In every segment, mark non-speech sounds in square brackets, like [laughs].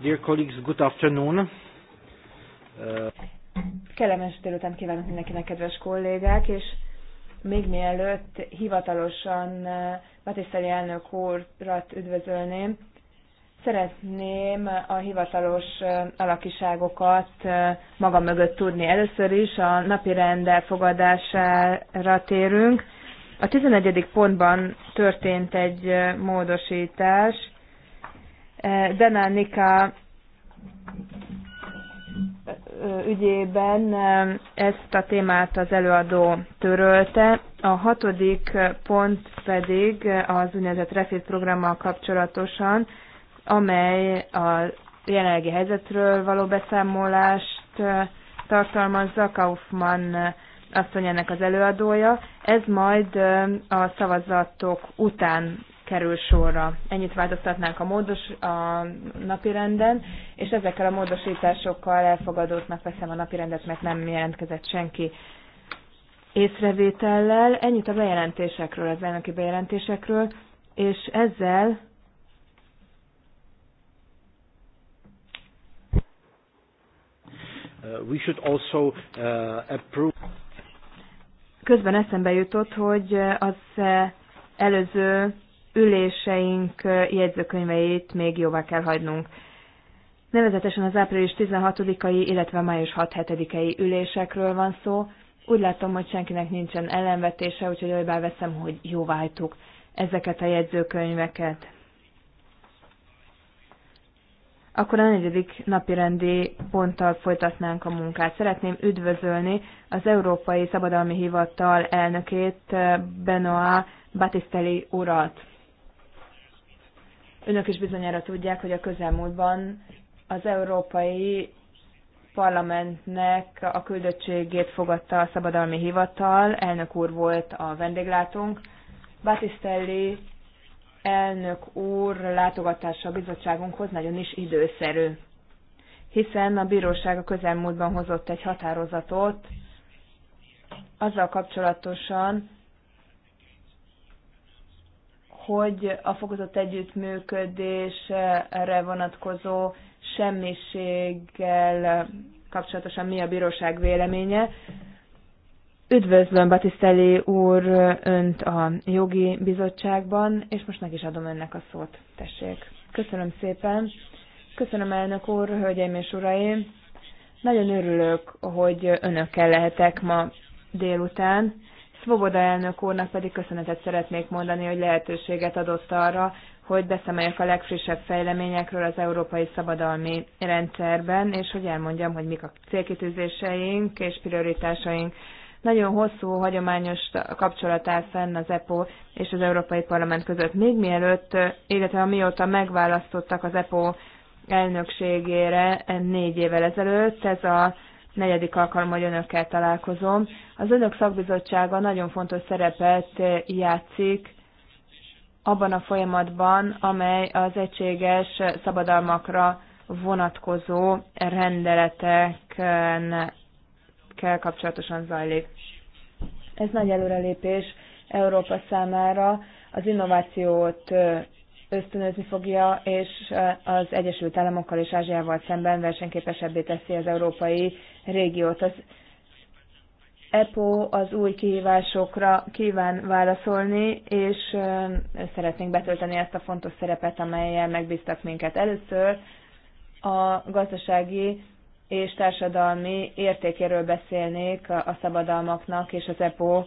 Dear colleagues, good afternoon. Uh, Kellemes délután kívánok mindenkinek, kedves kollégák, és még mielőtt hivatalosan uh, Batiszteli elnök úrat üdvözölném, szeretném a hivatalos uh, alakiságokat maga mögött tudni. Először is a napi rend elfogadására térünk. A 11. pontban történt egy módosítás, Denánika eh, eh, ügyében eh, ezt a témát az előadó törölte. A hatodik pont pedig az úgynevezett refit programmal kapcsolatosan, amely a jelenlegi helyzetről való beszámolást tartalmazza, Kaufmann asszony ennek az előadója. Ez majd a szavazatok után kerül sorra. Ennyit változtatnánk a, módos, a napirenden, és ezekkel a módosításokkal elfogadottnak veszem a napirendet, mert nem jelentkezett senki észrevétellel. Ennyit a bejelentésekről, az elnöki bejelentésekről, és ezzel uh, we should also uh, approve. Közben eszembe jutott, hogy az uh, előző üléseink jegyzőkönyveit még jóvá kell hagynunk. Nevezetesen az április 16-ai, illetve május 6-7-ei ülésekről van szó. Úgy látom, hogy senkinek nincsen ellenvetése, úgyhogy olybá veszem, hogy jóváhagytuk ezeket a jegyzőkönyveket. Akkor a negyedik napi rendi ponttal folytatnánk a munkát. Szeretném üdvözölni az Európai Szabadalmi Hivatal elnökét, Benoa Batisteli urat. Önök is bizonyára tudják, hogy a közelmúltban az Európai Parlamentnek a küldöttségét fogadta a Szabadalmi Hivatal, elnök úr volt a vendéglátónk. Batisztelli elnök úr látogatása a bizottságunkhoz nagyon is időszerű, hiszen a bíróság a közelmúltban hozott egy határozatot azzal kapcsolatosan, hogy a fokozott együttműködésre vonatkozó semmiséggel kapcsolatosan mi a bíróság véleménye. Üdvözlöm Batiszteli úr önt a jogi bizottságban, és most meg is adom önnek a szót. Tessék. Köszönöm szépen. Köszönöm elnök úr, hölgyeim és uraim. Nagyon örülök, hogy önökkel lehetek ma délután. Svoboda elnök úrnak pedig köszönetet szeretnék mondani, hogy lehetőséget adott arra, hogy beszemeljek a legfrissebb fejleményekről az európai szabadalmi rendszerben, és hogy elmondjam, hogy mik a célkitűzéseink és prioritásaink. Nagyon hosszú, hagyományos kapcsolat áll fenn az EPO és az Európai Parlament között. Még mielőtt, illetve amióta megválasztottak az EPO elnökségére négy évvel ezelőtt, ez a negyedik alkalom, hogy önökkel találkozom. Az önök szakbizottsága nagyon fontos szerepet játszik abban a folyamatban, amely az egységes szabadalmakra vonatkozó rendeletekkel kapcsolatosan zajlik. Ez nagy előrelépés Európa számára az innovációt ösztönözni fogja, és az Egyesült Államokkal és Ázsiával szemben versenyképesebbé teszi az európai régiót. Az EPO az új kihívásokra kíván válaszolni, és szeretnénk betölteni ezt a fontos szerepet, amelyel megbíztak minket. Először a gazdasági és társadalmi értékéről beszélnék a szabadalmaknak és az EPO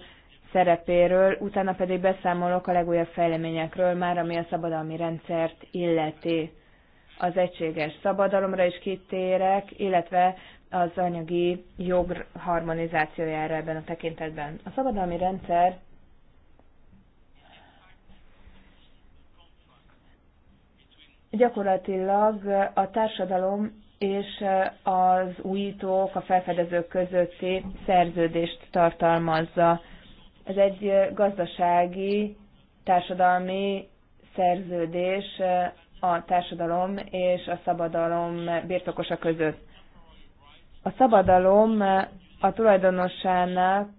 szerepéről, utána pedig beszámolok a legújabb fejleményekről, már ami a szabadalmi rendszert illeti. Az egységes szabadalomra is kitérek, illetve az anyagi jog harmonizációjára ebben a tekintetben. A szabadalmi rendszer gyakorlatilag a társadalom és az újítók, a felfedezők közötti szerződést tartalmazza. Ez egy gazdasági, társadalmi szerződés a társadalom és a szabadalom birtokosa között. A szabadalom a tulajdonosának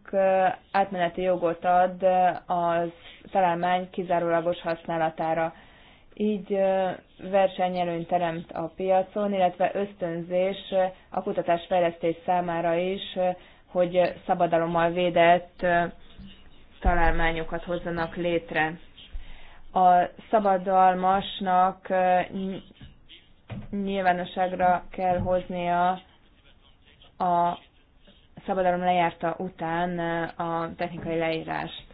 átmeneti jogot ad az találmány kizárólagos használatára. Így versenyelőny teremt a piacon, illetve ösztönzés a fejlesztés számára is, hogy szabadalommal védett találmányokat hozzanak létre. A szabadalmasnak nyilvánosságra kell hoznia a szabadalom lejárta után eh, a technikai leírást.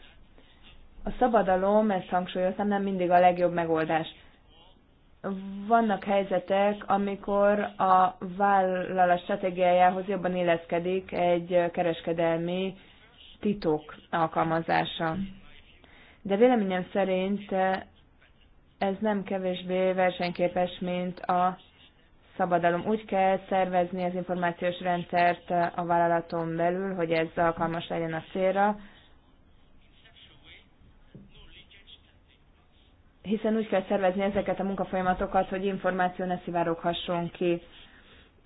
A szabadalom, ezt hangsúlyoztam, nem mindig a legjobb megoldás. Vannak helyzetek, amikor a vállalat stratégiájához jobban illeszkedik egy kereskedelmi titok alkalmazása. De véleményem szerint eh, ez nem kevésbé versenyképes, mint a szabadalom. Úgy kell szervezni az információs rendszert a vállalaton belül, hogy ez alkalmas legyen a célra, hiszen úgy kell szervezni ezeket a munkafolyamatokat, hogy információ ne szivároghasson ki,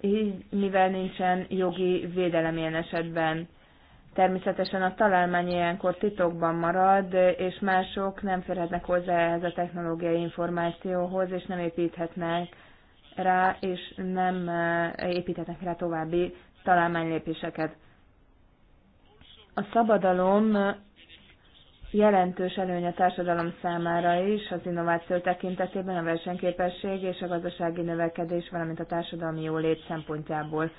így, mivel nincsen jogi védelem ilyen esetben. Természetesen a találmány ilyenkor titokban marad, és mások nem férhetnek hozzá ehhez a technológiai információhoz, és nem építhetnek rá, és nem eh, építetnek rá további találmánylépéseket. A szabadalom jelentős előny a társadalom számára is, az innováció tekintetében a versenyképesség és a gazdasági növekedés, valamint a társadalmi jólét szempontjából.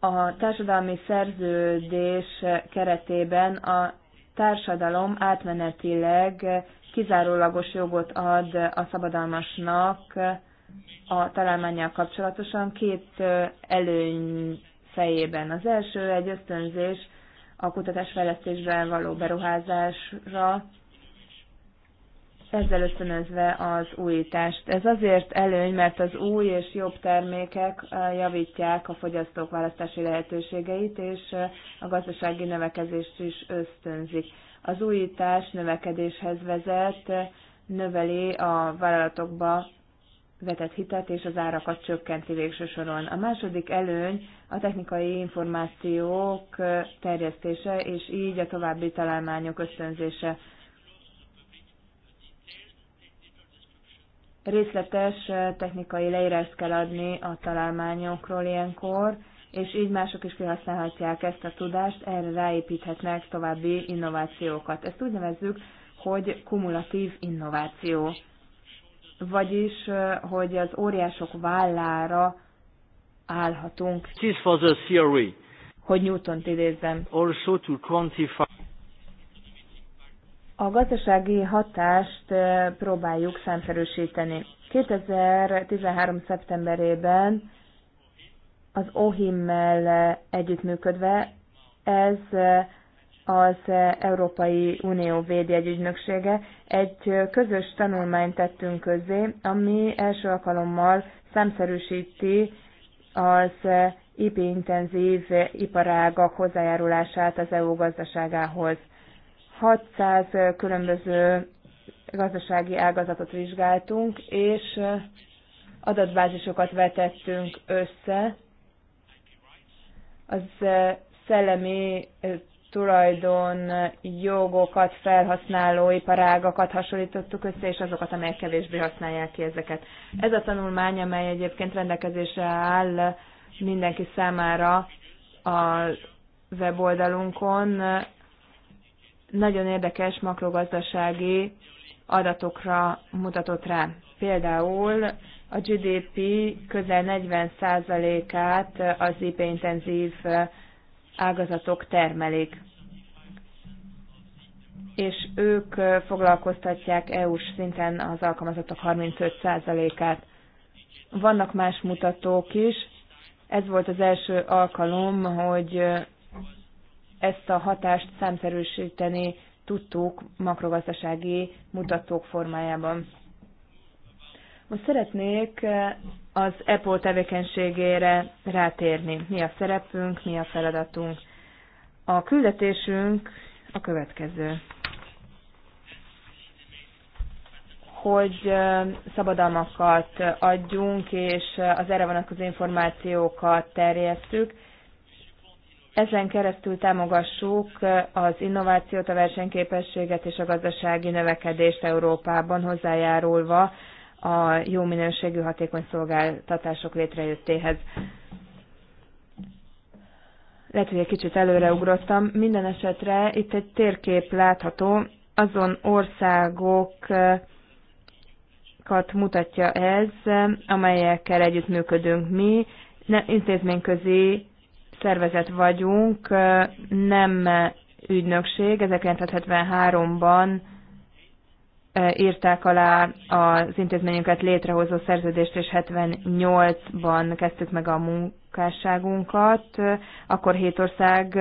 A társadalmi szerződés keretében a társadalom átmenetileg kizárólagos jogot ad a szabadalmasnak a találmányjal kapcsolatosan két előny fejében. Az első egy ösztönzés a kutatásfejlesztésre való beruházásra, ezzel ösztönözve az újítást. Ez azért előny, mert az új és jobb termékek javítják a fogyasztók választási lehetőségeit, és a gazdasági növekedést is ösztönzik. Az újítás növekedéshez vezet, növeli a vállalatokba vetett hitet, és az árakat csökkenti végső soron. A második előny a technikai információk terjesztése, és így a további találmányok ösztönzése. Részletes technikai leírást kell adni a találmányokról ilyenkor, és így mások is kihasználhatják ezt a tudást, erre ráépíthetnek további innovációkat. Ezt úgy nevezzük, hogy kumulatív innováció vagyis, hogy az óriások vállára állhatunk. This for the theory. Hogy Newton-t idézzem. Also to quantify. A gazdasági hatást próbáljuk számszerűsíteni. 2013. szeptemberében az OHIM-mel együttműködve ez az Európai Unió Védjegyügynöksége. Egy közös tanulmányt tettünk közé, ami első alkalommal szemszerűsíti az IP-intenzív iparágak hozzájárulását az EU gazdaságához. 600 különböző gazdasági ágazatot vizsgáltunk, és adatbázisokat vetettünk össze. Az szellemi tulajdon jogokat felhasználó iparágakat hasonlítottuk össze, és azokat, amelyek kevésbé használják ki ezeket. Ez a tanulmány, amely egyébként rendelkezésre áll mindenki számára a weboldalunkon, nagyon érdekes makrogazdasági adatokra mutatott rá. Például a GDP közel 40%-át az IP-intenzív ágazatok termelik. És ők foglalkoztatják EU-s szinten az alkalmazottak 35%-át. Vannak más mutatók is. Ez volt az első alkalom, hogy ezt a hatást számszerűsíteni tudtuk makrogazdasági mutatók formájában. Most szeretnék eh, az EPO tevékenységére rátérni. Mi a szerepünk, mi a feladatunk. A küldetésünk a következő. hogy eh, szabadalmakat adjunk, és az erre vonatkozó információkat terjesztük. Ezen keresztül támogassuk eh, az innovációt, a versenyképességet és a gazdasági növekedést Európában hozzájárulva a jó minőségű hatékony szolgáltatások létrejöttéhez. Lehet, hogy egy kicsit előreugrottam. Minden esetre itt egy térkép látható, azon országokat mutatja ez, amelyekkel együttműködünk mi. Ne, intézményközi szervezet vagyunk, nem ügynökség. 1973-ban E, írták alá az intézményünket létrehozó szerződést, és 78-ban kezdtük meg a munkásságunkat. Akkor hét ország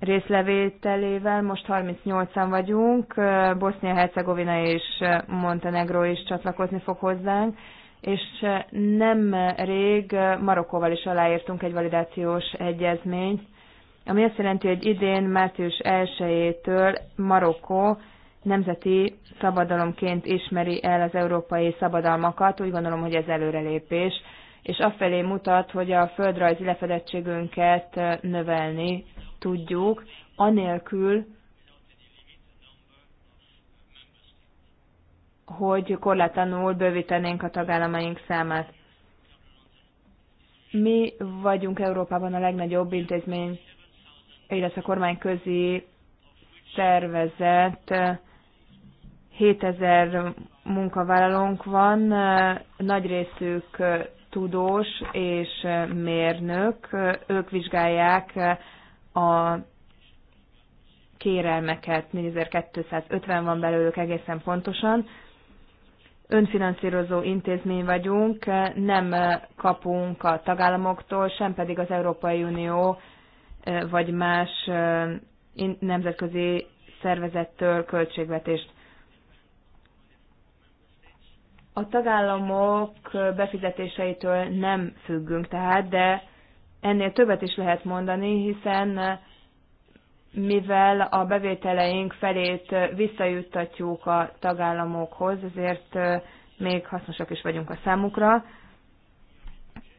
részlevételével, most 38-an vagyunk, Bosznia-Hercegovina és Montenegro is csatlakozni fog hozzánk, és nem rég Marokkóval is aláírtunk egy validációs egyezményt, ami azt jelenti, hogy idén március 1-től Marokkó nemzeti szabadalomként ismeri el az európai szabadalmakat. Úgy gondolom, hogy ez előrelépés, és afelé mutat, hogy a földrajzi lefedettségünket növelni tudjuk, anélkül, hogy korlátlanul bővítenénk a tagállamaink számát. Mi vagyunk Európában a legnagyobb intézmény, illetve kormányközi szervezet, 7000 munkavállalónk van, eh, nagy részük eh, tudós és eh, mérnök, ők vizsgálják a kérelmeket, 4250 van belőlük egészen pontosan. Önfinanszírozó intézmény vagyunk, nem kapunk a tagállamoktól, sem pedig az Európai Unió vagy más nemzetközi szervezettől költségvetést. A tagállamok befizetéseitől nem függünk tehát, de ennél többet is lehet mondani, hiszen mivel a bevételeink felét visszajuttatjuk a tagállamokhoz, ezért még hasznosak is vagyunk a számukra.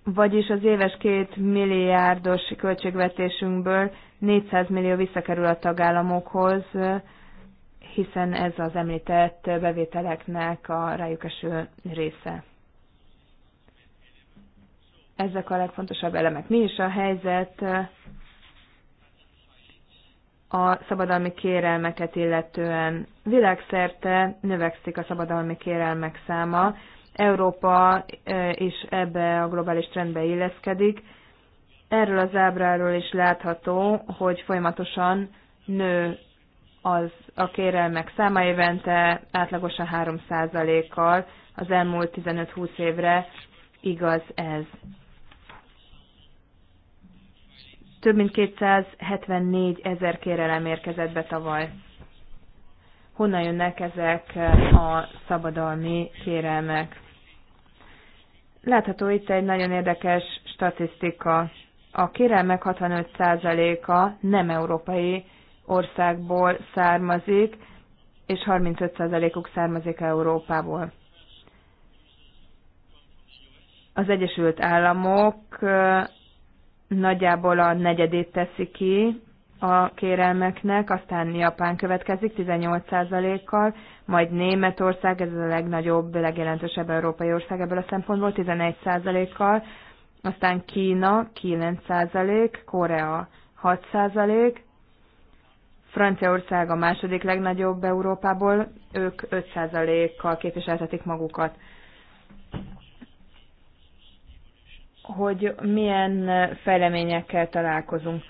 Vagyis az éves két milliárdos költségvetésünkből 400 millió visszakerül a tagállamokhoz, hiszen ez az említett bevételeknek a rájuk eső része. Ezek a legfontosabb elemek. Mi is a helyzet a szabadalmi kérelmeket illetően? Világszerte növekszik a szabadalmi kérelmek száma. Európa e, is ebbe a globális trendbe illeszkedik. Erről az ábráról is látható, hogy folyamatosan nő az a kérelmek száma évente átlagosan 3%-kal az elmúlt 15-20 évre igaz ez. Több mint 274 ezer kérelem érkezett be tavaly. Honnan jönnek ezek a szabadalmi kérelmek? Látható itt egy nagyon érdekes statisztika. A kérelmek 65%-a nem európai országból származik, és 35%-uk származik Európából. Az Egyesült Államok nagyjából a negyedét teszi ki a kérelmeknek, aztán Japán következik 18%-kal, majd Németország, ez a legnagyobb, legjelentősebb európai ország ebből a szempontból 11%-kal, aztán Kína 9%, Korea 6%, Franciaország a második legnagyobb Európából, ők 5%-kal képviseltetik magukat. Hogy milyen fejleményekkel találkozunk.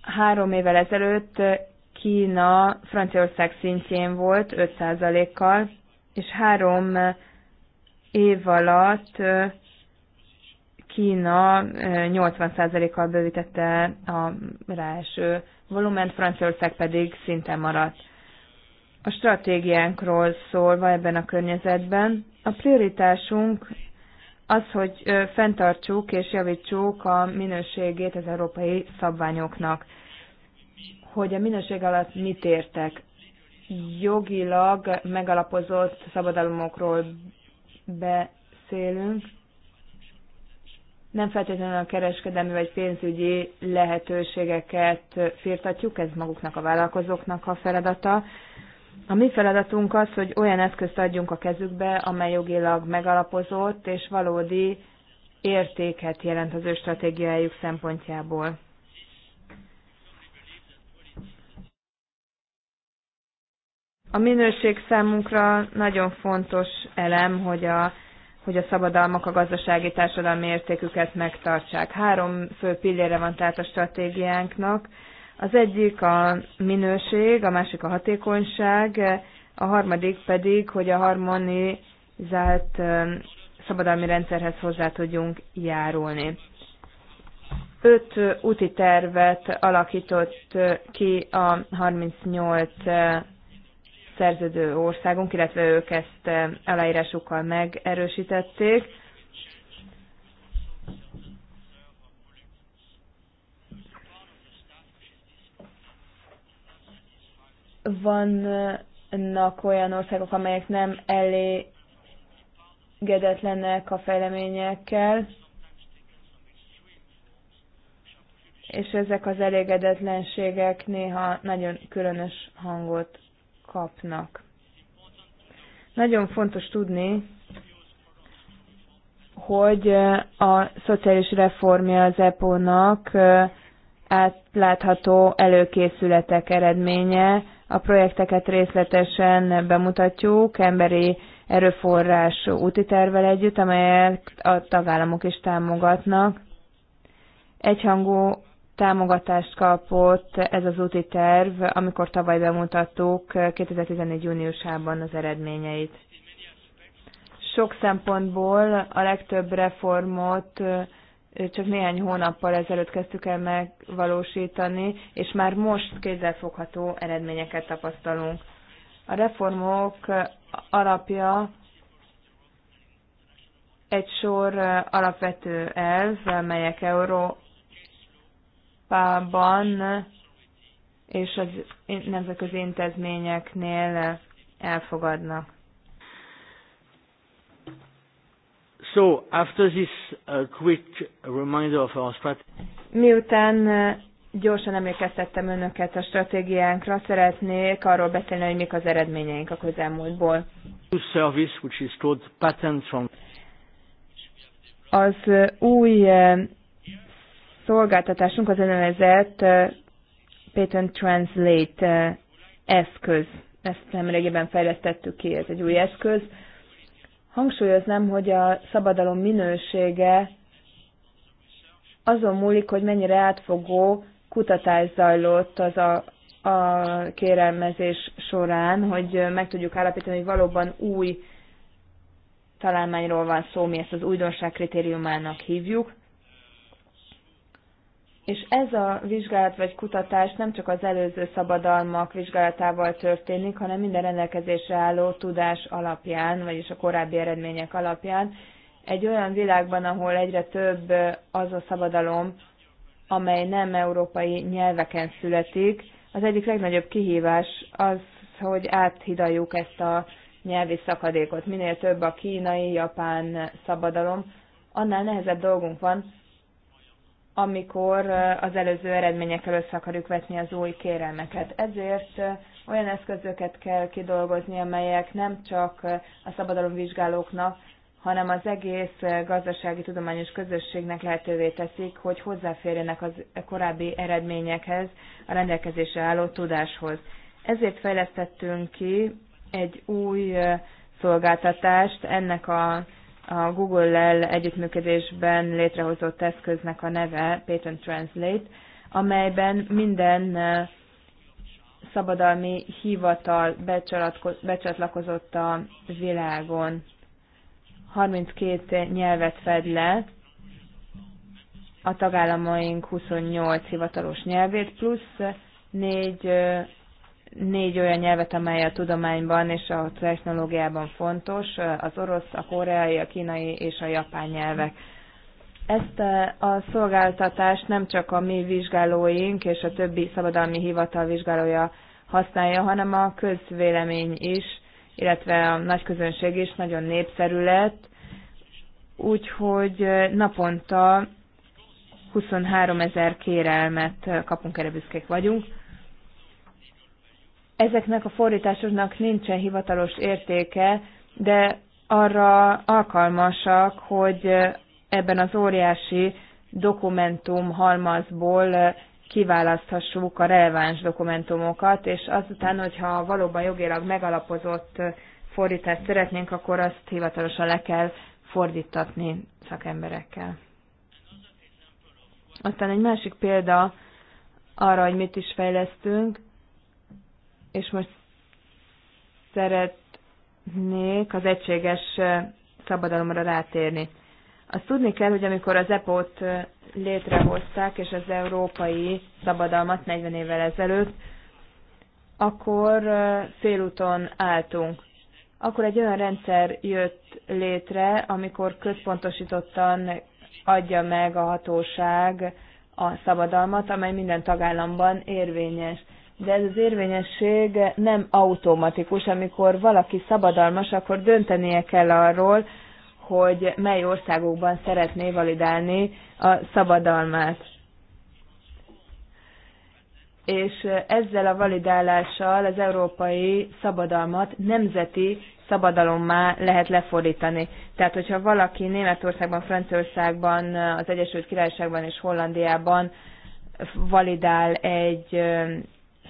Három évvel ezelőtt Kína Franciaország szintjén volt 5%-kal, és három év alatt Kína 80%-kal bővítette a ráeső volument, Franciaország pedig szinte maradt. A stratégiánkról szólva ebben a környezetben, a prioritásunk az, hogy fenntartsuk és javítsuk a minőségét az európai szabványoknak. Hogy a minőség alatt mit értek? Jogilag megalapozott szabadalomokról beszélünk, nem feltétlenül a kereskedelmi vagy pénzügyi lehetőségeket firtatjuk, ez maguknak a vállalkozóknak a feladata. A mi feladatunk az, hogy olyan eszközt adjunk a kezükbe, amely jogilag megalapozott és valódi értéket jelent az ő stratégiájuk szempontjából. A minőség számunkra nagyon fontos elem, hogy a hogy a szabadalmak a gazdasági társadalmi értéküket megtartsák. Három fő pillére van tehát a stratégiánknak. Az egyik a minőség, a másik a hatékonyság, a harmadik pedig, hogy a harmonizált szabadalmi rendszerhez hozzá tudjunk járulni. Öt úti tervet alakított ki a 38 szerződő országunk, illetve ők ezt e, aláírásukkal megerősítették. Vannak olyan országok, amelyek nem elégedetlenek a fejleményekkel, és ezek az elégedetlenségek néha nagyon különös hangot kapnak. Nagyon fontos tudni, hogy a szociális reformja az EPO-nak átlátható előkészületek eredménye. A projekteket részletesen bemutatjuk emberi erőforrás úti tervel együtt, amelyet a tagállamok is támogatnak. Egyhangú támogatást kapott ez az úti terv, amikor tavaly bemutattuk 2014. Eh, júniusában az eredményeit. Sok szempontból a legtöbb reformot eh, csak néhány hónappal ezelőtt kezdtük el megvalósítani, és már most kézzelfogható eredményeket tapasztalunk. A reformok alapja egy sor eh, alapvető elv, melyek Euró Európában és az nemzetközi intézményeknél elfogadnak. So, after this uh, quick reminder of our strategy. Miután uh, gyorsan emlékeztettem önöket a stratégiánkra, szeretnék arról beszélni, hogy mik az eredményeink a közelmúltból. Service, which is called patent from... Az uh, új uh, szolgáltatásunk az úgynevezett Patent Translate eszköz. Ezt nemrégiben fejlesztettük ki, ez egy új eszköz. Hangsúlyoznám, hogy a szabadalom minősége azon múlik, hogy mennyire átfogó kutatás zajlott az a, a kérelmezés során, hogy meg tudjuk állapítani, hogy valóban új találmányról van szó, mi ezt az újdonság kritériumának hívjuk. És ez a vizsgálat vagy kutatás nem csak az előző szabadalmak vizsgálatával történik, hanem minden rendelkezésre álló tudás alapján, vagyis a korábbi eredmények alapján. Egy olyan világban, ahol egyre több az a szabadalom, amely nem európai nyelveken születik, az egyik legnagyobb kihívás az, hogy áthidaljuk ezt a nyelvi szakadékot. Minél több a kínai, japán szabadalom, annál nehezebb dolgunk van, amikor az előző eredményekkel össze akarjuk vetni az új kérelmeket. Ezért olyan eszközöket kell kidolgozni, amelyek nem csak a szabadalomvizsgálóknak, hanem az egész gazdasági tudományos közösségnek lehetővé teszik, hogy hozzáférjenek az korábbi eredményekhez, a rendelkezésre álló tudáshoz. Ezért fejlesztettünk ki egy új szolgáltatást ennek a a Google-lel együttműködésben létrehozott eszköznek a neve Patent Translate, amelyben minden szabadalmi hivatal becsatlakozott a világon. 32 nyelvet fed le, a tagállamaink 28 hivatalos nyelvét, plusz 4 négy olyan nyelvet, amely a tudományban és a technológiában fontos, az orosz, a koreai, a kínai és a japán nyelvek. Ezt eh, a szolgáltatást nem csak a mi vizsgálóink és a többi szabadalmi hivatal vizsgálója használja, hanem a közvélemény is, illetve a nagy közönség is nagyon népszerű lett, úgyhogy eh, naponta 23 ezer kérelmet eh, kapunk, erre büszkék vagyunk Ezeknek a fordításoknak nincsen hivatalos értéke, de arra alkalmasak, hogy ebben az óriási dokumentum halmazból kiválaszthassuk a releváns dokumentumokat, és azután, hogyha valóban jogilag megalapozott fordítást szeretnénk, akkor azt hivatalosan le kell fordítatni szakemberekkel. Aztán egy másik példa arra, hogy mit is fejlesztünk, és most szeretnék az egységes szabadalomra rátérni. Azt tudni kell, hogy amikor az EPO-t létrehozták, és az európai szabadalmat 40 évvel ezelőtt, akkor félúton álltunk. Akkor egy olyan rendszer jött létre, amikor központosítottan adja meg a hatóság a szabadalmat, amely minden tagállamban érvényes de ez az érvényesség nem automatikus. Amikor valaki szabadalmas, akkor döntenie kell arról, hogy mely országokban szeretné validálni a szabadalmát. És ezzel a validálással az európai szabadalmat nemzeti szabadalommá lehet lefordítani. Tehát, hogyha valaki Németországban, Franciaországban, az Egyesült Királyságban és Hollandiában validál egy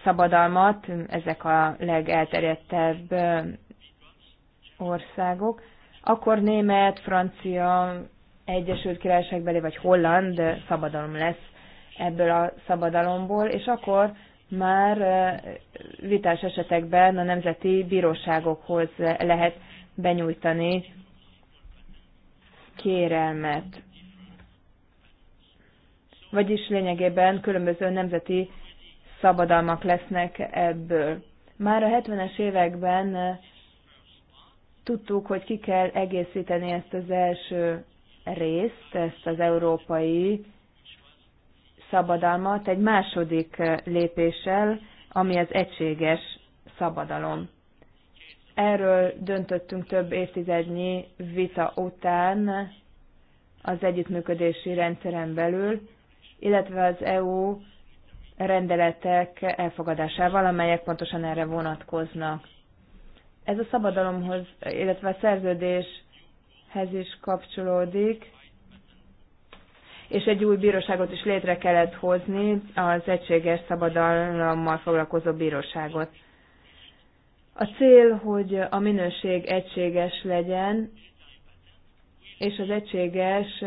szabadalmat, ezek a legelterjedtebb országok, akkor német, francia, Egyesült Királyságbeli vagy holland szabadalom lesz ebből a szabadalomból, és akkor már vitás esetekben a nemzeti bíróságokhoz lehet benyújtani kérelmet. Vagyis lényegében különböző nemzeti szabadalmak lesznek ebből. Már a 70-es években eh, tudtuk, hogy ki kell egészíteni ezt az első részt, ezt az európai szabadalmat egy második eh, lépéssel, ami az egységes szabadalom. Erről döntöttünk több évtizednyi vita után az együttműködési rendszeren belül, illetve az EU rendeletek elfogadásával, amelyek pontosan erre vonatkoznak. Ez a szabadalomhoz, illetve a szerződéshez is kapcsolódik, és egy új bíróságot is létre kellett hozni, az egységes szabadalommal foglalkozó bíróságot. A cél, hogy a minőség egységes legyen, és az egységes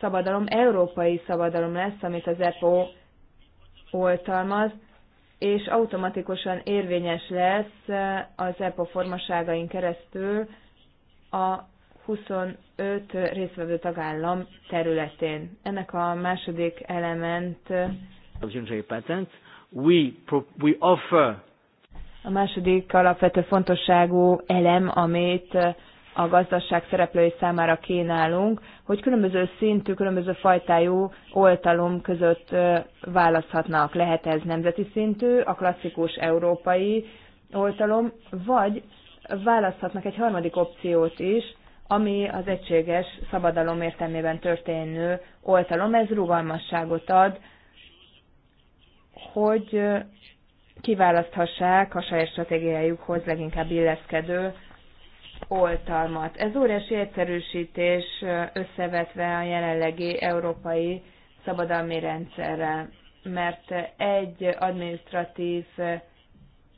szabadalom európai szabadalom lesz, amit az EPO oltalmaz, és automatikusan érvényes lesz eh, az EPO formaságain keresztül a 25 részvevő tagállam területén. Ennek a második element eh, a második alapvető fontosságú elem, amit eh, a gazdaság szereplői számára kínálunk, hogy különböző szintű, különböző fajtájú oltalom között választhatnak. Lehet ez nemzeti szintű, a klasszikus európai oltalom, vagy választhatnak egy harmadik opciót is, ami az egységes szabadalom értelmében történő oltalom, ez rugalmasságot ad, hogy kiválaszthassák a saját stratégiájukhoz leginkább illeszkedő oltalmat. Ez óriási egyszerűsítés összevetve a jelenlegi európai szabadalmi rendszerrel, mert egy administratív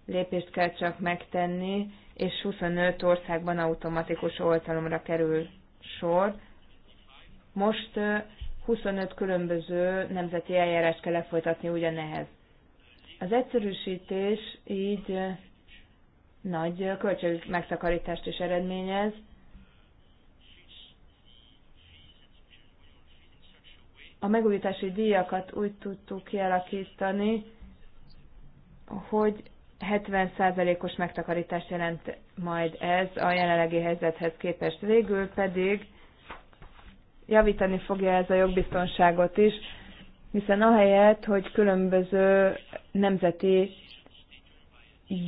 lépést kell csak megtenni, és 25 országban automatikus oltalomra kerül sor. Most 25 különböző nemzeti eljárás kell lefolytatni ugyanehez. Az egyszerűsítés így nagy költség megszakarítást is eredményez. A megújítási díjakat úgy tudtuk kialakítani, hogy 70%-os megtakarítást jelent majd ez a jelenlegi helyzethez képest. Végül pedig javítani fogja ez a jogbiztonságot is, hiszen ahelyett, hogy különböző nemzeti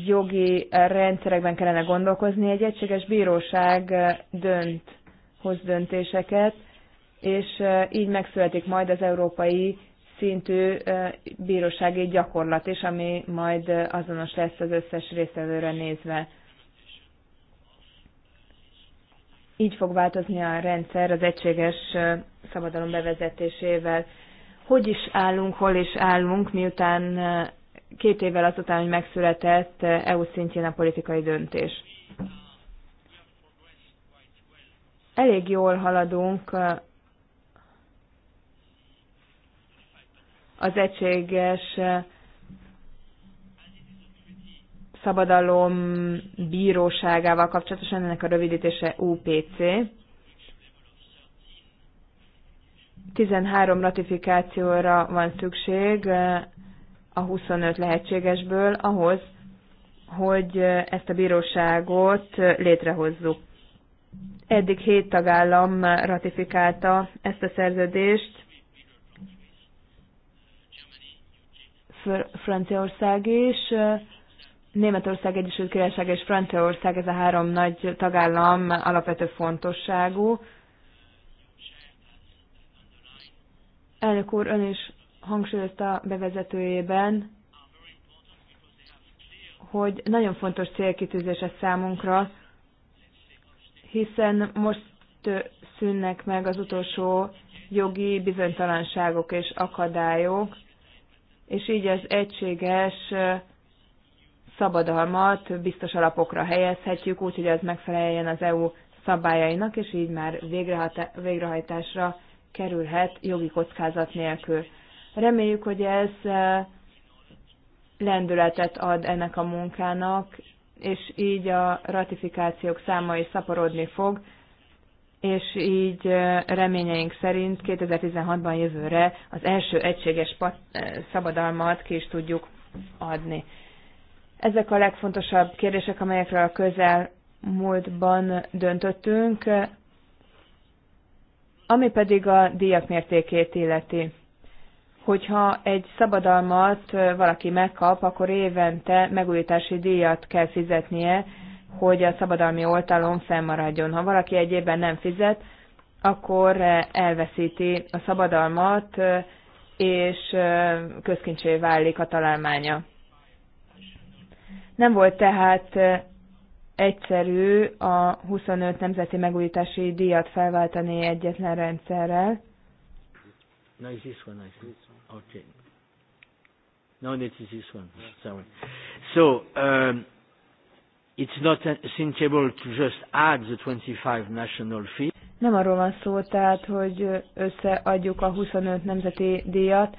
jogi rendszerekben kellene gondolkozni. Egy egységes bíróság dönt, hoz döntéseket, és így megszületik majd az európai szintű bírósági gyakorlat is, ami majd azonos lesz az összes részevőre nézve. Így fog változni a rendszer az egységes szabadalom bevezetésével. Hogy is állunk, hol is állunk, miután két évvel azután, hogy megszületett EU szintjén a politikai döntés. Elég jól haladunk az egységes szabadalom bíróságával kapcsolatosan, ennek a rövidítése UPC. 13 ratifikációra van szükség a 25 lehetségesből ahhoz, hogy ezt a bíróságot létrehozzuk. Eddig hét tagállam ratifikálta ezt a szerződést, Fr Franciaország is, Németország, Egyesült Királyság és Franciaország, ez a három nagy tagállam alapvető fontosságú. Elnök úr, ön is hangsúlyozta bevezetőjében, hogy nagyon fontos célkitűzés ez számunkra, hiszen most szűnnek meg az utolsó jogi bizonytalanságok és akadályok, és így az egységes szabadalmat biztos alapokra helyezhetjük, úgy, hogy ez megfeleljen az EU szabályainak, és így már végrehajtásra kerülhet jogi kockázat nélkül. Reméljük, hogy ez lendületet ad ennek a munkának, és így a ratifikációk száma is szaporodni fog, és így reményeink szerint 2016-ban jövőre az első egységes szabadalmat ki is tudjuk adni. Ezek a legfontosabb kérdések, amelyekről a közel múltban döntöttünk, ami pedig a díjak mértékét illeti hogyha egy szabadalmat valaki megkap, akkor évente megújítási díjat kell fizetnie, hogy a szabadalmi oltalom fennmaradjon. Ha valaki egy évben nem fizet, akkor elveszíti a szabadalmat, és közkincsé válik a találmánya. Nem volt tehát egyszerű a 25 nemzeti megújítási díjat felváltani egyetlen rendszerrel. Nice, this one, I Okay. No, this is this one. Sorry. So um, it's not sensible to just add the 25 national fees. Nem arról van szó, tehát, hogy összeadjuk a 25 nemzeti díjat,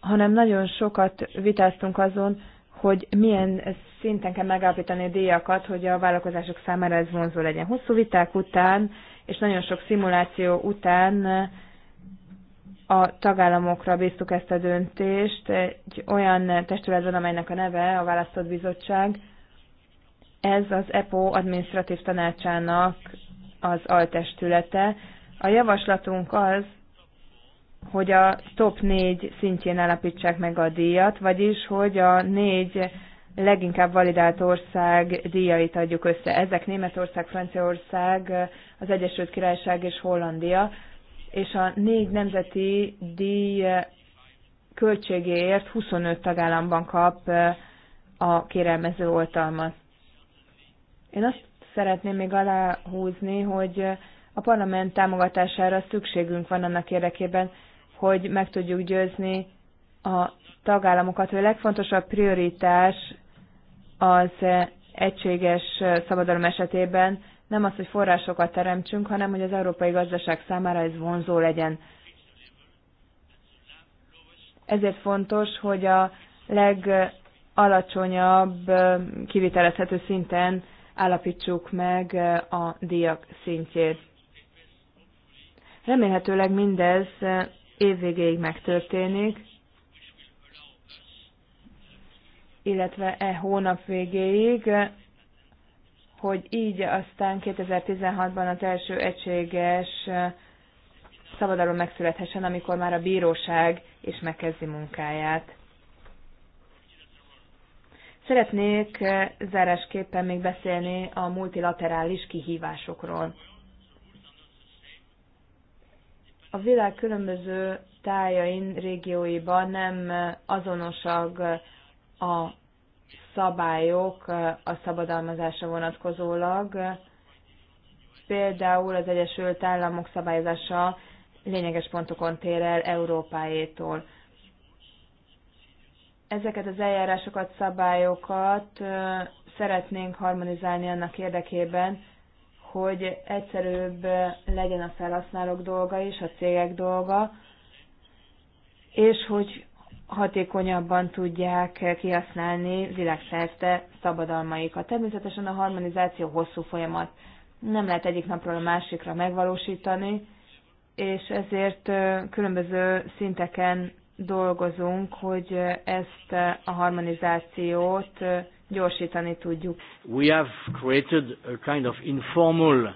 hanem nagyon sokat vitáztunk azon, hogy milyen szinten kell megállapítani a díjakat, hogy a vállalkozások számára ez vonzó legyen. Hosszú viták után és nagyon sok szimuláció után a tagállamokra bíztuk ezt a döntést egy olyan testületben, amelynek a neve a Választott Bizottság. Ez az EPO administratív tanácsának az altestülete. A javaslatunk az, hogy a top négy szintjén állapítsák meg a díjat, vagyis hogy a négy leginkább validált ország díjait adjuk össze. Ezek Németország, Franciaország, az Egyesült Királyság és Hollandia és a négy nemzeti díj költségéért 25 tagállamban kap a kérelmező oltalmat. Én azt szeretném még aláhúzni, hogy a parlament támogatására szükségünk van annak érdekében, hogy meg tudjuk győzni a tagállamokat, hogy a legfontosabb prioritás az egységes szabadalom esetében nem az, hogy forrásokat teremtsünk, hanem hogy az európai gazdaság számára ez vonzó legyen. Ezért fontos, hogy a legalacsonyabb kivitelezhető szinten állapítsuk meg a díjak szintjét. Remélhetőleg mindez évvégéig megtörténik, illetve e hónap végéig hogy így aztán 2016-ban az első egységes szabadalom megszülethessen, amikor már a bíróság is megkezdi munkáját. Szeretnék zárásképpen még beszélni a multilaterális kihívásokról. A világ különböző tájain, régióiban nem azonosak a szabályok a szabadalmazásra vonatkozólag. Például az Egyesült Államok szabályozása lényeges pontokon tér el Európájétól. Ezeket az eljárásokat, szabályokat szeretnénk harmonizálni annak érdekében, hogy egyszerűbb legyen a felhasználók dolga és a cégek dolga, és hogy hatékonyabban tudják kihasználni világszerte szabadalmaikat. Természetesen a harmonizáció hosszú folyamat. Nem lehet egyik napról a másikra megvalósítani, és ezért különböző szinteken dolgozunk, hogy ezt a harmonizációt gyorsítani tudjuk. We have created a kind of informal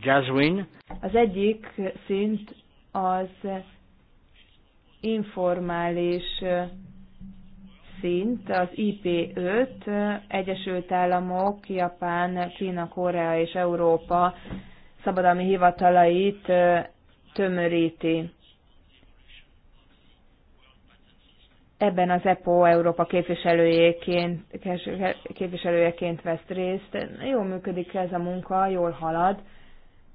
gathering. Az egyik szint az informális szint, az IP5, Egyesült Államok, Japán, Kína, Korea és Európa szabadalmi hivatalait tömöríti. Ebben az EPO Európa képviselőjeként, képviselőjeként vesz részt. Jól működik ez a munka, jól halad.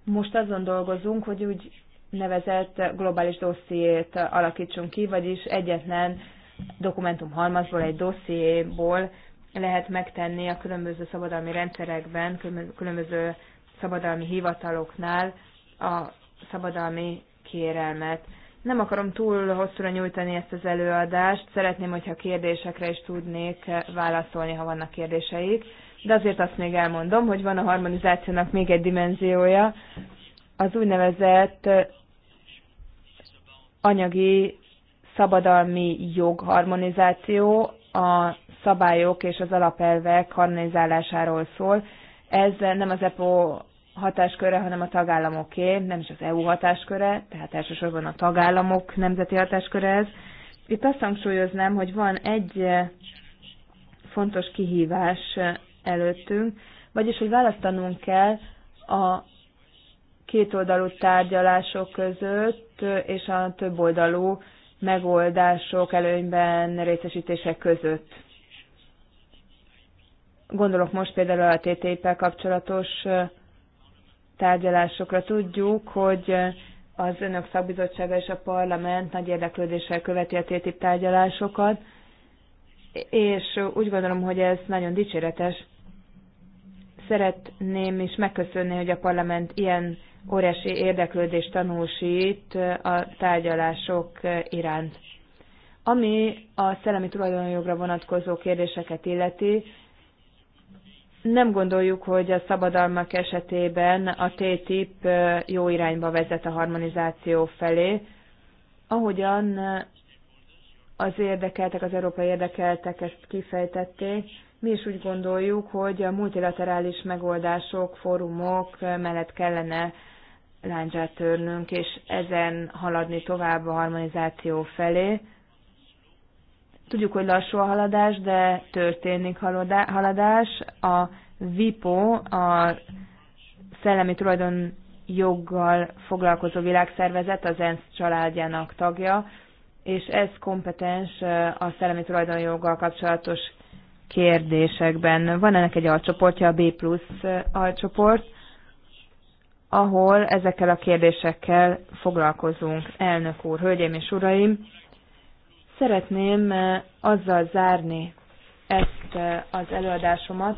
Most azon dolgozunk, hogy úgy nevezett globális dossziét alakítsunk ki, vagyis egyetlen dokumentum halmazból, egy dossziéból lehet megtenni a különböző szabadalmi rendszerekben, különböző szabadalmi hivataloknál a szabadalmi kérelmet. Nem akarom túl hosszúra nyújtani ezt az előadást, szeretném, hogyha kérdésekre is tudnék válaszolni, ha vannak kérdéseik, de azért azt még elmondom, hogy van a harmonizációnak még egy dimenziója, az úgynevezett anyagi szabadalmi jogharmonizáció a szabályok és az alapelvek harmonizálásáról szól. Ez nem az EPO hatásköre, hanem a tagállamoké, nem is az EU hatásköre, tehát elsősorban a tagállamok nemzeti hatásköre ez. Itt azt hangsúlyoznám, hogy van egy fontos kihívás előttünk, vagyis hogy választanunk kell a kétoldalú tárgyalások között és a többoldalú megoldások előnyben részesítése között. Gondolok most például a TTIP-el kapcsolatos tárgyalásokra. Tudjuk, hogy az önök szakbizottsága és a parlament nagy érdeklődéssel követi a TTIP tárgyalásokat, és úgy gondolom, hogy ez nagyon dicséretes. Szeretném is megköszönni, hogy a parlament ilyen óriási érdeklődést tanúsít a tárgyalások iránt. Ami a szellemi tulajdonjogra vonatkozó kérdéseket illeti, nem gondoljuk, hogy a szabadalmak esetében a T-tip jó irányba vezet a harmonizáció felé, ahogyan az érdekeltek, az európai érdekeltek ezt kifejtették, mi is úgy gondoljuk, hogy a multilaterális megoldások, fórumok mellett kellene láncsát törnünk, és ezen haladni tovább a harmonizáció felé. Tudjuk, hogy lassú a haladás, de történik haladás. A VIPO, a Szellemi Tulajdon joggal foglalkozó világszervezet, az ENSZ családjának tagja, és ez kompetens a szellemi tulajdonjoggal kapcsolatos kérdésekben. Van ennek egy alcsoportja, a B plusz alcsoport, ahol ezekkel a kérdésekkel foglalkozunk. Elnök úr, hölgyeim és uraim, szeretném eh, azzal zárni ezt eh, az előadásomat,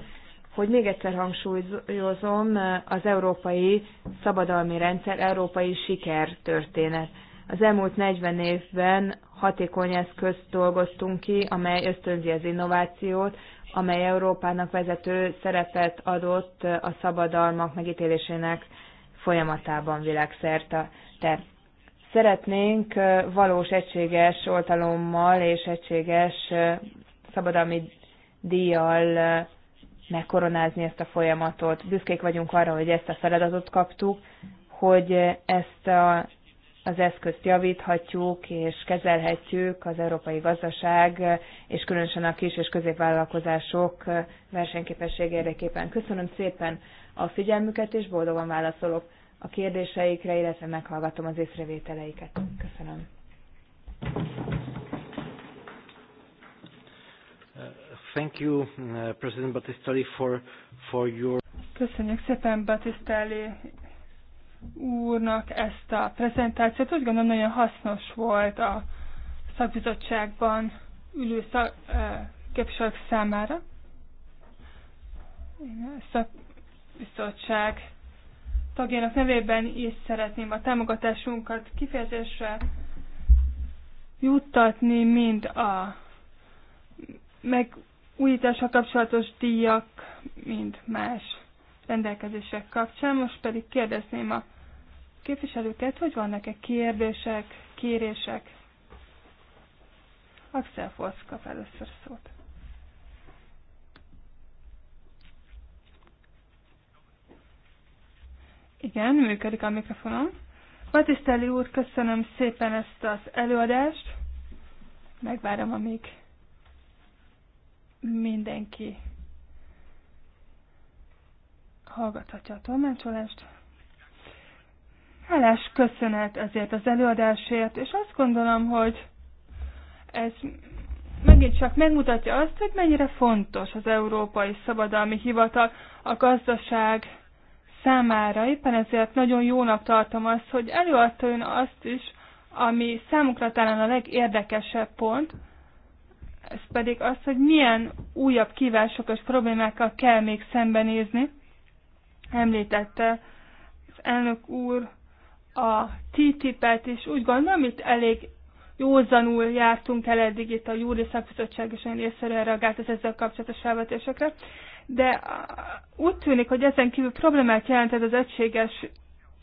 hogy még egyszer hangsúlyozom, eh, az európai szabadalmi rendszer európai sikertörténet. Az elmúlt 40 évben hatékony eszközt dolgoztunk ki, amely ösztönzi az innovációt, amely Európának vezető szerepet adott a szabadalmak megítélésének folyamatában világszerte. Szeretnénk valós egységes oltalommal és egységes szabadalmi díjjal megkoronázni ezt a folyamatot. Büszkék vagyunk arra, hogy ezt a feladatot kaptuk, hogy ezt a, az eszközt javíthatjuk és kezelhetjük az európai gazdaság, és különösen a kis és középvállalkozások versenyképességére képen. Köszönöm szépen a figyelmüket, és boldogan válaszolok a kérdéseikre, illetve meghallgatom az észrevételeiket. Köszönöm. Thank you, uh, President Battistelli, for, for your... Köszönjük szépen Battistelli úrnak ezt a prezentációt. Úgy gondolom, nagyon hasznos volt a szakbizottságban ülő szak, képviselők számára. Szak, Bizottság tagjának nevében is szeretném a támogatásunkat kifejezésre juttatni, mind a megújítással kapcsolatos díjak, mind más rendelkezések kapcsán. Most pedig kérdezném a képviselőket, hogy vannak-e kérdések, kérések. Axel Forsz kap először szót. Igen, működik a mikrofonom. Batiszteli úr, köszönöm szépen ezt az előadást. Megvárom, amíg mindenki hallgathatja a tolmácsolást. Hálás köszönet ezért az előadásért, és azt gondolom, hogy ez megint csak megmutatja azt, hogy mennyire fontos az Európai Szabadalmi Hivatal a gazdaság számára. Éppen ezért nagyon jónak tartom azt, hogy előadta ön azt is, ami számukra talán a legérdekesebb pont, ez pedig az, hogy milyen újabb kívások és problémákkal kell még szembenézni. Említette az elnök úr a TTIP-et, és úgy gondolom, itt elég józanul jártunk el eddig itt a Júri Szakbizottság, és olyan észszerűen reagált az ezzel kapcsolatos felvetésekre de úgy tűnik, hogy ezen kívül problémát jelentett az egységes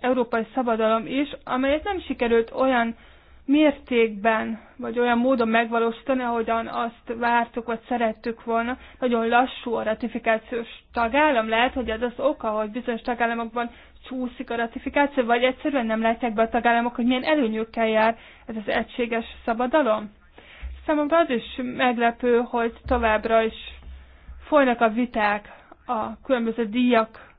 európai szabadalom is, amelyet nem sikerült olyan mértékben, vagy olyan módon megvalósítani, ahogyan azt vártuk, vagy szerettük volna. Nagyon lassú a ratifikációs tagállam. Lehet, hogy ez az oka, hogy bizonyos tagállamokban csúszik a ratifikáció, vagy egyszerűen nem látják be a tagállamok, hogy milyen előnyökkel jár ez az egységes szabadalom. Számomra az is meglepő, hogy továbbra is folynak a viták a különböző díjak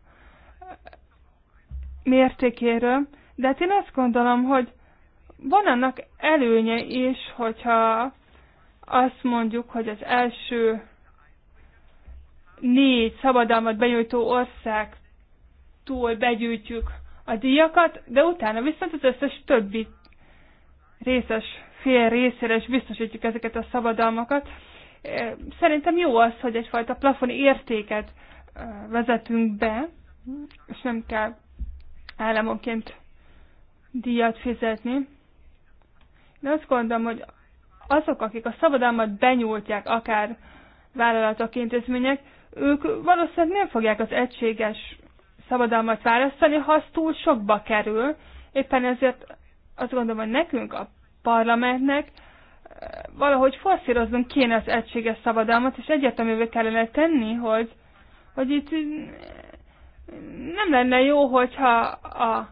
mértékéről, de hát én azt gondolom, hogy van annak előnye is, hogyha azt mondjuk, hogy az első négy szabadalmat benyújtó ország túl begyűjtjük a díjakat, de utána viszont az összes többi részes fél részére is biztosítjuk ezeket a szabadalmakat. Szerintem jó az, hogy egyfajta plafoni értéket vezetünk be, és nem kell államonként díjat fizetni. De azt gondolom, hogy azok, akik a szabadalmat benyújtják, akár vállalatok, intézmények, ők valószínűleg nem fogják az egységes szabadalmat választani, ha az túl sokba kerül. Éppen ezért azt gondolom, hogy nekünk, a parlamentnek valahogy forszíroznunk kéne az egységes szabadalmat, és egyeteművé kellene tenni, hogy, hogy itt nem lenne jó, hogyha a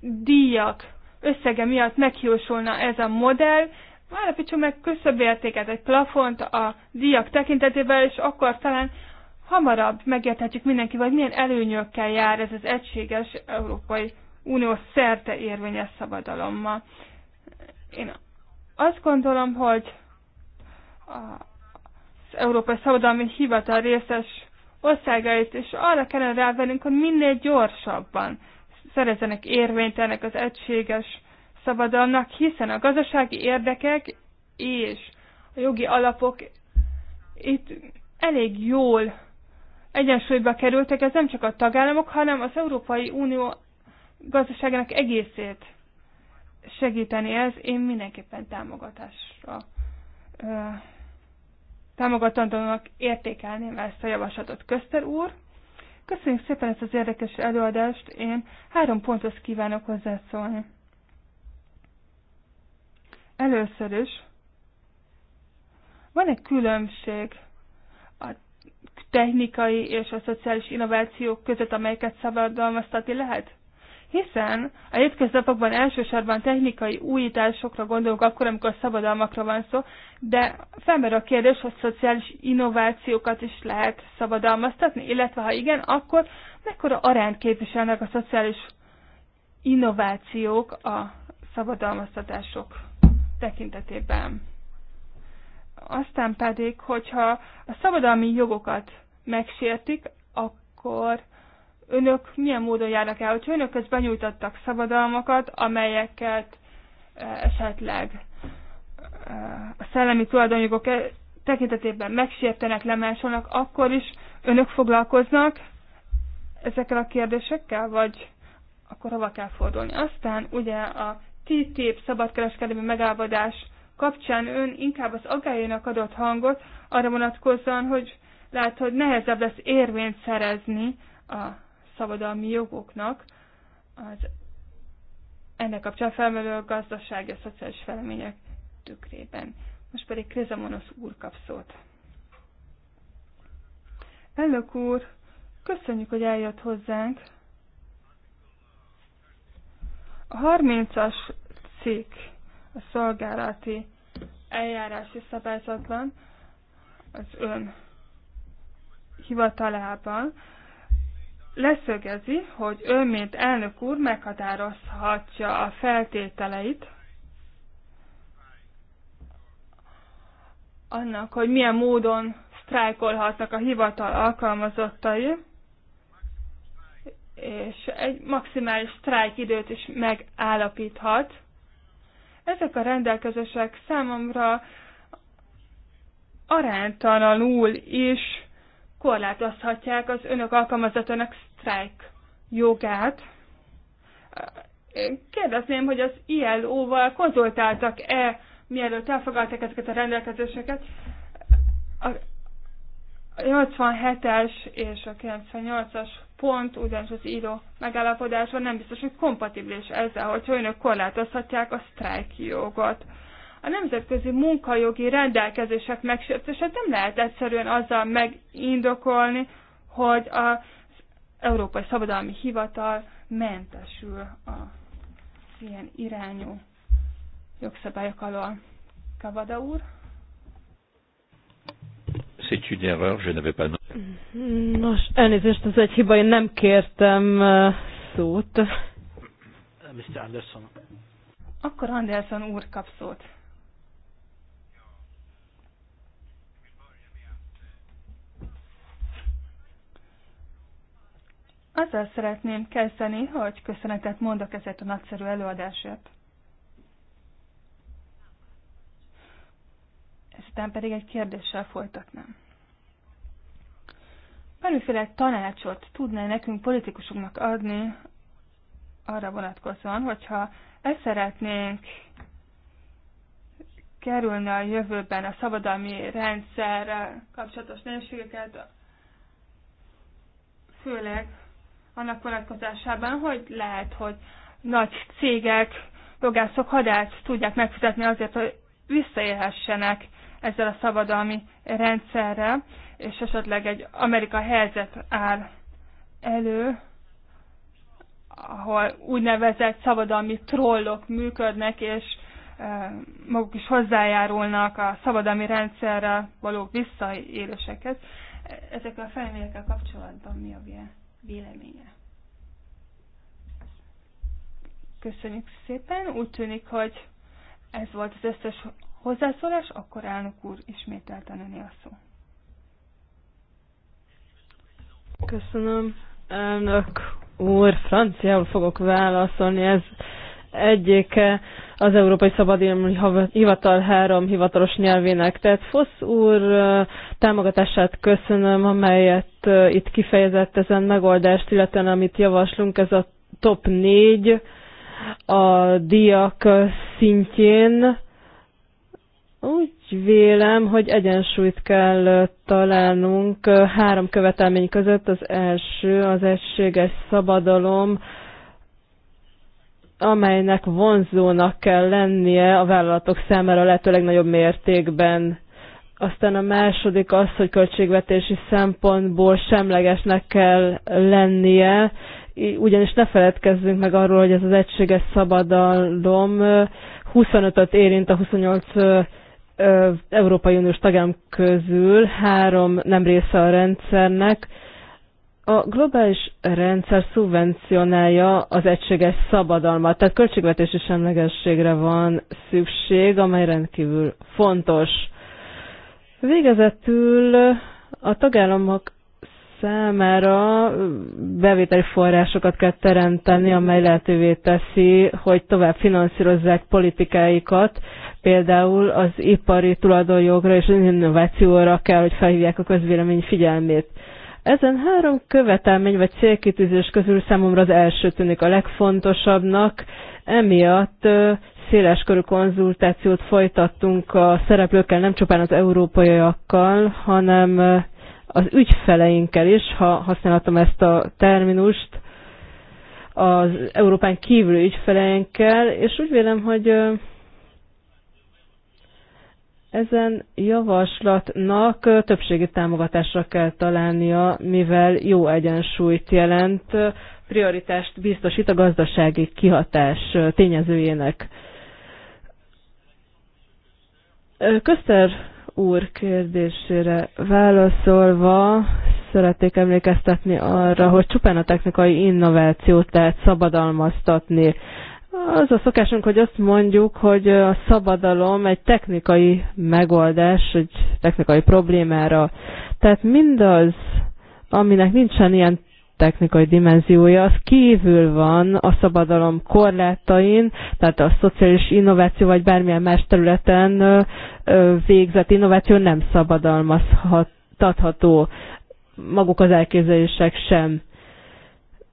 díjak összege miatt meghiúsulna ez a modell, állapítsunk meg értéket, egy plafont a díjak tekintetében, és akkor talán hamarabb megérthetjük mindenki, vagy milyen előnyökkel jár ez az egységes Európai Unió szerte érvényes szabadalommal. Én azt gondolom, hogy az Európai Szabadalmi Hivatal részes országait, és arra kellene rávenünk, hogy minél gyorsabban szerezzenek érvényt ennek az egységes szabadalomnak, hiszen a gazdasági érdekek és a jogi alapok itt elég jól egyensúlyba kerültek, ez nem csak a tagállamok, hanem az Európai Unió gazdaságának egészét segíteni ez, én mindenképpen támogatásra ö, támogatandónak értékelném ezt a javaslatot. Köszter úr, köszönjük szépen ezt az érdekes előadást, én három ponthoz kívánok hozzászólni. Először is, van egy különbség a technikai és a szociális innovációk között, amelyeket szabadalmaztatni lehet? hiszen a hétköznapokban elsősorban technikai újításokra gondolunk akkor, amikor szabadalmakra van szó, de felmerül a kérdés, hogy szociális innovációkat is lehet szabadalmaztatni, illetve ha igen, akkor mekkora arányt képviselnek a szociális innovációk a szabadalmaztatások tekintetében. Aztán pedig, hogyha a szabadalmi jogokat megsértik, akkor önök milyen módon járnak el, hogyha önök ezt nyújtottak szabadalmakat, amelyeket e, esetleg e, a szellemi tulajdonjogok e, tekintetében megsértenek, lemásolnak, akkor is önök foglalkoznak ezekkel a kérdésekkel, vagy akkor hova kell fordulni. Aztán ugye a TTIP szabadkereskedelmi megállapodás kapcsán ön inkább az agályainak adott hangot arra vonatkozóan, hogy lehet, hogy nehezebb lesz érvényt szerezni a szabadalmi jogoknak, az ennek kapcsán felmerül a gazdasági és szociális felemények tükrében. Most pedig Krizamonosz úr kap szót. Elnök úr, köszönjük, hogy eljött hozzánk. A 30-as cikk a szolgálati eljárási szabályzatban az ön hivatalában leszögezi, hogy ő, mint elnök úr meghatározhatja a feltételeit annak, hogy milyen módon sztrájkolhatnak a hivatal alkalmazottai, és egy maximális sztrájk időt is megállapíthat. Ezek a rendelkezések számomra aránytalanul is korlátozhatják az önök alkalmazatának munkák jogát. Kérdezném, hogy az ILO-val konzultáltak-e, mielőtt elfogadták ezeket a rendelkezéseket. A 87-es és a 98-as pont, ugyanis az író megállapodásban nem biztos, hogy kompatibilis ezzel, hogy önök korlátozhatják a sztrájk jogot. A nemzetközi munkajogi rendelkezések megsértését nem lehet egyszerűen azzal megindokolni, hogy a Európai Szabadalmi Hivatal mentesül a ilyen irányú jogszabályok alól. Kavada úr? Nos, elnézést, ez egy hiba, én nem kértem szót. Mr. Anderson. Akkor Anderson úr kap szót. Azzal szeretném kezdeni, hogy köszönetet mondok ezért a nagyszerű előadásért. Ezután pedig egy kérdéssel folytatnám. Bármiféle tanácsot tudná nekünk politikusoknak adni arra vonatkozóan, hogyha ezt szeretnénk kerülni a jövőben a szabadalmi rendszerrel kapcsolatos nehézségeket, főleg annak vonatkozásában, hogy lehet, hogy nagy cégek, jogászok hadát tudják megfizetni azért, hogy visszaélhessenek ezzel a szabadalmi rendszerrel, és esetleg egy Amerika helyzet áll elő, ahol úgynevezett szabadalmi trollok működnek, és eh, maguk is hozzájárulnak a szabadalmi rendszerre való visszaéléseket. Ezekkel a felmérőkkel kapcsolatban mi a vélemény? véleménye. Köszönjük szépen. Úgy tűnik, hogy ez volt az összes hozzászólás, akkor elnök úr ismételten öné a szó. Köszönöm, elnök úr. Franciául fogok válaszolni, ez egyike eh, az Európai Szabadalmi Hivatal három hivatalos nyelvének. Tehát Fosz úr eh, támogatását köszönöm, amelyet eh, itt kifejezett ezen megoldást, illetve amit javaslunk, ez a top 4 a diak szintjén. Úgy vélem, hogy egyensúlyt kell találnunk három követelmény között. Az első az egységes szabadalom, amelynek vonzónak kell lennie a vállalatok számára lehetőleg nagyobb mértékben. Aztán a második az, hogy költségvetési szempontból semlegesnek kell lennie, ugyanis ne feledkezzünk meg arról, hogy ez az egységes szabadalom 25-öt érint a 28 Európai Uniós tagállam közül, három nem része a rendszernek, a globális rendszer szubvencionálja az egységes szabadalmat, tehát költségvetési semlegességre van szükség, amely rendkívül fontos. Végezetül a tagállamok számára bevételi forrásokat kell teremteni, amely lehetővé teszi, hogy tovább finanszírozzák politikáikat, például az ipari tulajdonjogra és az innovációra kell, hogy felhívják a közvélemény figyelmét. Ezen három követelmény vagy célkitűzés közül számomra az első tűnik a legfontosabbnak, emiatt széleskörű konzultációt folytattunk a szereplőkkel, nem csupán az európaiakkal, hanem az ügyfeleinkkel is, ha használhatom ezt a terminust, az Európán kívüli ügyfeleinkkel, és úgy vélem, hogy ezen javaslatnak többségi támogatásra kell találnia, mivel jó egyensúlyt jelent, prioritást biztosít a gazdasági kihatás tényezőjének. Köszter úr kérdésére válaszolva szeretnék emlékeztetni arra, hogy csupán a technikai innovációt lehet szabadalmaztatni. Az a szokásunk, hogy azt mondjuk, hogy a szabadalom egy technikai megoldás, egy technikai problémára. Tehát mindaz, aminek nincsen ilyen technikai dimenziója, az kívül van a szabadalom korlátain, tehát a szociális innováció vagy bármilyen más területen végzett innováció nem szabadalmazható, maguk az elképzelések sem.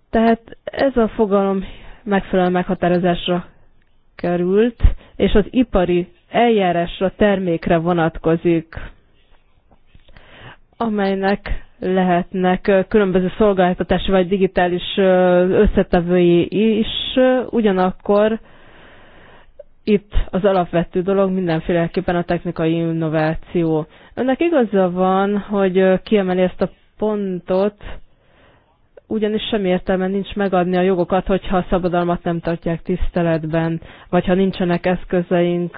Tehát ez a fogalom megfelelő meghatározásra került, és az ipari eljárásra, termékre vonatkozik, amelynek lehetnek különböző szolgáltatási vagy digitális összetevői is, ugyanakkor itt az alapvető dolog mindenféleképpen a technikai innováció. Önnek igaza van, hogy kiemeli ezt a pontot, ugyanis sem értelme nincs megadni a jogokat, hogyha a szabadalmat nem tartják tiszteletben, vagy ha nincsenek eszközeink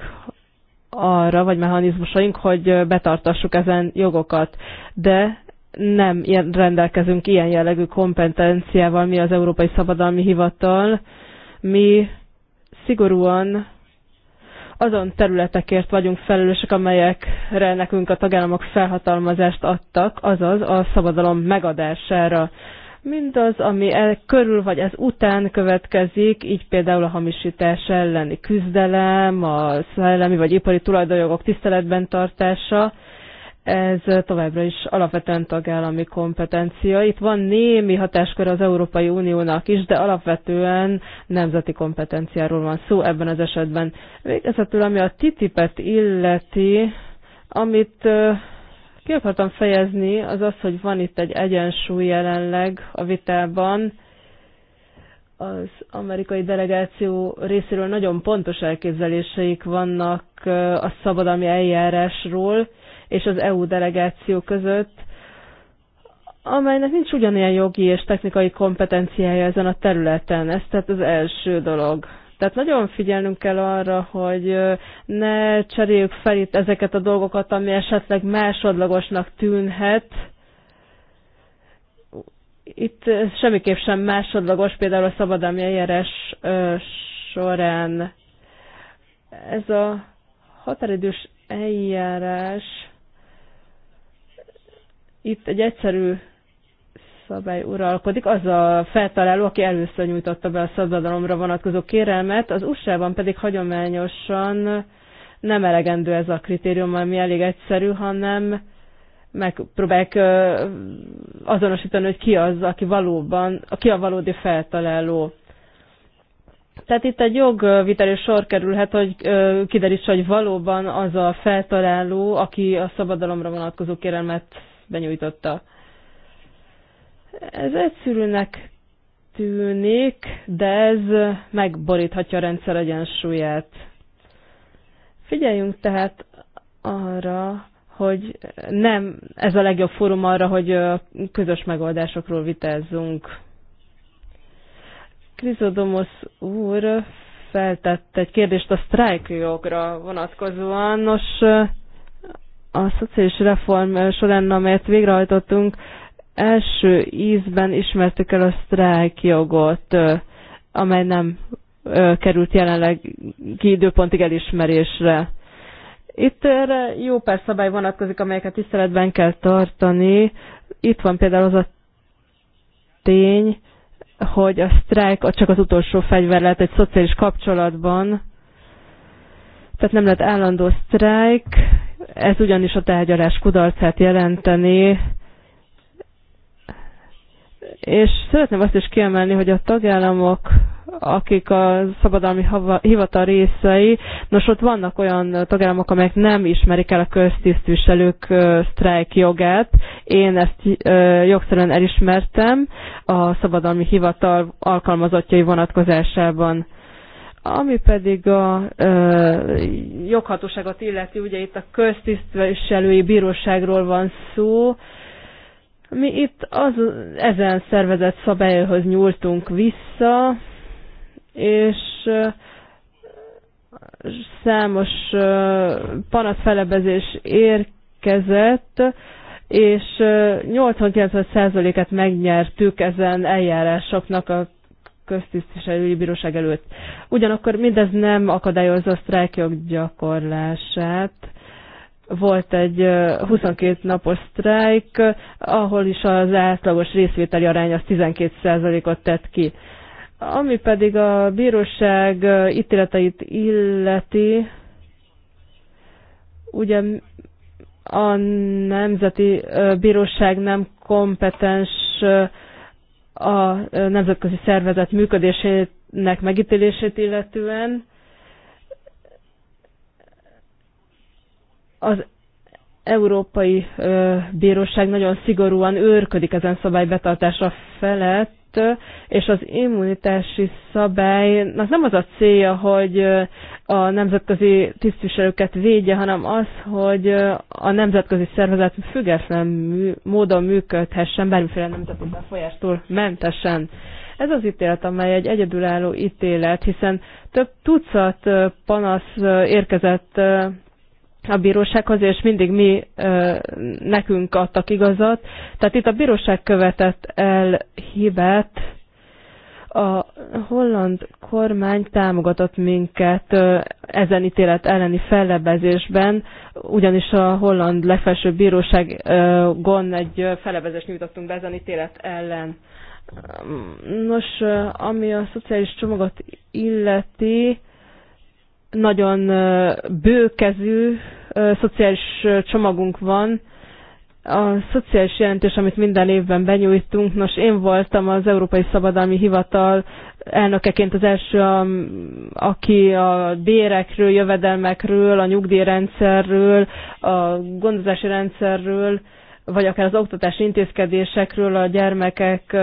arra, vagy mechanizmusaink, hogy betartassuk ezen jogokat. De nem rendelkezünk ilyen jellegű kompetenciával mi az Európai Szabadalmi Hivatal. Mi szigorúan azon területekért vagyunk felelősek, amelyekre nekünk a tagállamok felhatalmazást adtak, azaz a szabadalom megadására. Mindaz, ami el, körül vagy ez után következik, így például a hamisítás elleni küzdelem, a szellemi vagy ipari tulajdonjogok tiszteletben tartása, ez továbbra is alapvetően tagállami kompetencia. Itt van némi hatáskör az Európai Uniónak is, de alapvetően nemzeti kompetenciáról van szó ebben az esetben. Végezetül, ami a TTIP-et illeti, amit ki akartam fejezni, az az, hogy van itt egy egyensúly jelenleg a vitában, az amerikai delegáció részéről nagyon pontos elképzeléseik vannak a szabadalmi eljárásról és az EU delegáció között, amelynek nincs ugyanilyen jogi és technikai kompetenciája ezen a területen. Ez tehát az első dolog. Tehát nagyon figyelnünk kell arra, hogy ne cseréljük fel itt ezeket a dolgokat, ami esetleg másodlagosnak tűnhet. Itt semmiképp sem másodlagos, például a szabadalmi eljárás során. Ez a határidős eljárás itt egy egyszerű szabály uralkodik. Az a feltaláló, aki először nyújtotta be a szabadalomra vonatkozó kérelmet, az USA-ban pedig hagyományosan nem elegendő ez a kritérium, ami elég egyszerű, hanem megpróbálják azonosítani, hogy ki az, aki valóban, ki a valódi feltaláló. Tehát itt egy jogvitelő sor kerülhet, hogy kiderítsa, hogy valóban az a feltaláló, aki a szabadalomra vonatkozó kérelmet benyújtotta. Ez egyszerűnek tűnik, de ez megboríthatja a rendszer egyensúlyát. Figyeljünk tehát arra, hogy nem ez a legjobb fórum arra, hogy közös megoldásokról vitázzunk. Krizodomos úr feltett egy kérdést a sztrájkjogra vonatkozóan. Nos, a szociális reform során, amelyet végrehajtottunk, első ízben ismertük el a jogot, amely nem került jelenleg ki időpontig elismerésre. Itt erre jó pár szabály vonatkozik, amelyeket tiszteletben kell tartani. Itt van például az a tény, hogy a sztrájk csak az utolsó fegyver lehet egy szociális kapcsolatban, tehát nem lehet állandó sztrájk, ez ugyanis a tárgyalás kudarcát jelenteni, és szeretném azt is kiemelni, hogy a tagállamok, akik a szabadalmi hivatal részei, nos ott vannak olyan tagállamok, amelyek nem ismerik el a köztisztviselők sztrájk jogát. Én ezt jogszerűen elismertem a szabadalmi hivatal alkalmazottjai vonatkozásában. Ami pedig a ö, joghatóságot illeti, ugye itt a köztisztviselői bíróságról van szó, ö, mi itt az, ezen szervezett szabályhoz nyúltunk vissza, és számos panaszfelebezés érkezett, és 89%-et megnyertük ezen eljárásoknak a köztisztviselői bíróság előtt. Ugyanakkor mindez nem akadályozza a sztrájkjog gyakorlását, volt egy 22 napos sztrájk, ahol is az átlagos részvételi arány az 12%-ot tett ki. Ami pedig a bíróság ítéleteit illeti, ugye a Nemzeti Bíróság nem kompetens a nemzetközi szervezet működésének megítélését illetően, Az Európai Bíróság nagyon szigorúan őrködik ezen szabály betartása felett, és az immunitási szabálynak nem az a célja, hogy a nemzetközi tisztviselőket védje, hanem az, hogy a nemzetközi szervezet független módon működhessen, bármiféle nemzeti befolyástól mentesen. Ez az ítélet, amely egy egyedülálló ítélet, hiszen több tucat panasz érkezett a bírósághoz, és mindig mi ö, nekünk adtak igazat. Tehát itt a bíróság követett el hibát, a holland kormány támogatott minket ezen ítélet elleni fellebezésben, ugyanis a holland legfelsőbb bíróságon egy fellebezést nyújtottunk be ezen ítélet ellen. Nos, ami a szociális csomagot illeti, nagyon bőkezű szociális csomagunk van, a szociális jelentés, amit minden évben benyújtunk, nos én voltam az Európai Szabadalmi Hivatal elnökeként az első, aki a bérekről, jövedelmekről, a nyugdíjrendszerről, a gondozási rendszerről, vagy akár az oktatási intézkedésekről, a gyermekek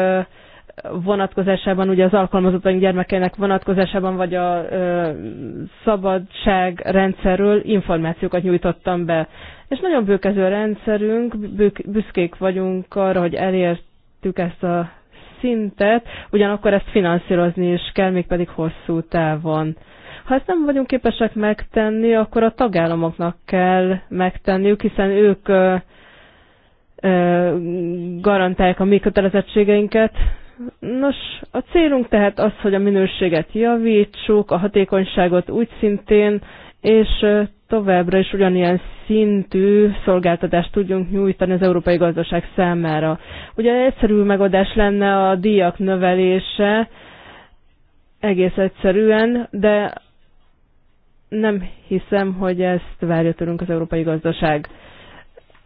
vonatkozásában, ugye az alkalmazottan gyermekeinek vonatkozásában, vagy a ö, szabadságrendszerről információkat nyújtottam be. És nagyon bőkező a rendszerünk, büszkék vagyunk arra, hogy elértük ezt a szintet, ugyanakkor ezt finanszírozni is kell, mégpedig hosszú távon. Ha ezt nem vagyunk képesek megtenni, akkor a tagállamoknak kell megtenniük, hiszen ők ö, garantálják a mi kötelezettségeinket, Nos, a célunk tehát az, hogy a minőséget javítsuk, a hatékonyságot úgy szintén, és továbbra is ugyanilyen szintű szolgáltatást tudjunk nyújtani az európai gazdaság számára. Ugye egyszerű megoldás lenne a díjak növelése, egész egyszerűen, de nem hiszem, hogy ezt várja tőlünk az európai gazdaság.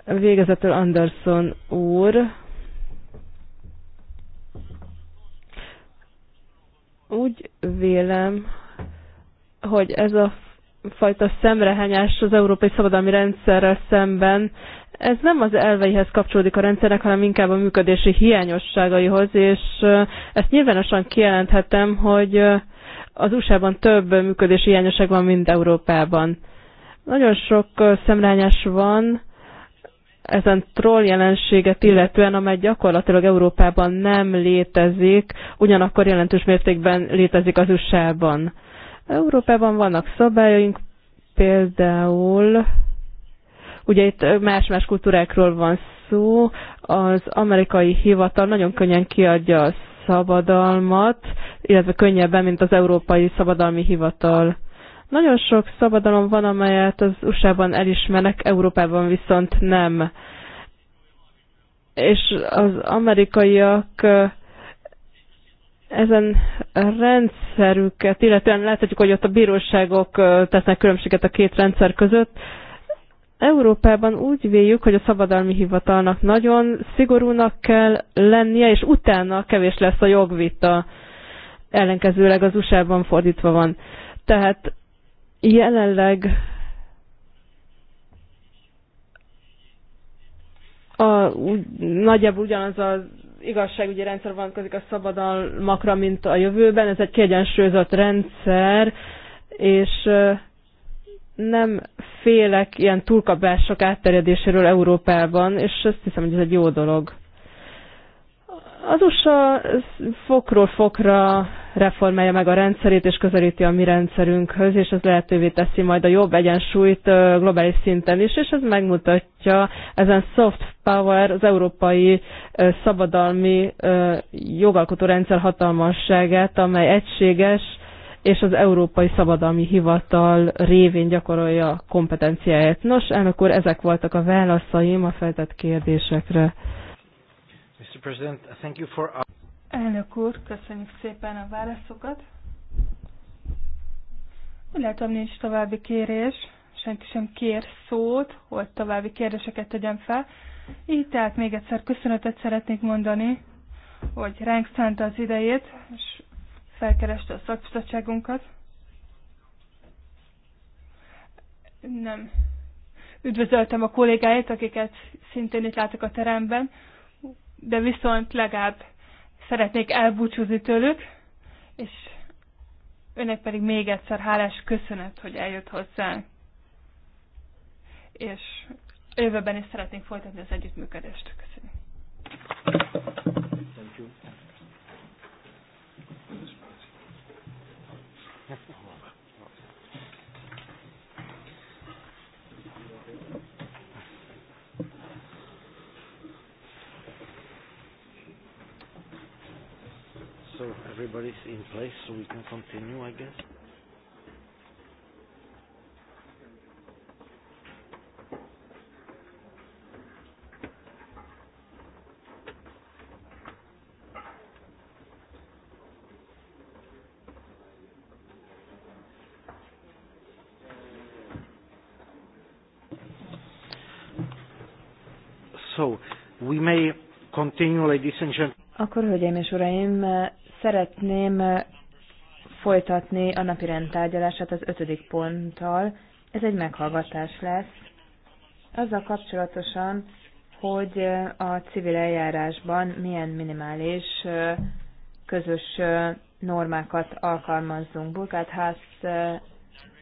Végezetül Anderson úr Úgy vélem, hogy ez a fajta szemrehányás az európai szabadalmi rendszerrel szemben, ez nem az elveihez kapcsolódik a rendszernek, hanem inkább a működési hiányosságaihoz, és ezt nyilvánosan kijelenthetem, hogy az USA-ban több működési hiányosság van, mint Európában. Nagyon sok szemrányás van, ezen troll jelenséget illetően, amely gyakorlatilag Európában nem létezik, ugyanakkor jelentős mértékben létezik az USA-ban. Európában vannak szabályaink, például, ugye itt más-más kultúrákról van szó, az amerikai hivatal nagyon könnyen kiadja a szabadalmat, illetve könnyebben, mint az európai szabadalmi hivatal. Nagyon sok szabadalom van, amelyet az USA-ban elismernek, Európában viszont nem. És az amerikaiak ezen rendszerüket, illetően láthatjuk, hogy ott a bíróságok tesznek különbséget a két rendszer között. Európában úgy véljük, hogy a szabadalmi hivatalnak nagyon szigorúnak kell lennie, és utána kevés lesz a jogvita. Ellenkezőleg az USA-ban fordítva van. Tehát Jelenleg a, úgy, nagyjából ugyanaz az igazságügyi rendszer vonatkozik a szabadalmakra, mint a jövőben. Ez egy kiegyensúlyozott rendszer, és nem félek ilyen túlkapások átterjedéséről Európában, és azt hiszem, hogy ez egy jó dolog. Az USA fokról fokra reformálja meg a rendszerét, és közelíti a mi rendszerünkhöz, és ez lehetővé teszi majd a jobb egyensúlyt globális szinten is, és ez megmutatja ezen soft power, az európai szabadalmi jogalkotó rendszer hatalmasságát, amely egységes, és az Európai Szabadalmi Hivatal révén gyakorolja kompetenciáját. Nos, elnök úr, ezek voltak a válaszaim a feltett kérdésekre. Mr. President, thank you for... Elnök úr, köszönjük szépen a válaszokat. Úgy látom, nincs további kérés, senki sem kér szót, hogy további kérdéseket tegyen fel. Így tehát még egyszer köszönetet szeretnék mondani, hogy ránk szánta az idejét, és felkereste a szakbizottságunkat. Nem. Üdvözöltem a kollégáit, akiket szintén itt látok a teremben, de viszont legalább szeretnék elbúcsúzni tőlük, és önnek pedig még egyszer hálás köszönet, hogy eljött hozzá. És jövőben is szeretnénk folytatni az együttműködést. Köszönöm. So everybody's in place, so we can continue, I guess. So we may continue, ladies and gentlemen. Akkor, hölgyeim és uraim, szeretném folytatni a napi rendtárgyalását az ötödik ponttal. Ez egy meghallgatás lesz. Azzal kapcsolatosan, hogy a civil eljárásban milyen minimális közös normákat alkalmazzunk. Burkát Haas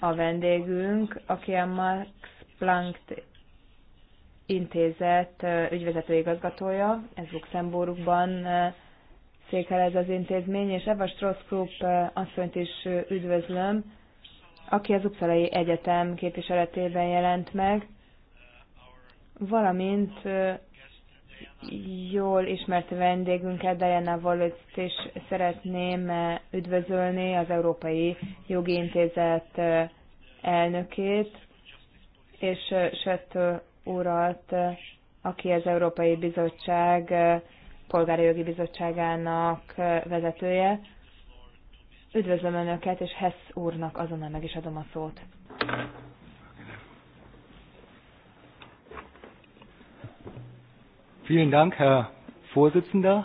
a vendégünk, aki a Max Planck intézet ügyvezetőigazgatója, ez Luxemburgban székel ez az intézmény, és Eva strauss Group asszonyt is üdvözlöm, aki az Uppsalai Egyetem képviseletében jelent meg, valamint jól ismert vendégünket, Diana Wallace-t is szeretném üdvözölni, az Európai Jogi Intézet elnökét, és Sött urat, aki az Európai Bizottság Polgári Jogi Bizottságának vezetője. Üdvözlöm Önöket, és Hess úrnak azonnal meg is adom a szót. Vielen Dank, Herr Vorsitzender.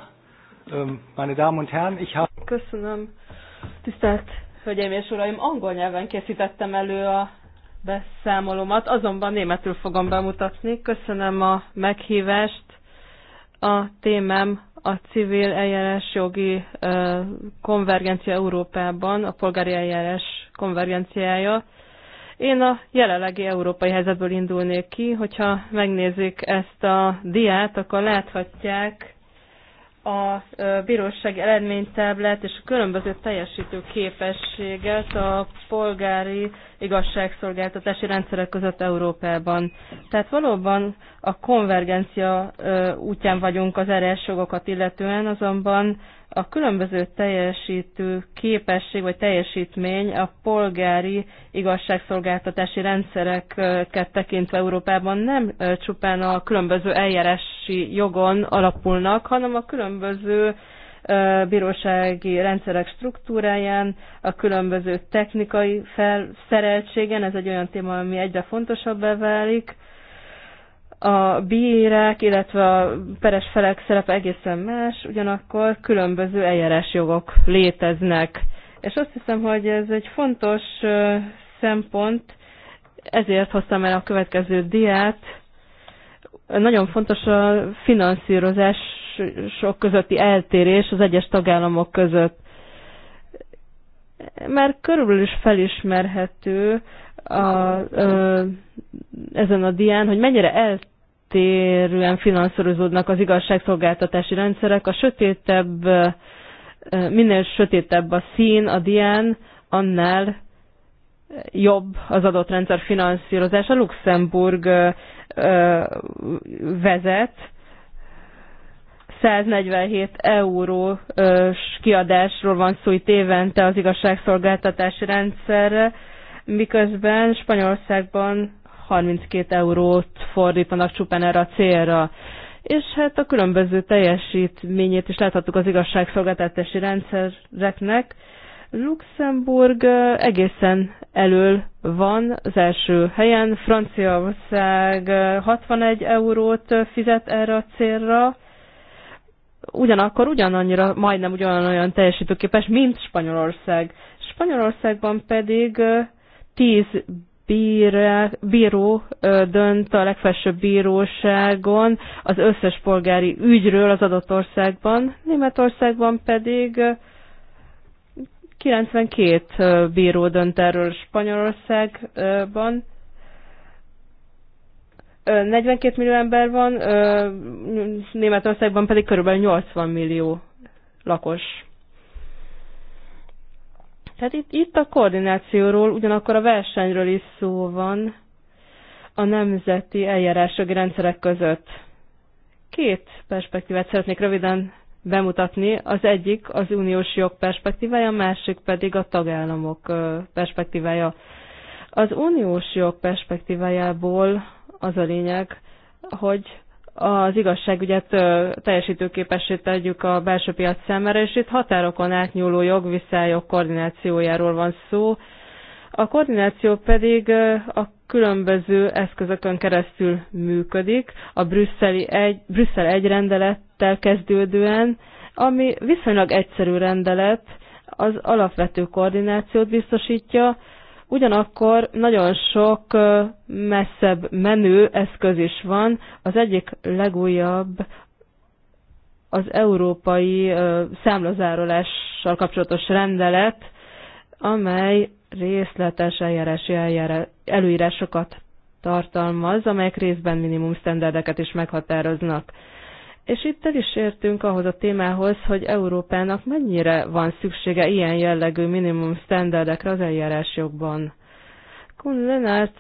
Ähm, meine Damen und Herren, ich habe... Köszönöm. Tisztelt Hölgyeim és Uraim, angol nyelven készítettem elő a beszámolomat, azonban németül fogom bemutatni. Köszönöm a meghívást. A témám a civil eljárás jogi konvergencia Európában, a polgári eljárás konvergenciája. Én a jelenlegi európai helyzetből indulnék ki, hogyha megnézik ezt a diát, akkor láthatják a bíróság eredménytáblát és a különböző teljesítő képességet a polgári igazságszolgáltatási rendszerek között Európában. Tehát valóban a konvergencia útján vagyunk az RS jogokat illetően, azonban a különböző teljesítő képesség vagy teljesítmény a polgári igazságszolgáltatási rendszereket tekintve Európában nem csupán a különböző eljárási jogon alapulnak, hanem a különböző bírósági rendszerek struktúráján, a különböző technikai felszereltségen, ez egy olyan téma, ami egyre fontosabbá válik, a bírák, illetve a peres felek szerepe egészen más, ugyanakkor különböző eljárásjogok léteznek. És azt hiszem, hogy ez egy fontos szempont, ezért hoztam el a következő diát, nagyon fontos a finanszírozások közötti eltérés az egyes tagállamok között. Már körülbelül is felismerhető a, ö, ezen a dián, hogy mennyire eltérően finanszírozódnak az igazságszolgáltatási rendszerek. A sötétebb, minél sötétebb a szín a dián, annál jobb az adott rendszer finanszírozása. Luxemburg vezet, 147 eurós kiadásról van szó itt évente az igazságszolgáltatási rendszerre, miközben Spanyolországban 32 eurót fordítanak csupán erre a célra. És hát a különböző teljesítményét is láthattuk az igazságszolgáltatási rendszereknek, Luxemburg egészen elől van az első helyen. Franciaország 61 eurót fizet erre a célra, ugyanakkor ugyanannyira, majdnem ugyanolyan teljesítőképes, mint Spanyolország. Spanyolországban pedig 10 bíró dönt a legfelsőbb bíróságon az összes polgári ügyről az adott országban, Németországban pedig 92 bíró dönt erről Spanyolországban. 42 millió ember van, Németországban pedig körülbelül 80 millió lakos. Tehát itt, itt a koordinációról, ugyanakkor a versenyről is szó van a nemzeti eljárásjogi rendszerek között. Két perspektívát szeretnék röviden bemutatni. Az egyik az uniós jog perspektívája, a másik pedig a tagállamok perspektívája. Az uniós jog perspektívájából az a lényeg, hogy az igazságügyet teljesítőképessé tegyük a belső piac számára, és itt határokon átnyúló jogviszályok koordinációjáról van szó. A koordináció pedig a különböző eszközökön keresztül működik, a brüsszeli egy, Brüsszel egy rendelettel kezdődően, ami viszonylag egyszerű rendelet, az alapvető koordinációt biztosítja, ugyanakkor nagyon sok messzebb menő eszköz is van. Az egyik legújabb az európai számlazárolással kapcsolatos rendelet, amely részletes eljárási eljárás előírásokat tartalmaz, amelyek részben minimum sztenderdeket is meghatároznak. És itt el is értünk ahhoz a témához, hogy Európának mennyire van szüksége ilyen jellegű minimum sztenderdekre az eljárásjogban. Kun Lennertz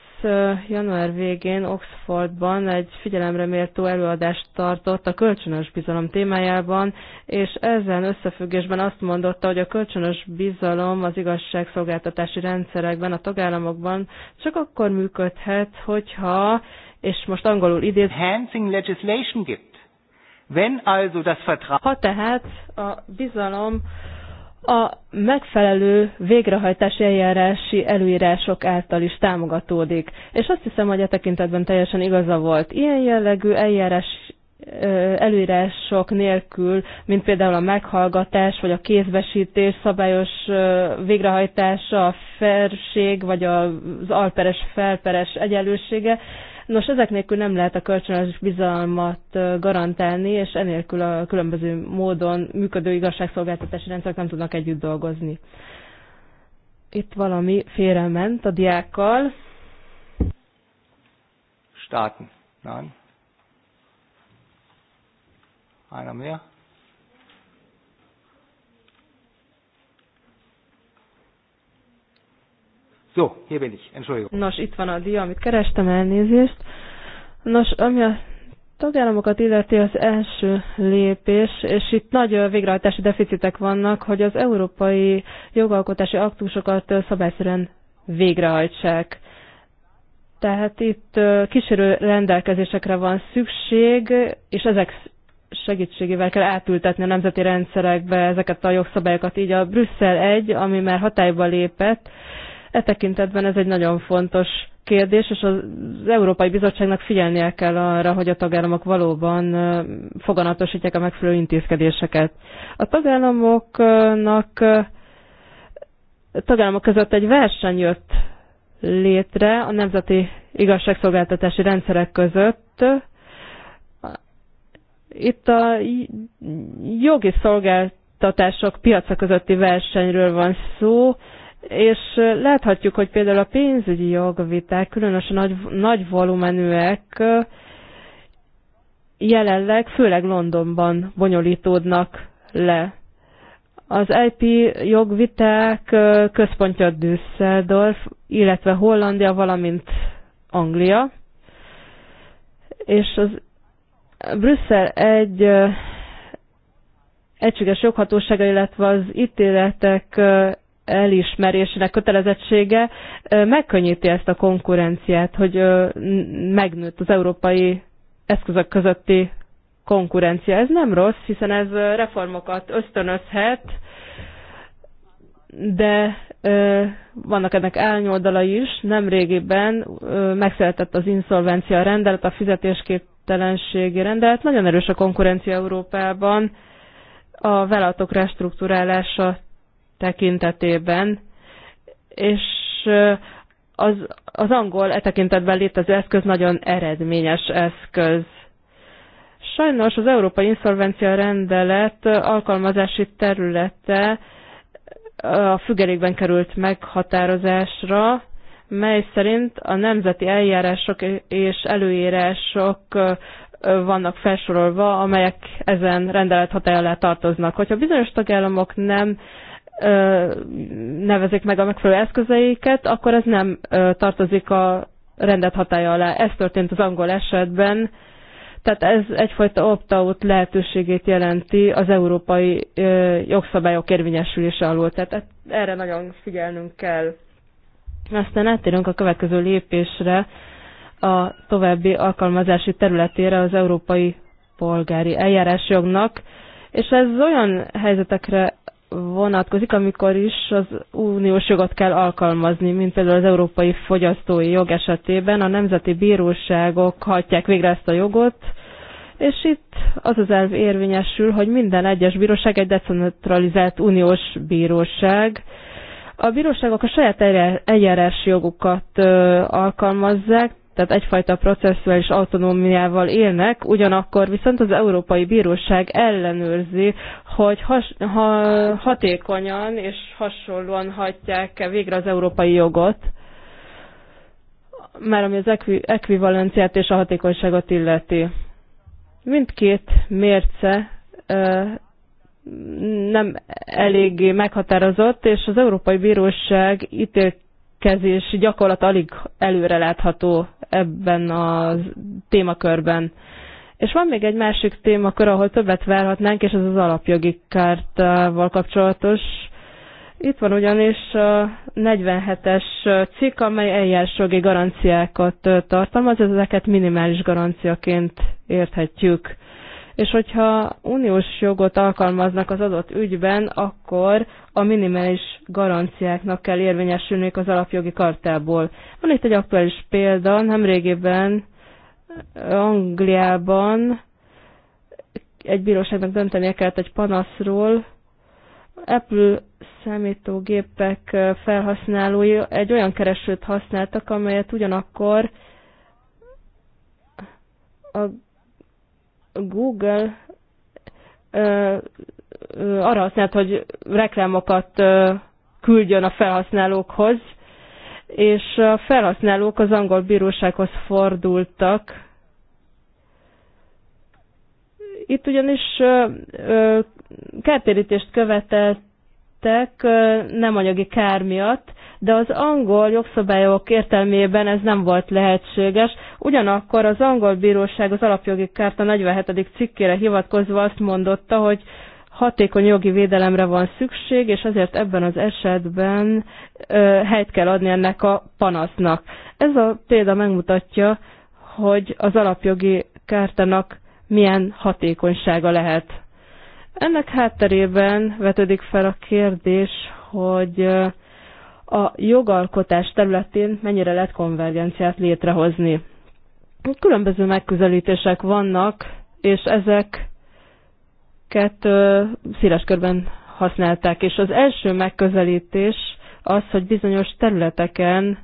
január végén Oxfordban egy figyelemre méltó előadást tartott a kölcsönös bizalom témájában, és ezen összefüggésben azt mondotta, hogy a kölcsönös bizalom az igazságszolgáltatási rendszerekben, a tagállamokban csak akkor működhet, hogyha, és most angolul idéz, enhancing legislation gibt. Wenn also das Vertrauen... Ha tehát a bizalom a megfelelő végrehajtási eljárási előírások által is támogatódik. És azt hiszem, hogy a e tekintetben teljesen igaza volt. Ilyen jellegű eljárás előírások nélkül, mint például a meghallgatás, vagy a kézbesítés szabályos végrehajtása, a felség, vagy az alperes-felperes egyenlősége. Nos, ezek nélkül nem lehet a kölcsönös bizalmat garantálni, és enélkül a különböző módon működő igazságszolgáltatási rendszerek nem tudnak együtt dolgozni. Itt valami félrement a diákkal. Starten. Nein. Einer mehr? Jó, hier bin ich. Entschuldigung. Nos, itt van a dia, amit kerestem, elnézést. Nos, ami a tagállamokat illeti az első lépés, és itt nagy végrehajtási deficitek vannak, hogy az európai jogalkotási aktusokat szabályszerűen végrehajtsák. Tehát itt kísérő rendelkezésekre van szükség, és ezek segítségével kell átültetni a nemzeti rendszerekbe ezeket a jogszabályokat. Így a Brüsszel 1, ami már hatályba lépett, E tekintetben ez egy nagyon fontos kérdés, és az Európai Bizottságnak figyelnie kell arra, hogy a tagállamok valóban foganatosítják a megfelelő intézkedéseket. A tagállamoknak a tagállamok között egy verseny jött létre a nemzeti igazságszolgáltatási rendszerek között. Itt a jogi szolgáltatások piaca közötti versenyről van szó, és láthatjuk, hogy például a pénzügyi jogviták, különösen nagy, nagy volumenűek, jelenleg főleg Londonban bonyolítódnak le. Az IP jogviták központja Düsseldorf, illetve Hollandia, valamint Anglia. És az Brüsszel egy egységes joghatósága, illetve az ítéletek elismerésének kötelezettsége megkönnyíti ezt a konkurenciát, hogy megnőtt az európai eszközök közötti konkurencia. Ez nem rossz, hiszen ez reformokat ösztönözhet, de vannak ennek elnyoldalai is. Nemrégiben ö, megszületett az inszolvencia rendelet, a fizetésképtelenségi rendelet. Nagyon erős a konkurencia Európában. A vállalatok restruktúrálása tekintetében, és az, az angol e tekintetben létező eszköz nagyon eredményes eszköz. Sajnos az Európai Inszolvencia Rendelet alkalmazási területe a függelékben került meghatározásra, mely szerint a nemzeti eljárások és előírások vannak felsorolva, amelyek ezen rendelet hatájára tartoznak. Hogyha bizonyos tagállamok nem uh, nevezik meg a megfelelő eszközeiket, akkor ez nem tartozik a rendet hatája alá. Ez történt az angol esetben, tehát ez egyfajta opt-out lehetőségét jelenti az európai jogszabályok érvényesülése alól. Tehát e- erre nagyon figyelnünk kell. Aztán áttérünk a következő lépésre, a további alkalmazási területére az európai polgári eljárásjognak, és ez olyan helyzetekre vonatkozik, amikor is az uniós jogot kell alkalmazni, mint például az európai fogyasztói jog esetében. A nemzeti bíróságok hagyják végre ezt a jogot, és itt az az elv érvényesül, hogy minden egyes bíróság egy decentralizált uniós bíróság. A bíróságok a saját eljárás jogukat alkalmazzák, tehát egyfajta processzuális autonómiával élnek, ugyanakkor viszont az Európai Bíróság ellenőrzi, hogy has, ha, hatékonyan és hasonlóan hagyják -e végre az európai jogot, már ami az ekvi, ekvivalenciát és a hatékonyságot illeti. Mindkét mérce nem eléggé meghatározott, és az Európai Bíróság ítélkezési gyakorlat alig előrelátható ebben a témakörben. És van még egy másik témakör, ahol többet várhatnánk, és ez az alapjogi kártával kapcsolatos. Itt van ugyanis a 47-es cikk, amely eljárásjogi garanciákat tartalmaz, ezeket minimális garanciaként érthetjük és hogyha uniós jogot alkalmaznak az adott ügyben, akkor a minimális garanciáknak kell érvényesülniük az alapjogi kartából. Van itt egy aktuális példa, nemrégében eh, Angliában egy bíróságnak döntenie kellett egy panaszról, Apple számítógépek eh, felhasználói egy olyan keresőt használtak, amelyet ugyanakkor a Google ö, ö, arra használt, hogy reklámokat ö, küldjön a felhasználókhoz, és a felhasználók az angol bírósághoz fordultak. Itt ugyanis ö, ö, kártérítést követett tettek, nem anyagi kár miatt, de az angol jogszabályok értelmében ez nem volt lehetséges. Ugyanakkor az angol bíróság az alapjogi kárt a 47. cikkére hivatkozva azt mondotta, hogy hatékony jogi védelemre van szükség, és ezért ebben az esetben ö, helyt kell adni ennek a panasznak. Ez a példa megmutatja, hogy az alapjogi kártanak milyen hatékonysága lehet. Ennek hátterében vetődik fel a kérdés, hogy a jogalkotás területén mennyire lehet konvergenciát létrehozni. Különböző megközelítések vannak, és ezeket széles körben használták. És az első megközelítés az, hogy bizonyos területeken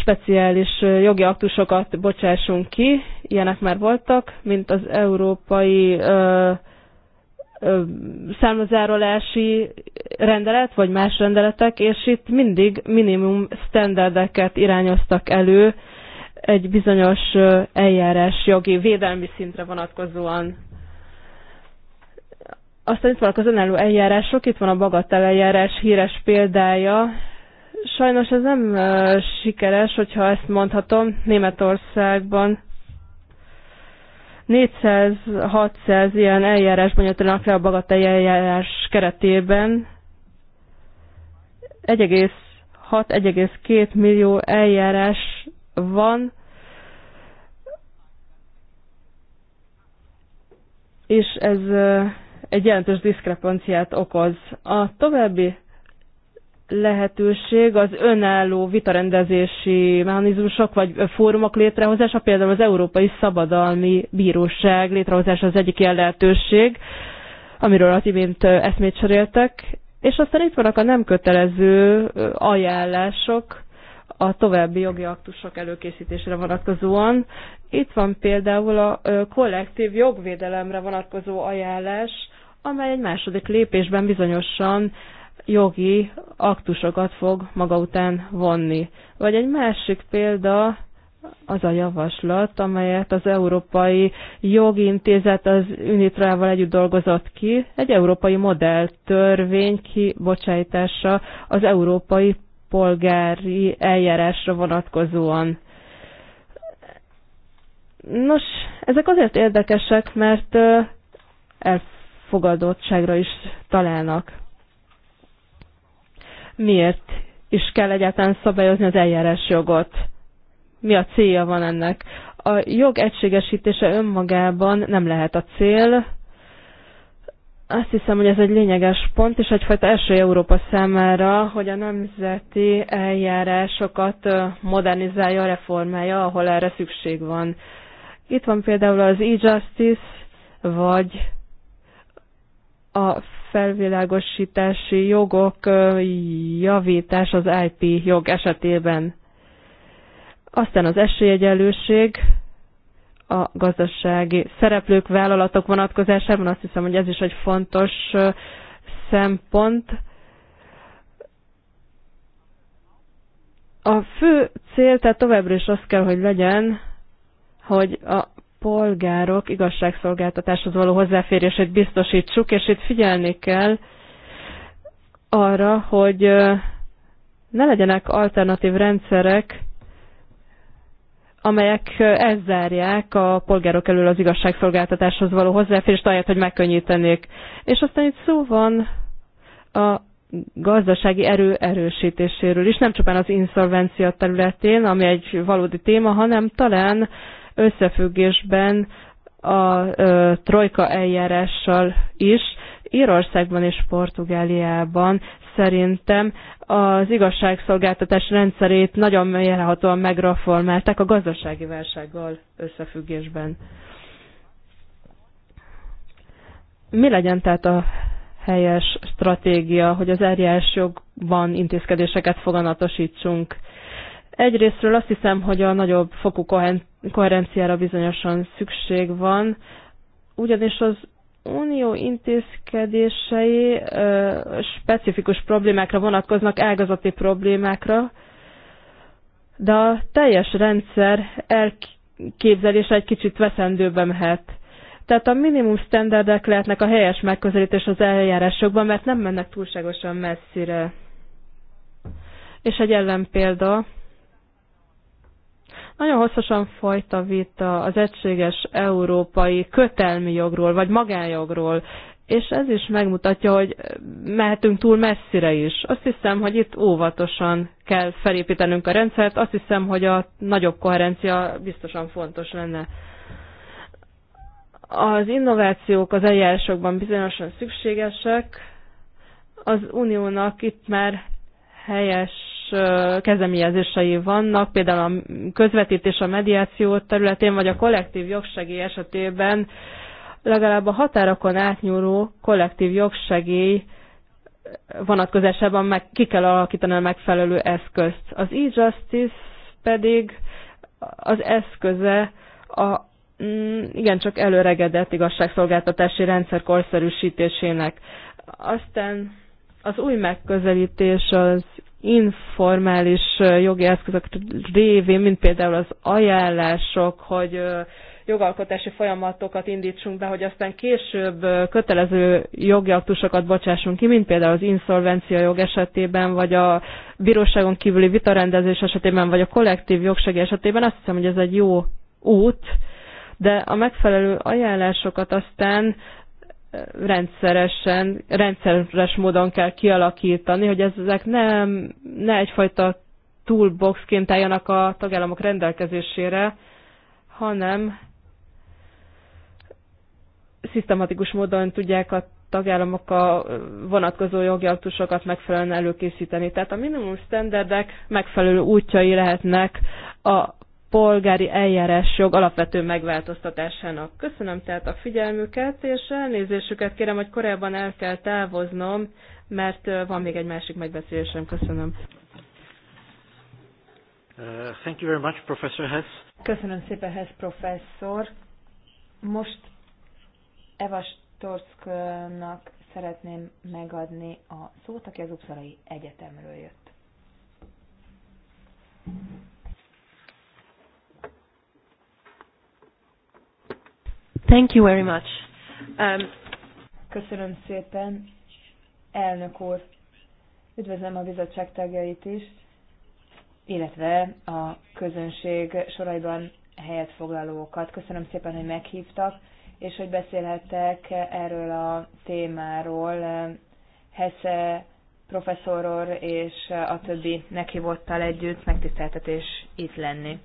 speciális jogi aktusokat bocsássunk ki, ilyenek már voltak, mint az európai ö, ö, számlazárolási rendelet, vagy más rendeletek, és itt mindig minimum standardeket irányoztak elő egy bizonyos eljárás jogi védelmi szintre vonatkozóan. Aztán itt vannak az önálló eljárások, itt van a bagatel eljárás híres példája, Sajnos ez nem sikeres, hogyha ezt mondhatom, Németországban 400-600 ilyen eljárás bonyolítanak le a bagatell eljárás keretében. 1,6-1,2 millió eljárás van, és ez egy jelentős diszkrepanciát okoz. A további lehetőség az önálló vitarendezési mechanizmusok vagy fórumok létrehozása, például az Európai Szabadalmi Bíróság létrehozása az egyik ilyen lehetőség, amiről az imént eszmét cseréltek, és aztán itt vannak a nem kötelező ajánlások a további jogi aktusok előkészítésére vonatkozóan. Itt van például a kollektív jogvédelemre vonatkozó ajánlás, amely egy második lépésben bizonyosan jogi aktusokat fog maga után vonni. Vagy egy másik példa az a javaslat, amelyet az Európai Jogi Intézet az Unitrával együtt dolgozott ki, egy európai modelltörvény kibocsájtása az európai polgári eljárásra vonatkozóan. Nos, ezek azért érdekesek, mert elfogadottságra is találnak miért is kell egyáltalán szabályozni az eljárás jogot? Mi a célja van ennek? A jog egységesítése önmagában nem lehet a cél. Azt hiszem, hogy ez egy lényeges pont, és egyfajta első Európa számára, hogy a nemzeti eljárásokat modernizálja, reformálja, ahol erre szükség van. Itt van például az e-justice, vagy a felvilágosítási jogok javítás az IP jog esetében. Aztán az esélyegyenlőség a gazdasági szereplők, vállalatok vonatkozásában azt hiszem, hogy ez is egy fontos szempont. A fő cél, tehát továbbra is az kell, hogy legyen, hogy a polgárok igazságszolgáltatáshoz való hozzáférését biztosítsuk, és itt figyelni kell arra, hogy ne legyenek alternatív rendszerek, amelyek elzárják a polgárok elől az igazságszolgáltatáshoz való hozzáférést, ahelyett, hogy megkönnyítenék. És aztán itt szó van a gazdasági erő erősítéséről is, nem csupán az inszolvencia területén, ami egy valódi téma, hanem talán összefüggésben a ö, trojka eljárással is. Írországban és Portugáliában szerintem az igazságszolgáltatás rendszerét nagyon mélyrehatóan megreformálták a gazdasági válsággal összefüggésben. Mi legyen tehát a helyes stratégia, hogy az eljárás jogban intézkedéseket foganatosítsunk? Egyrésztről azt hiszem, hogy a nagyobb fokú koherenciára bizonyosan szükség van, ugyanis az unió intézkedései ö, specifikus problémákra vonatkoznak, ágazati problémákra, de a teljes rendszer elképzelése egy kicsit veszendőbe mehet. Tehát a minimum standardek lehetnek a helyes megközelítés az eljárásokban, mert nem mennek túlságosan messzire. És egy ellenpélda, példa, nagyon hosszasan folyt a vita az egységes európai kötelmi jogról, vagy magánjogról, és ez is megmutatja, hogy mehetünk túl messzire is. Azt hiszem, hogy itt óvatosan kell felépítenünk a rendszert, azt hiszem, hogy a nagyobb koherencia biztosan fontos lenne. Az innovációk az eljárásokban bizonyosan szükségesek, az uniónak itt már helyes kezdeményezései vannak, például a közvetítés a mediáció területén, vagy a kollektív jogsegély esetében legalább a határokon átnyúló kollektív jogsegély vonatkozásában meg ki kell alakítani a megfelelő eszközt. Az e-justice pedig az eszköze a mm, igen csak előregedett igazságszolgáltatási rendszer korszerűsítésének. Aztán az új megközelítés az informális jogi eszközök révén, mint például az ajánlások, hogy jogalkotási folyamatokat indítsunk be, hogy aztán később kötelező jogi aktusokat bocsássunk ki, mint például az inszolvencia jog esetében, vagy a bíróságon kívüli vitarendezés esetében, vagy a kollektív jogsegély esetében. Azt hiszem, hogy ez egy jó út, de a megfelelő ajánlásokat aztán rendszeresen, rendszeres módon kell kialakítani, hogy ezek nem, ne egyfajta toolboxként álljanak a tagállamok rendelkezésére, hanem szisztematikus módon tudják a tagállamok a vonatkozó jogi aktusokat megfelelően előkészíteni. Tehát a minimum standardek megfelelő útjai lehetnek a polgári eljárásjog alapvető megváltoztatásának. Köszönöm tehát a figyelmüket, és elnézésüket kérem, hogy korábban el kell távoznom, mert van még egy másik megbeszélésem. Köszönöm. Uh, thank you very much, Professor Hess. Köszönöm szépen, Hess professzor. Most Eva Storcknak szeretném megadni a szót, aki az Uppsalai Egyetemről jött. Thank you very much. Um, Köszönöm szépen, elnök úr. Üdvözlöm a bizottság tagjait is, illetve a közönség soraiban helyet foglalókat. Köszönöm szépen, hogy meghívtak, és hogy beszélhettek erről a témáról Hesse professzorról és a többi meghívottal együtt megtiszteltetés itt lenni.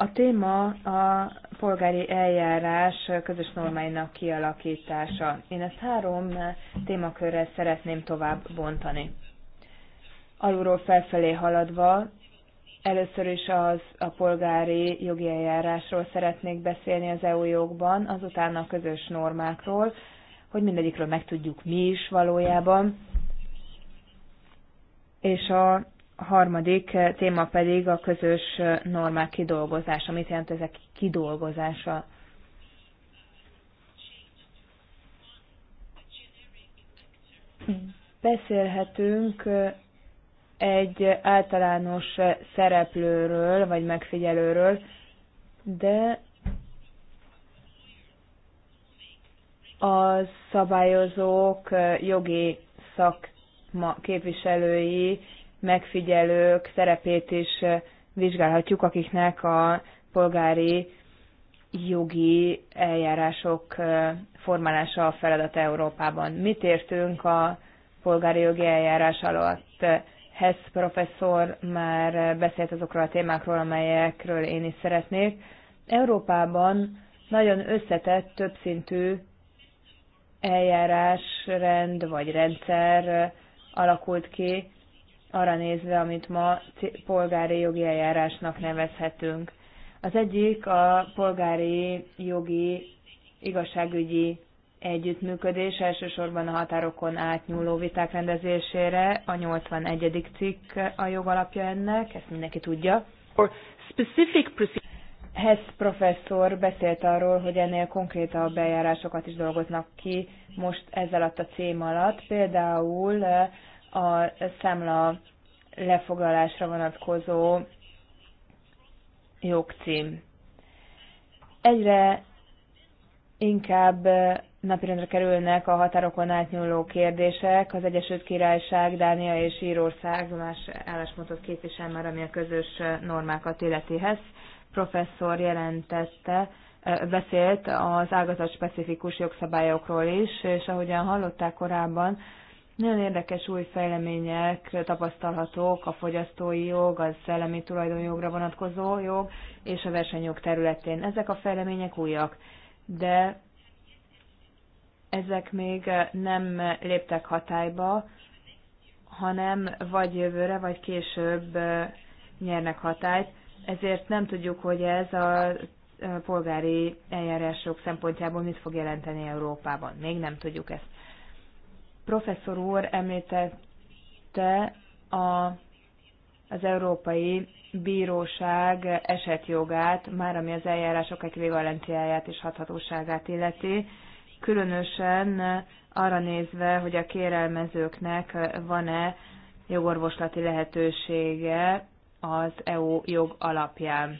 A téma a polgári eljárás közös normáinak kialakítása. Én ezt három témakörrel szeretném tovább bontani. Alulról felfelé haladva, először is az a polgári jogi eljárásról szeretnék beszélni az EU jogban, azután a közös normákról, hogy mindegyikről megtudjuk mi is valójában, és a harmadik téma pedig a közös normák kidolgozása. Mit jelent ezek kidolgozása? Beszélhetünk egy általános szereplőről, vagy megfigyelőről, de a szabályozók jogi szakma képviselői megfigyelők szerepét is vizsgálhatjuk, akiknek a polgári jogi eljárások formálása a feladat Európában. Mit értünk a polgári jogi eljárás alatt? Hess professzor már beszélt azokról a témákról, amelyekről én is szeretnék. Európában nagyon összetett, többszintű eljárásrend vagy rendszer alakult ki, arra nézve, amit ma polgári jogi eljárásnak nevezhetünk. Az egyik a polgári jogi igazságügyi együttműködés elsősorban a határokon átnyúló viták rendezésére, a 81. cikk a jogalapja ennek, ezt mindenki tudja. Hess professzor beszélt arról, hogy ennél konkrétabb eljárásokat is dolgoznak ki most ezzel a cím alatt, például a számla lefoglalásra vonatkozó jogcím. Egyre inkább napirendre kerülnek a határokon átnyúló kérdések. Az Egyesült Királyság, Dánia és Írország más álláspontot képvisel már, ami a közös normákat illetihez. Professzor jelentette, beszélt az ágazat specifikus jogszabályokról is, és ahogyan hallották korábban, nagyon érdekes új fejlemények tapasztalhatók a fogyasztói jog, a szellemi tulajdonjogra vonatkozó jog és a versenyjog területén. Ezek a fejlemények újak, de ezek még nem léptek hatályba, hanem vagy jövőre, vagy később nyernek hatályt. Ezért nem tudjuk, hogy ez a polgári eljárások szempontjából mit fog jelenteni Európában. Még nem tudjuk ezt professzor úr említette a, az Európai Bíróság esetjogát, már ami az eljárások ekvivalenciáját és hathatóságát illeti, különösen arra nézve, hogy a kérelmezőknek van-e jogorvoslati lehetősége az EU jog alapján.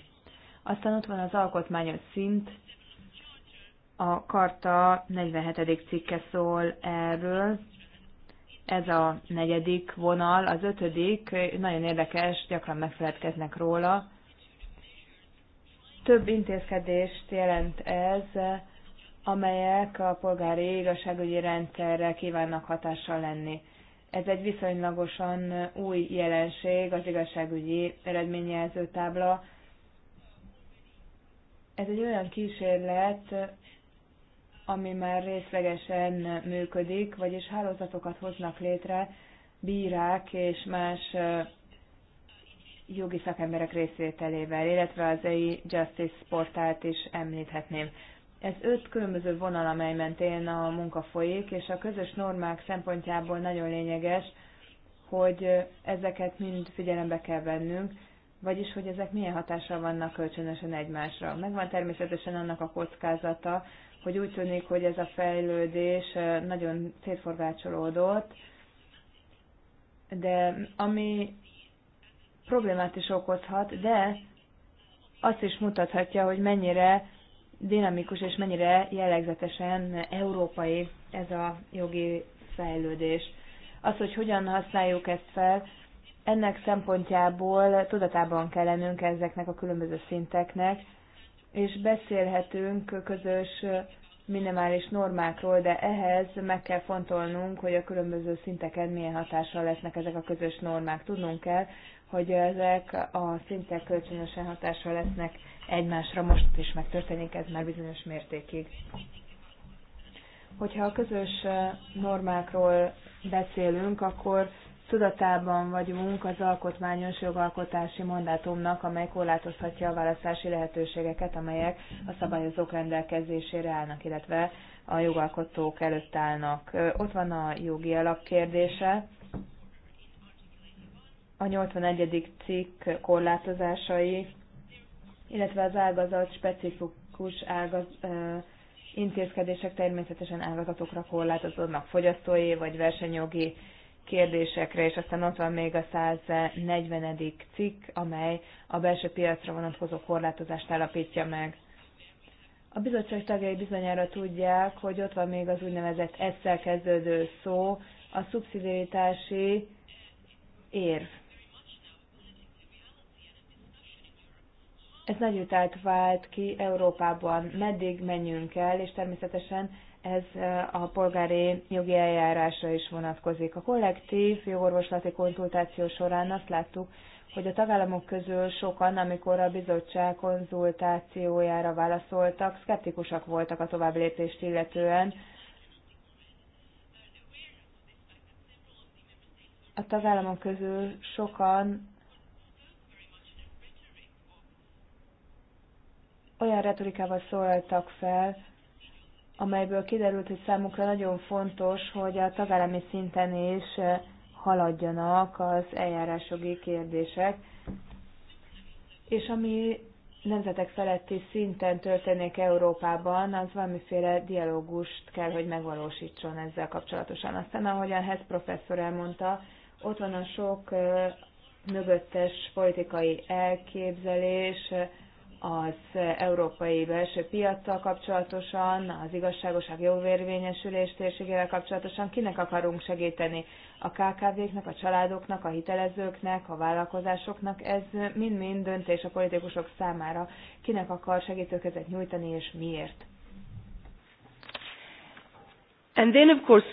Aztán ott van az alkotmányos szint, a karta 47. cikke szól erről, ez a negyedik vonal, az ötödik nagyon érdekes, gyakran megfeledkeznek róla. Több intézkedést jelent ez, amelyek a polgári igazságügyi rendszerre kívánnak hatással lenni. Ez egy viszonylagosan új jelenség, az igazságügyi eredményjelző tábla. Ez egy olyan kísérlet, ami már részlegesen működik, vagyis hálózatokat hoznak létre bírák és más jogi szakemberek részvételével, illetve az EI Justice portált is említhetném. Ez öt különböző vonal, amely mentén a munka folyik, és a közös normák szempontjából nagyon lényeges, hogy ezeket mind figyelembe kell vennünk, vagyis hogy ezek milyen hatással vannak kölcsönösen egymásra. Megvan természetesen annak a kockázata, hogy úgy tűnik, hogy ez a fejlődés nagyon szétforgácsolódott, de ami problémát is okozhat, de azt is mutathatja, hogy mennyire dinamikus és mennyire jellegzetesen európai ez a jogi fejlődés. Az, hogy hogyan használjuk ezt fel, ennek szempontjából tudatában kell lennünk ezeknek a különböző szinteknek, és beszélhetünk közös minimális normákról, de ehhez meg kell fontolnunk, hogy a különböző szinteken milyen hatással lesznek ezek a közös normák. Tudnunk kell, hogy ezek a szintek kölcsönösen hatással lesznek egymásra, most is megtörténik ez már bizonyos mértékig. Hogyha a közös normákról beszélünk, akkor tudatában vagyunk az alkotmányos jogalkotási mandátumnak, amely korlátozhatja a választási lehetőségeket, amelyek a szabályozók rendelkezésére állnak, illetve a jogalkotók előtt állnak. Ott van a jogi kérdése. A 81. cikk korlátozásai, illetve az ágazat specifikus ágaz, intézkedések természetesen ágazatokra korlátozódnak, fogyasztói vagy versenyjogi kérdésekre, és aztán ott van még a 140. cikk, amely a belső piacra vonatkozó korlátozást állapítja meg. A bizottság tagjai bizonyára tudják, hogy ott van még az úgynevezett ezzel kezdődő szó, a szubszidiaritási érv. Ez nagy vált ki Európában, meddig menjünk el, és természetesen ez a polgári jogi eljárásra is vonatkozik. A kollektív jogorvoslati konzultáció során azt láttuk, hogy a tagállamok közül sokan, amikor a bizottság konzultációjára válaszoltak, szkeptikusak voltak a tovább lépést illetően. A tagállamok közül sokan olyan retorikával szóltak fel, amelyből kiderült, hogy számukra nagyon fontos, hogy a tagállami szinten is eh, haladjanak az eljárásjogi kérdések, és ami nemzetek feletti szinten történik Európában, az valamiféle dialógust kell, hogy megvalósítson ezzel kapcsolatosan. Aztán, a Hess professzor elmondta, ott van a sok eh, mögöttes politikai elképzelés, eh, az európai belső piacsal kapcsolatosan, az igazságoság jóvérvényesülés térségével kapcsolatosan kinek akarunk segíteni? A kkv knek a családoknak, a hitelezőknek, a vállalkozásoknak, ez mind-mind döntés a politikusok számára. Kinek akar segítőkezet nyújtani és miért? And then of course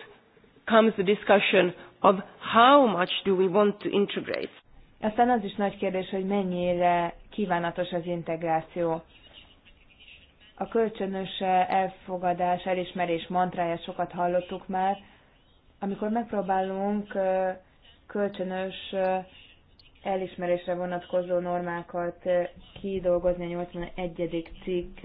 comes the discussion of how much do we want to integrate. Aztán az is nagy kérdés, hogy mennyire kívánatos az integráció. A kölcsönös elfogadás, elismerés mantrája sokat hallottuk már. Amikor megpróbálunk kölcsönös elismerésre vonatkozó normákat kidolgozni a 81. cikk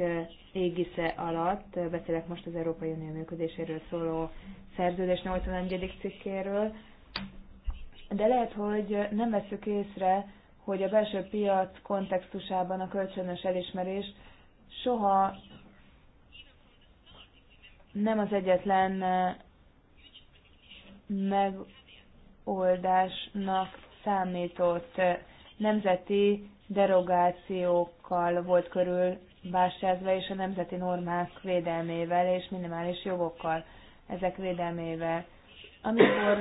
égisze alatt, beszélek most az Európai Unió működéséről szóló szerződés 81. cikkéről, de lehet, hogy nem veszük észre, hogy a belső piac kontextusában a kölcsönös elismerés soha nem az egyetlen eh, megoldásnak számított eh, nemzeti derogációkkal volt körül básázva, és a nemzeti normák védelmével és minimális jogokkal ezek védelmével amikor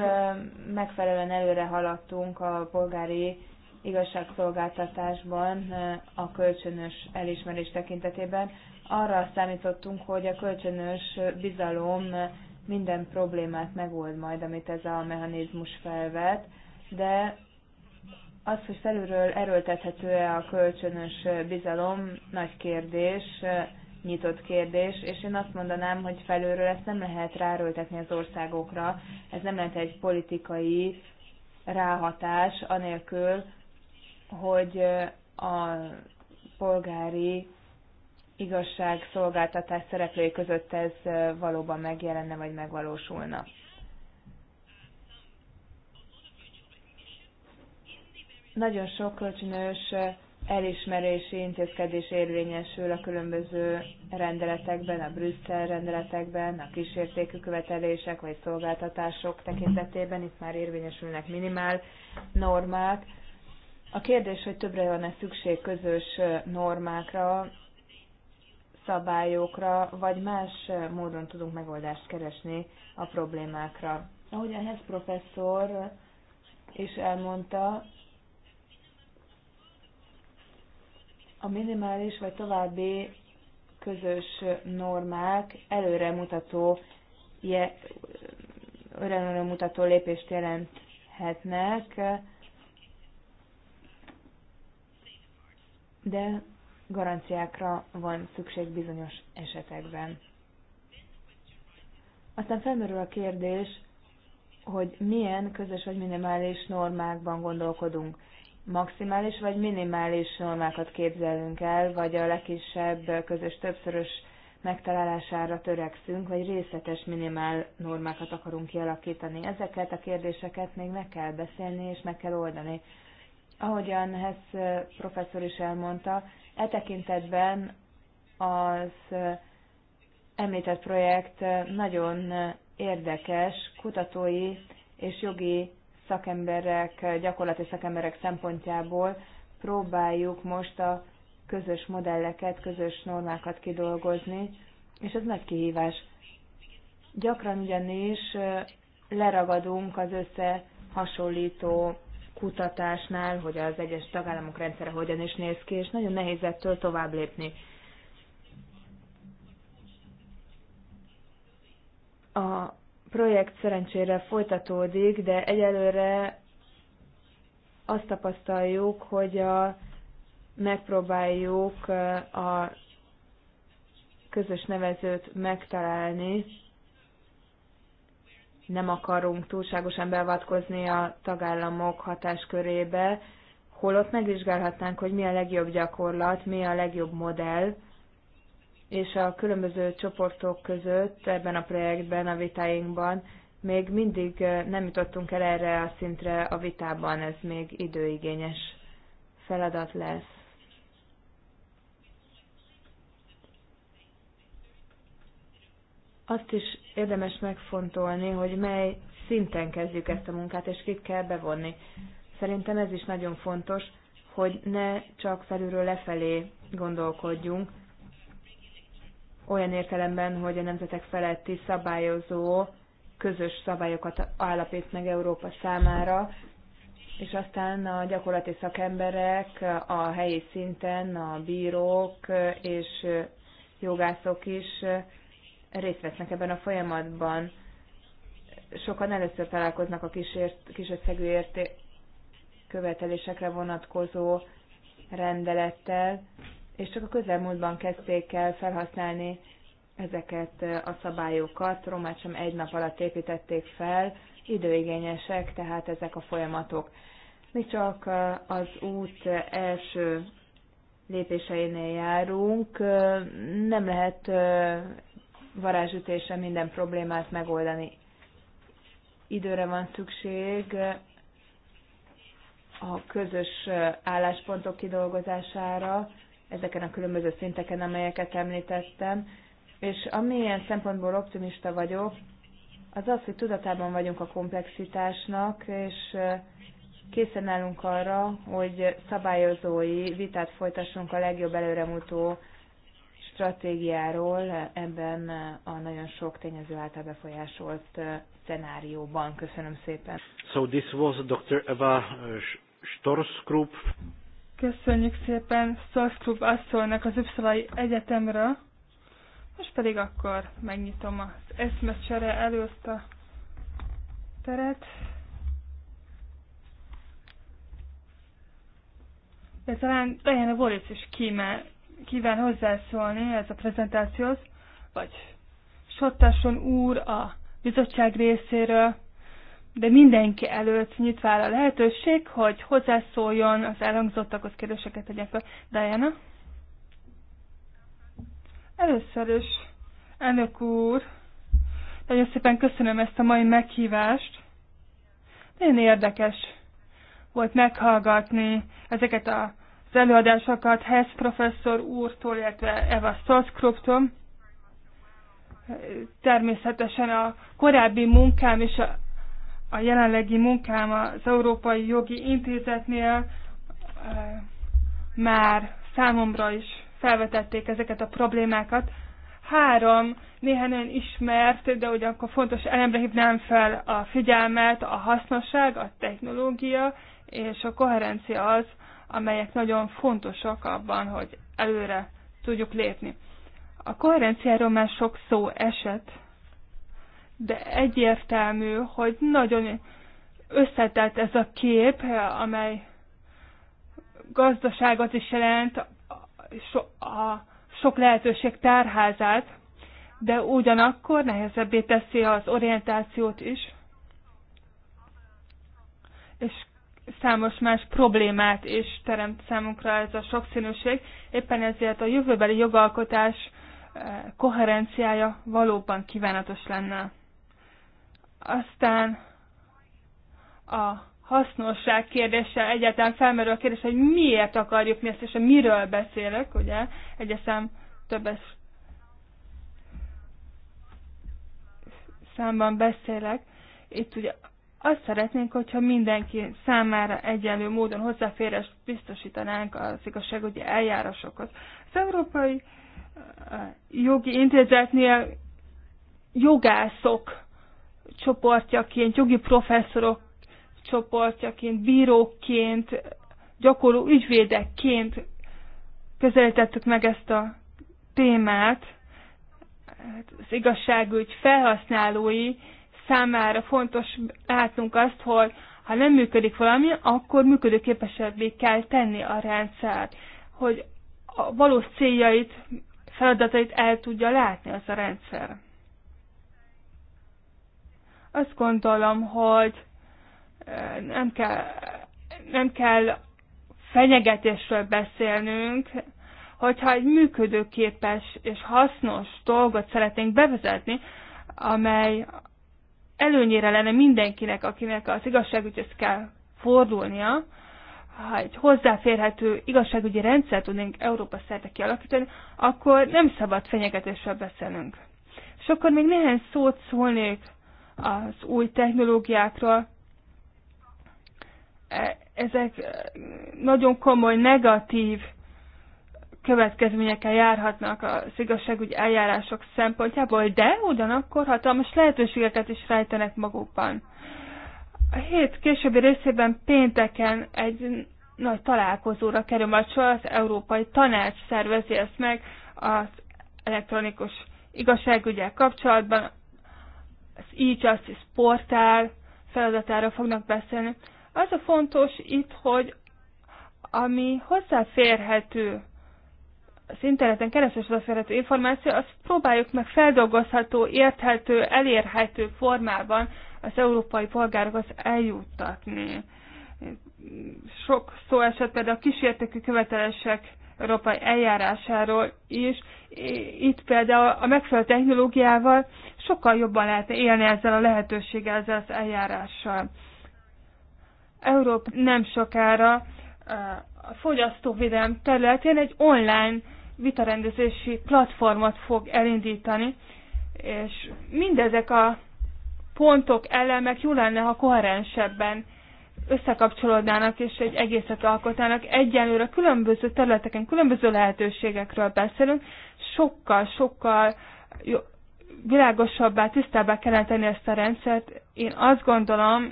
megfelelően előre haladtunk a polgári igazságszolgáltatásban a kölcsönös elismerés tekintetében, arra számítottunk, hogy a kölcsönös bizalom minden problémát megold majd, amit ez a mechanizmus felvet, de az, hogy felülről erőltethető-e a kölcsönös bizalom, nagy kérdés nyitott kérdés, és én azt mondanám, hogy felülről ezt nem lehet ráröltetni az országokra, ez nem lehet egy politikai ráhatás, anélkül, hogy a polgári igazságszolgáltatás szereplői között ez valóban megjelenne vagy megvalósulna. Nagyon sok kölcsönös elismerési intézkedés érvényesül a különböző rendeletekben, a Brüsszel rendeletekben, a kísértékű követelések vagy szolgáltatások tekintetében, itt már érvényesülnek minimál normák. A kérdés, hogy többre van-e szükség közös normákra, szabályokra, vagy más módon tudunk megoldást keresni a problémákra. Ahogy a professzor és elmondta, A minimális vagy további közös normák előremutató, je, előremutató lépést jelenthetnek, de garanciákra van szükség bizonyos esetekben. Aztán felmerül a kérdés, hogy milyen közös vagy minimális normákban gondolkodunk maximális vagy minimális normákat képzelünk el, vagy a legkisebb közös többszörös megtalálására törekszünk, vagy részletes minimál normákat akarunk kialakítani. Ezeket a kérdéseket még meg kell beszélni és meg kell oldani. Ahogyan Hess professzor is elmondta, e tekintetben az említett projekt nagyon érdekes kutatói és jogi szakemberek, gyakorlati szakemberek szempontjából próbáljuk most a közös modelleket, közös normákat kidolgozni, és ez nagy kihívás. Gyakran ugyanis leragadunk az össze hasonlító kutatásnál, hogy az egyes tagállamok rendszere hogyan is néz ki, és nagyon nehéz ettől tovább lépni. A projekt szerencsére folytatódik, de egyelőre azt tapasztaljuk, hogy a, megpróbáljuk a közös nevezőt megtalálni. Nem akarunk túlságosan beavatkozni a tagállamok hatáskörébe, holott megvizsgálhatnánk, hogy mi a legjobb gyakorlat, mi a legjobb modell, és a különböző csoportok között ebben a projektben, a vitáinkban még mindig eh, nem jutottunk el erre a szintre a vitában, ez még időigényes feladat lesz. Azt is érdemes megfontolni, hogy mely szinten kezdjük ezt a munkát, és kit kell bevonni. Szerintem ez is nagyon fontos, hogy ne csak felülről lefelé gondolkodjunk, olyan értelemben, hogy a nemzetek feletti szabályozó közös szabályokat állapít meg Európa számára, és aztán a gyakorlati szakemberek a helyi szinten, a bírók és jogászok is részt vesznek ebben a folyamatban. Sokan először találkoznak a kisért, kisösszegű érté követelésekre vonatkozó rendelettel, és csak a közelmúltban kezdték el felhasználni ezeket a szabályokat. Rómát sem egy nap alatt építették fel, időigényesek tehát ezek a folyamatok. Mi csak az út első lépéseinél járunk, nem lehet varázsütésre minden problémát megoldani. Időre van szükség a közös álláspontok kidolgozására, ezeken a különböző szinteken, amelyeket említettem. És amilyen szempontból optimista vagyok, az az, hogy tudatában vagyunk a komplexitásnak, és készen állunk arra, hogy szabályozói vitát folytassunk a legjobb előremutó stratégiáról ebben a nagyon sok tényező által befolyásolt szenárióban. Köszönöm szépen. So this was Dr. Eva Storsgroup. Köszönjük szépen Szorszklub Asszolnak az Üpszalai egyetemre, Most pedig akkor megnyitom az eszmecsere előtt a teret. De talán a Wallace is kíme, kíván hozzászólni ez a prezentációhoz, vagy Sottason úr a bizottság részéről, de mindenki előtt nyitva áll a lehetőség, hogy hozzászóljon az elhangzottakhoz kérdéseket tegyen fel. Diana? Először is, elnök úr, nagyon szépen köszönöm ezt a mai meghívást. Nagyon érdekes volt meghallgatni ezeket az előadásokat Hess professzor úrtól, illetve Eva Stolzkruptól. Természetesen a korábbi munkám és a a jelenlegi munkám az Európai Jogi Intézetnél eh, már számomra is felvetették ezeket a problémákat. Három néhány olyan ismert, de ugyanakkor fontos elemre hívnám fel a figyelmet, a hasznosság, a technológia és a koherencia az, amelyek nagyon fontosak abban, hogy előre tudjuk lépni. A koherenciáról már sok szó esett, de egyértelmű, hogy nagyon összetett ez a kép, amely gazdaságot is jelent, a sok lehetőség tárházát, de ugyanakkor nehezebbé teszi az orientációt is, és számos más problémát is teremt számunkra ez a sokszínűség. Éppen ezért a jövőbeli jogalkotás eh, koherenciája valóban kívánatos lenne. Aztán a hasznosság kérdése egyáltalán felmerül a kérdés, hogy miért akarjuk mi ezt, és miről beszélek, ugye? Egyeszem többes számban beszélek. Itt ugye azt szeretnénk, hogyha mindenki számára egyenlő módon hozzáférés biztosítanánk az igazságügyi eljárásokhoz. Az Európai Jogi Intézetnél jogászok csoportjaként, jogi professzorok csoportjaként, bíróként, gyakorló ügyvédekként közelítettük meg ezt a témát. Hát az igazságügy felhasználói számára fontos látnunk azt, hogy ha nem működik valami, akkor működőképesebbé kell tenni a rendszer, hogy a valós céljait, feladatait el tudja látni az a rendszer. Azt gondolom, hogy nem kell, nem kell fenyegetésről beszélnünk, hogyha egy működőképes és hasznos dolgot szeretnénk bevezetni, amely előnyére lenne mindenkinek, akinek az igazságügyhez kell fordulnia, ha egy hozzáférhető igazságügyi rendszer tudnénk Európa szerte kialakítani, akkor nem szabad fenyegetésről beszélnünk. És akkor még néhány szót szólnék az új technológiákról. E, ezek nagyon komoly negatív következményekkel járhatnak az igazságügyi eljárások szempontjából, de ugyanakkor hatalmas lehetőségeket is rejtenek magukban. A hét későbbi részében pénteken egy nagy találkozóra kerül majd sor, az Európai Tanács szervezi ezt meg az elektronikus igazságügyel kapcsolatban, az e-justice portál feladatára fognak beszélni. Az a fontos itt, hogy ami hozzáférhető, az interneten keresztül hozzáférhető információ, azt próbáljuk meg feldolgozható, érthető, elérhető formában az európai polgárokhoz eljuttatni. Sok szó esett például a kísértékű követelések európai eljárásáról is. Itt például a megfelelő technológiával sokkal jobban lehet élni ezzel a lehetőséggel, ezzel az eljárással. Európa nem sokára a fogyasztóvédelem területén egy online vitarendezési platformot fog elindítani, és mindezek a pontok, elemek jó lenne, ha koherensebben összekapcsolódnának és egy egészet alkotának Egyelőre különböző területeken, különböző lehetőségekről beszélünk, sokkal, sokkal jó, világosabbá, tisztábbá kellene tenni ezt a rendszert. Én azt gondolom,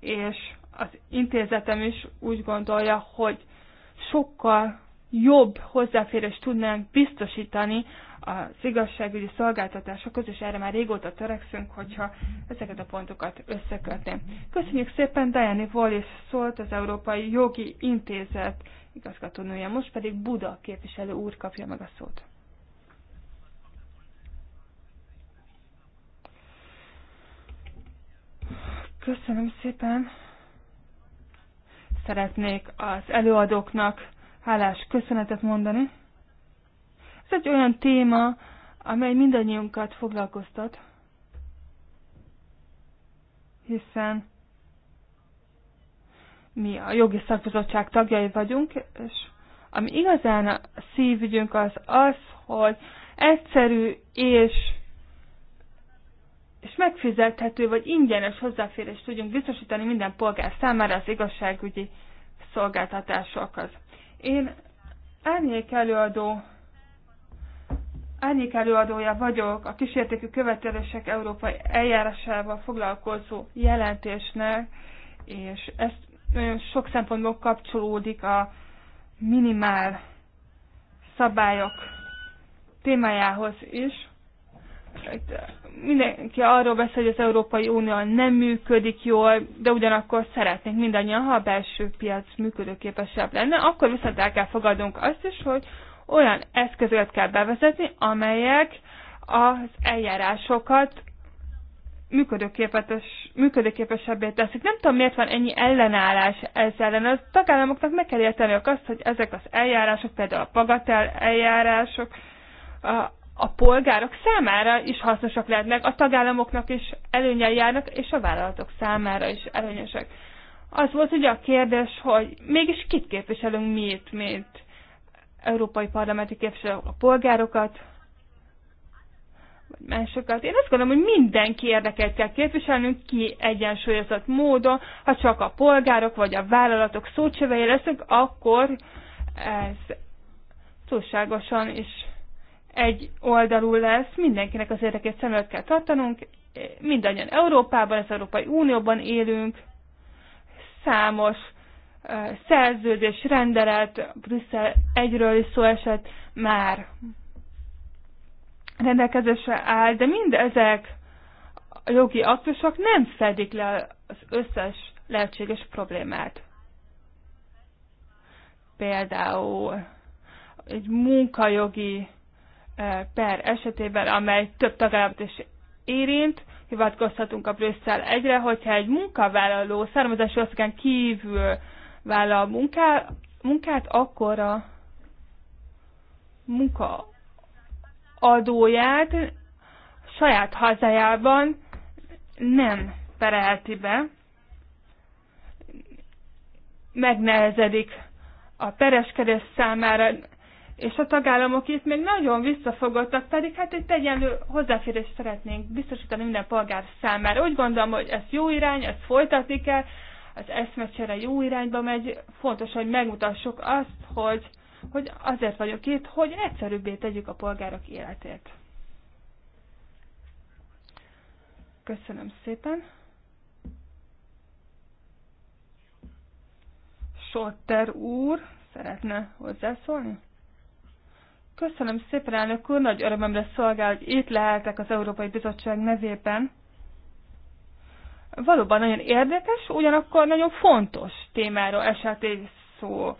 és az intézetem is úgy gondolja, hogy sokkal jobb hozzáférést tudnánk biztosítani az igazságügyi szolgáltatásokhoz, és erre már régóta törekszünk, hogyha ezeket a pontokat összekötném. Köszönjük szépen, Diane Wallis szólt az Európai Jogi Intézet igazgatónője, most pedig Buda képviselő úr kapja meg a szót. Köszönöm szépen. Szeretnék az előadóknak hálás köszönetet mondani. Ez egy olyan téma, amely mindannyiunkat foglalkoztat, hiszen mi a jogi szakbizottság tagjai vagyunk, és ami igazán a szívügyünk az az, hogy egyszerű és és megfizethető vagy ingyenes hozzáférést tudjunk biztosítani minden polgár számára az igazságügyi szolgáltatásokhoz. Én árnyék előadó árnyék előadója vagyok a kísértékű követelések európai eljárásával foglalkozó jelentésnek, és ez nagyon sok szempontból kapcsolódik a minimál szabályok témájához is mindenki arról beszél, hogy az Európai Unió nem működik jól, de ugyanakkor szeretnénk mindannyian, ha a belső piac működőképesebb lenne, akkor viszont el kell fogadnunk azt is, hogy olyan eszközöket kell bevezetni, amelyek az eljárásokat működőképes, működőképesebbé teszik. Nem tudom, miért van ennyi ellenállás ezzel ellen. A tagállamoknak meg kell érteni azt, hogy ezek az eljárások, például a pagatel eljárások, a polgárok számára is hasznosak lehetnek, a tagállamoknak is előnyel járnak, és a vállalatok számára is előnyösek. Az volt ugye a kérdés, hogy mégis kit képviselünk mi itt, mint európai parlamenti képviselők, a polgárokat, vagy másokat. Én azt gondolom, hogy mindenki érdekelt kell képviselnünk ki egyensúlyozott módon. Ha csak a polgárok vagy a vállalatok szócsövei leszünk, akkor ez túlságosan is egy oldalú lesz, mindenkinek az érdekét szem előtt kell tartanunk, mindannyian Európában, az Európai Unióban élünk, számos szerződés, rendelet, Brüsszel egyről is szó esett már rendelkezésre áll, de mindezek a jogi aktusok nem fedik le az összes lehetséges problémát. Például egy munkajogi Eh, per esetében, amely több tagállamot is érint, hivatkozhatunk a Brüsszel egyre, hogyha egy munkavállaló származási országán kívül vállal a munkát, munkát, akkor a munka adóját saját hazájában nem perelheti be, megnehezedik a pereskedés számára, és a tagállamok itt még nagyon visszafogottak, pedig hát egy egyenlő hozzáférést szeretnénk biztosítani minden polgár számára. Úgy gondolom, hogy ez jó irány, ezt folytatni kell, az eszmecsere jó irányba megy, fontos, hogy megmutassuk azt, hogy, hogy azért vagyok itt, hogy egyszerűbbé tegyük a polgárok életét. Köszönöm szépen. Sotter úr szeretne hozzászólni? Köszönöm szépen, elnök úr, nagy örömömre szolgál, hogy itt lehetek az Európai Bizottság nevében. Valóban nagyon érdekes, ugyanakkor nagyon fontos témáról esett egy szó.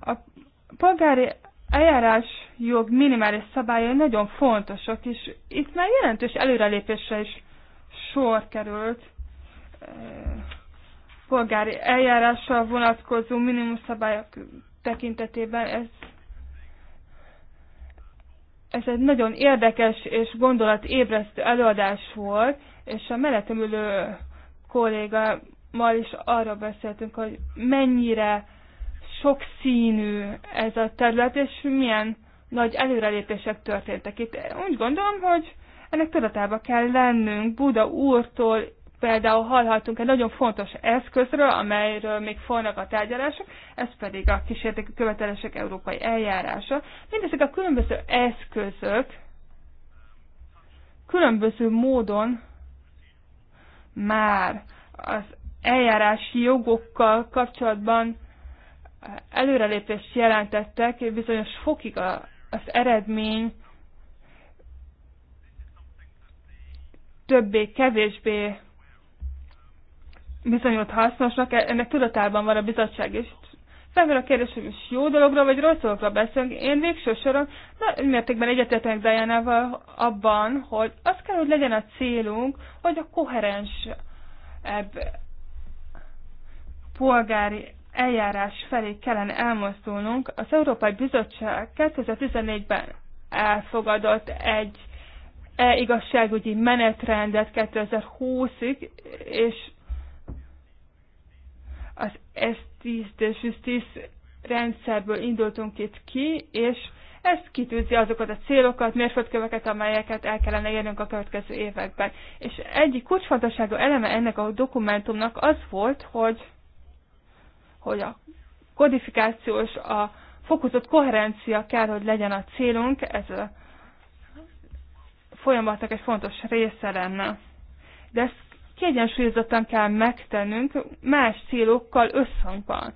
A polgári eljárás jog minimális szabályai nagyon fontosak, és itt már jelentős előrelépésre is sor került polgári eljárással vonatkozó minimum szabályok tekintetében. Ez ez egy nagyon érdekes és gondolatébresztő előadás volt, és a mellettem ülő kollégámmal is arra beszéltünk, hogy mennyire sokszínű ez a terület, és milyen nagy előrelépések történtek itt. Úgy gondolom, hogy ennek tudatába kell lennünk Buda úrtól például hallhatunk egy nagyon fontos eszközről, amelyről még folynak a tárgyalások, ez pedig a kísértékű követelések európai eljárása. Mindezek a különböző eszközök különböző módon már az eljárási jogokkal kapcsolatban előrelépést jelentettek, és bizonyos fokig a, az eredmény többé-kevésbé bizonyult hasznosnak, e- ennek tudatában van a bizottság is. Felmerül a kérdés, hogy most jó dologra vagy rossz dologra beszélünk. Én végső soron nagy mértékben egyetetek diana abban, hogy az kell, hogy legyen a célunk, hogy a koherens ebb polgári eljárás felé kellene elmozdulnunk. Az Európai Bizottság 2014-ben elfogadott egy e-igazságügyi menetrendet 2020-ig, és az s 10 justice rendszerből indultunk itt ki, és ez kitűzi azokat a célokat, mérföldköveket, amelyeket el kellene érnünk a következő években. És egyik kulcsfontosságú eleme ennek a dokumentumnak az volt, hogy, hogy a kodifikáció és a fokozott koherencia kell, hogy legyen a célunk, ez a folyamatnak egy fontos része lenne. De ezt kiegyensúlyozottan kell megtennünk más célokkal összhangban.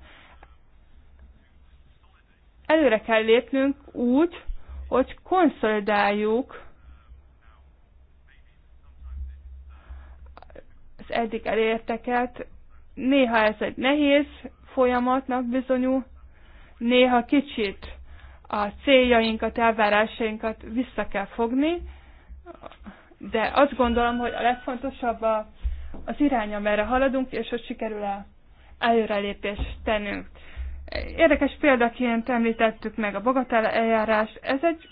Előre kell lépnünk úgy, hogy konszolidáljuk az eddig elérteket. Néha ez egy nehéz folyamatnak bizonyul, néha kicsit a céljainkat, elvárásainkat vissza kell fogni, de azt gondolom, hogy a legfontosabb a az irány, amerre haladunk, és hogy sikerül a előrelépést tennünk. Érdekes példaként említettük meg a Bogatál eljárást. Ez egy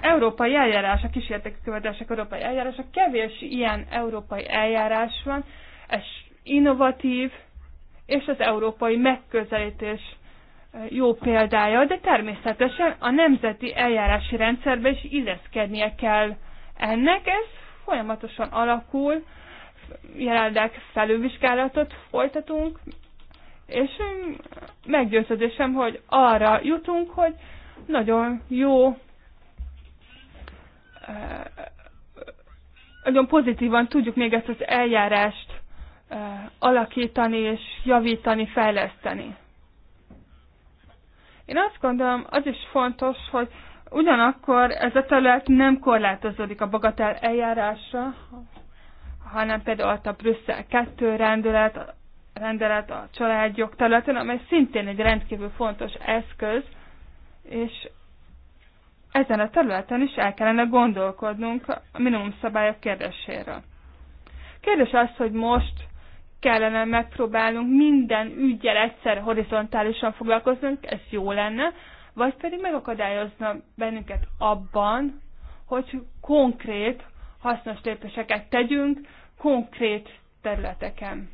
európai eljárás, a kísértékű követelések európai eljárás a Kevés ilyen európai eljárás van, ez innovatív, és az európai megközelítés eh, jó példája, de természetesen a nemzeti eljárási rendszerbe is illeszkednie kell ennek, ez folyamatosan alakul, jelenleg felülvizsgálatot folytatunk, és meggyőződésem, hogy arra jutunk, hogy nagyon jó, nagyon pozitívan tudjuk még ezt az eljárást alakítani és javítani, fejleszteni. Én azt gondolom, az is fontos, hogy ugyanakkor ez a terület nem korlátozódik a bagatel eljárásra, hanem például ott a Brüsszel 2 rendelet, rendelet a családjog területen, amely szintén egy rendkívül fontos eszköz, és ezen a területen is el kellene gondolkodnunk a minimum szabályok kérdéséről. Kérdés az, hogy most kellene megpróbálnunk minden ügyel egyszer horizontálisan foglalkoznunk, ez jó lenne, vagy pedig megakadályozna bennünket abban, hogy konkrét, hasznos lépéseket tegyünk, konkrét területeken,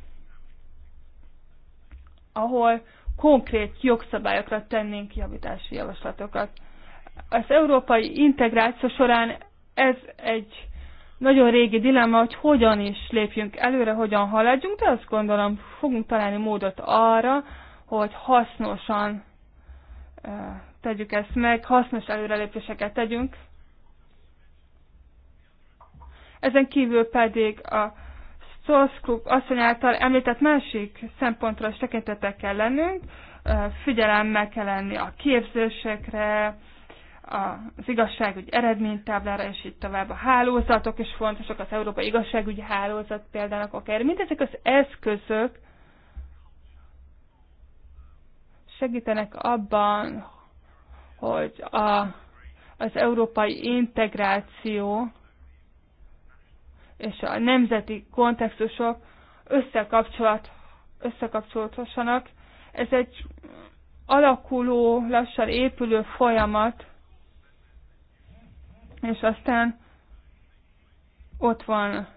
ahol konkrét jogszabályokra tennénk javítási javaslatokat. Az európai integráció során ez egy nagyon régi dilemma, hogy hogyan is lépjünk előre, hogyan haladjunk, de azt gondolom, fogunk találni módot arra, hogy hasznosan eh, tegyük ezt meg, hasznos előrelépéseket tegyünk, ezen kívül pedig a Szolszklub asszony által említett másik szempontra is tekintetek kell lennünk, figyelemmel kell lenni a képzésekre, az igazságügy eredménytáblára, és így tovább a hálózatok is fontosak, az Európai Igazságügyi Hálózat példának akár. Mindezek az eszközök segítenek abban, hogy a, az európai integráció és a nemzeti kontextusok összekapcsolat, összekapcsolódhassanak. Ez egy alakuló, lassan épülő folyamat, és aztán ott van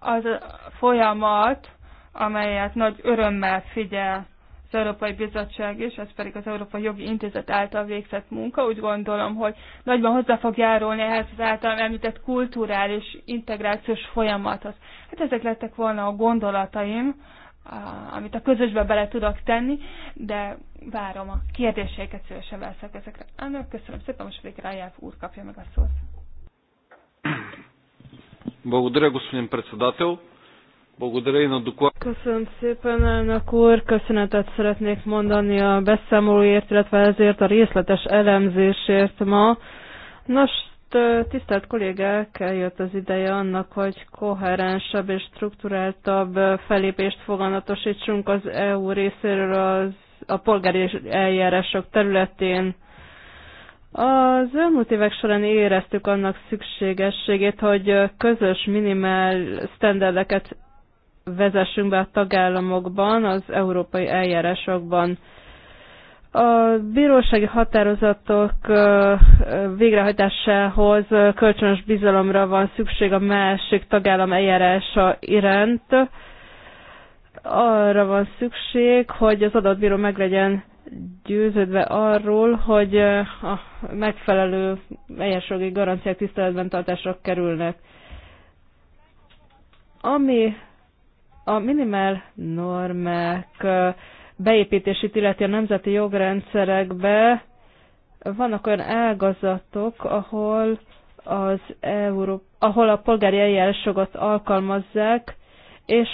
az a folyamat, amelyet nagy örömmel figyel az Európai Bizottság is, ez pedig az Európai Jogi Intézet által végzett munka. Úgy gondolom, hogy nagyban hozzá fog járulni ehhez az által említett kulturális integrációs folyamathoz. Hát ezek lettek volna a gondolataim, amit a közösbe bele tudok tenni, de várom a kérdéseiket, szívesen veszek ezekre. Annak köszönöm szépen, most végre Rájáv úr kapja meg a szót. Благодаря, господин председател. Köszönöm szépen, elnök úr. Köszönetet szeretnék mondani a beszámolóért, illetve ezért a részletes elemzésért ma. Nos, tisztelt kollégák, eljött az ideje annak, hogy koherensebb és strukturáltabb felépést foganatosítsunk az EU részéről az, a polgári eljárások területén. Az elmúlt évek során éreztük annak szükségességét, hogy közös minimál sztenderdeket vezessünk be a tagállamokban, az európai eljárásokban. A bírósági határozatok végrehajtásához kölcsönös bizalomra van szükség a másik tagállam eljárása iránt. Arra van szükség, hogy az adott bíró meg legyen győződve arról, hogy a megfelelő eljárásjogi garanciák tiszteletben tartásra kerülnek. Ami a minimál normák beépítését illeti a nemzeti jogrendszerekbe vannak olyan ágazatok, ahol az Európ- ahol a polgári eljárásokat alkalmazzák, és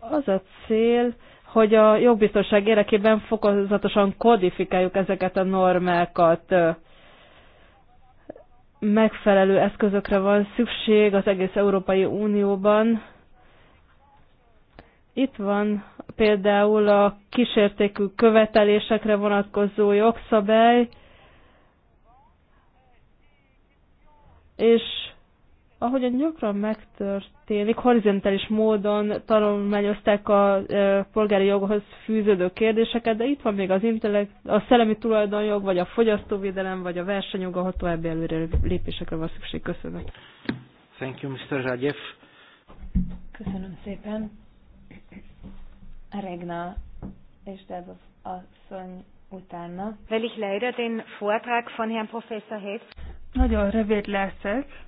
az a cél, hogy a jogbiztonság érdekében fokozatosan kodifikáljuk ezeket a normákat. Megfelelő eszközökre van szükség az egész Európai Unióban, itt van például a kísértékű követelésekre vonatkozó jogszabály, és ahogyan gyakran megtörténik, horizontális módon tanulmányozták a e, polgári joghoz fűződő kérdéseket, de itt van még az intellekt, a szellemi tulajdonjog, vagy a fogyasztóvédelem, vagy a versenyjog, ahol további előre lépésekre van szükség. Köszönöm. Thank you, Mr. Rajev. Köszönöm szépen. Regna és Debov asszony utána. Will ich leider den Vortrag von Herrn Professor Hess. Nagyon rövid leszek.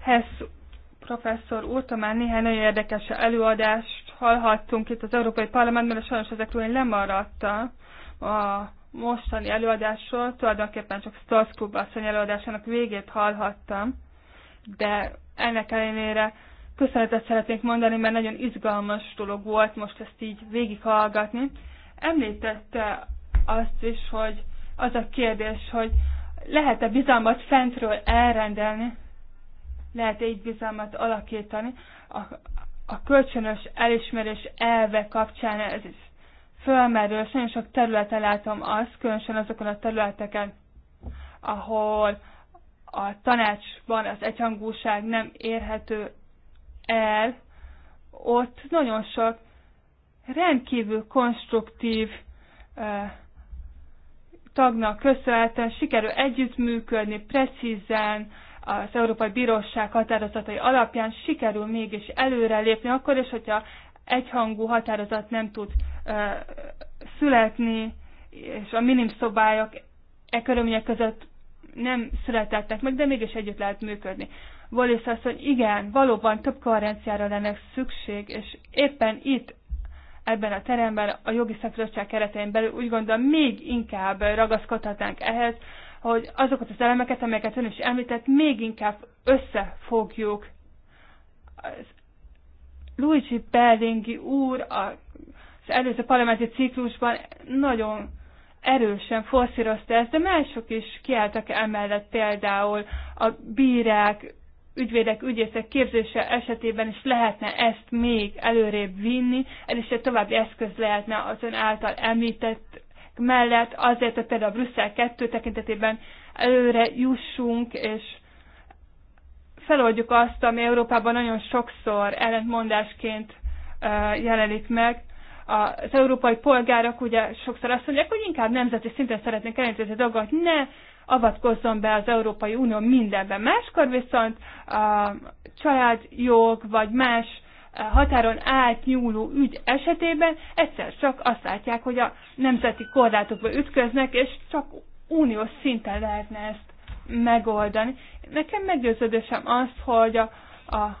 Hess professzor úrta már néhány nagyon érdekes előadást hallhattunk itt az Európai Parlamentben, de sajnos ezekről én lemaradtam a mostani előadásról, tulajdonképpen csak Stolz asszony előadásának végét hallhattam, de ennek ellenére köszönetet szeretnék mondani, mert nagyon izgalmas dolog volt most ezt így végighallgatni. Említette azt is, hogy az a kérdés, hogy lehet-e bizalmat fentről elrendelni, lehet-e így bizalmat alakítani. A, a kölcsönös elismerés elve kapcsán ez is fölmerül, és nagyon sok területen látom azt, különösen azokon a területeken, ahol a tanácsban az egyhangúság nem érhető el, ott nagyon sok rendkívül konstruktív tagnak köszönhetően sikerül együttműködni, precízen, az Európai Bíróság határozatai alapján sikerül mégis előrelépni, akkor is, hogyha egyhangú határozat nem tud születni, és a minim szobályok e körülmények között nem születettek meg, de mégis együtt lehet működni. Wallis mondja, igen, valóban több koherenciára lenne szükség, és éppen itt ebben a teremben, a jogi szakbizottság keretein belül úgy gondolom még inkább ragaszkodhatnánk ehhez, hogy azokat az elemeket, amelyeket ön is említett, még inkább összefogjuk. Luigi Berlingi úr az előző parlamenti ciklusban nagyon erősen forszírozta ezt, de mások is kiálltak emellett például a bírák ügyvédek, ügyészek képzése esetében is lehetne ezt még előrébb vinni, ez is egy további eszköz lehetne az ön által említett mellett, azért, hogy például a Brüsszel 2 tekintetében előre jussunk, és feloldjuk azt, ami Európában nagyon sokszor ellentmondásként jelenik meg. Az európai polgárok ugye sokszor azt mondják, hogy inkább nemzeti szinten szeretnék elintézni dolgokat, ne avatkozzon be az Európai Unió mindenben. Máskor viszont a családjog vagy más e, határon átnyúló ügy esetében egyszer csak azt látják, hogy a nemzeti korlátokba ütköznek, és csak uniós szinten lehetne ezt megoldani. Nekem meggyőződésem az, hogy a, a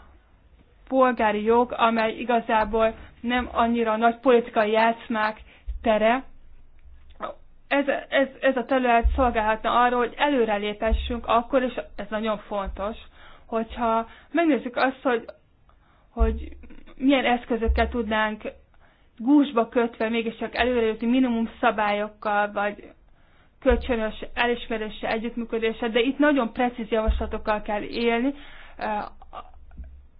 polgári jog, amely igazából nem annyira nagy politikai játszmák tere, ez, ez, ez a terület szolgálhatna arra, hogy előreléphessünk akkor, és ez nagyon fontos, hogyha megnézzük azt, hogy, hogy milyen eszközökkel tudnánk gúzsba kötve mégiscsak előrejutni minimum szabályokkal, vagy kölcsönös elismeréssel, együttműködéssel, de itt nagyon precíz javaslatokkal kell élni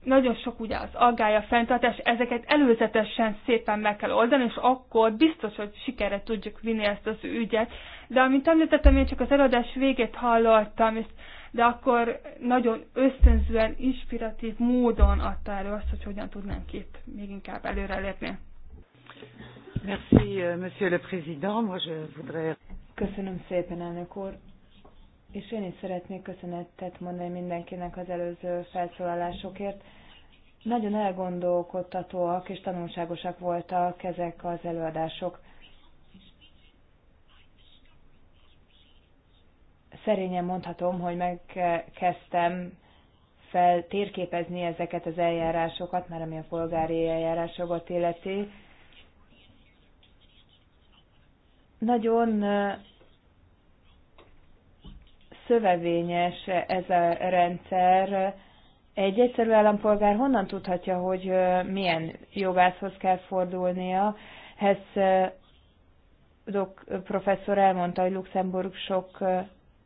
nagyon sok ugye az aggája, fenntartás, ezeket előzetesen szépen meg kell oldani, és akkor biztos, hogy sikerre tudjuk vinni ezt az ügyet. De amint említettem, én csak az előadás végét hallottam, és de akkor nagyon ösztönzően, inspiratív módon adta elő azt, hogy hogyan tudnánk itt még inkább előrelépni. Merci, euh, monsieur le président. Moi, je voudrais... Köszönöm szépen, elnök úr. És én is szeretnék köszönetet mondani mindenkinek az előző felszólalásokért. Nagyon elgondolkodtatóak és tanulságosak voltak ezek az előadások. Szerényen mondhatom, hogy megkezdtem feltérképezni ezeket az eljárásokat, már ami a polgári eljárásokat illeti. Nagyon szövevényes ez a rendszer. Egy egyszerű állampolgár honnan tudhatja, hogy milyen jogászhoz kell fordulnia? Hesz dok, professzor elmondta, hogy Luxemburg sok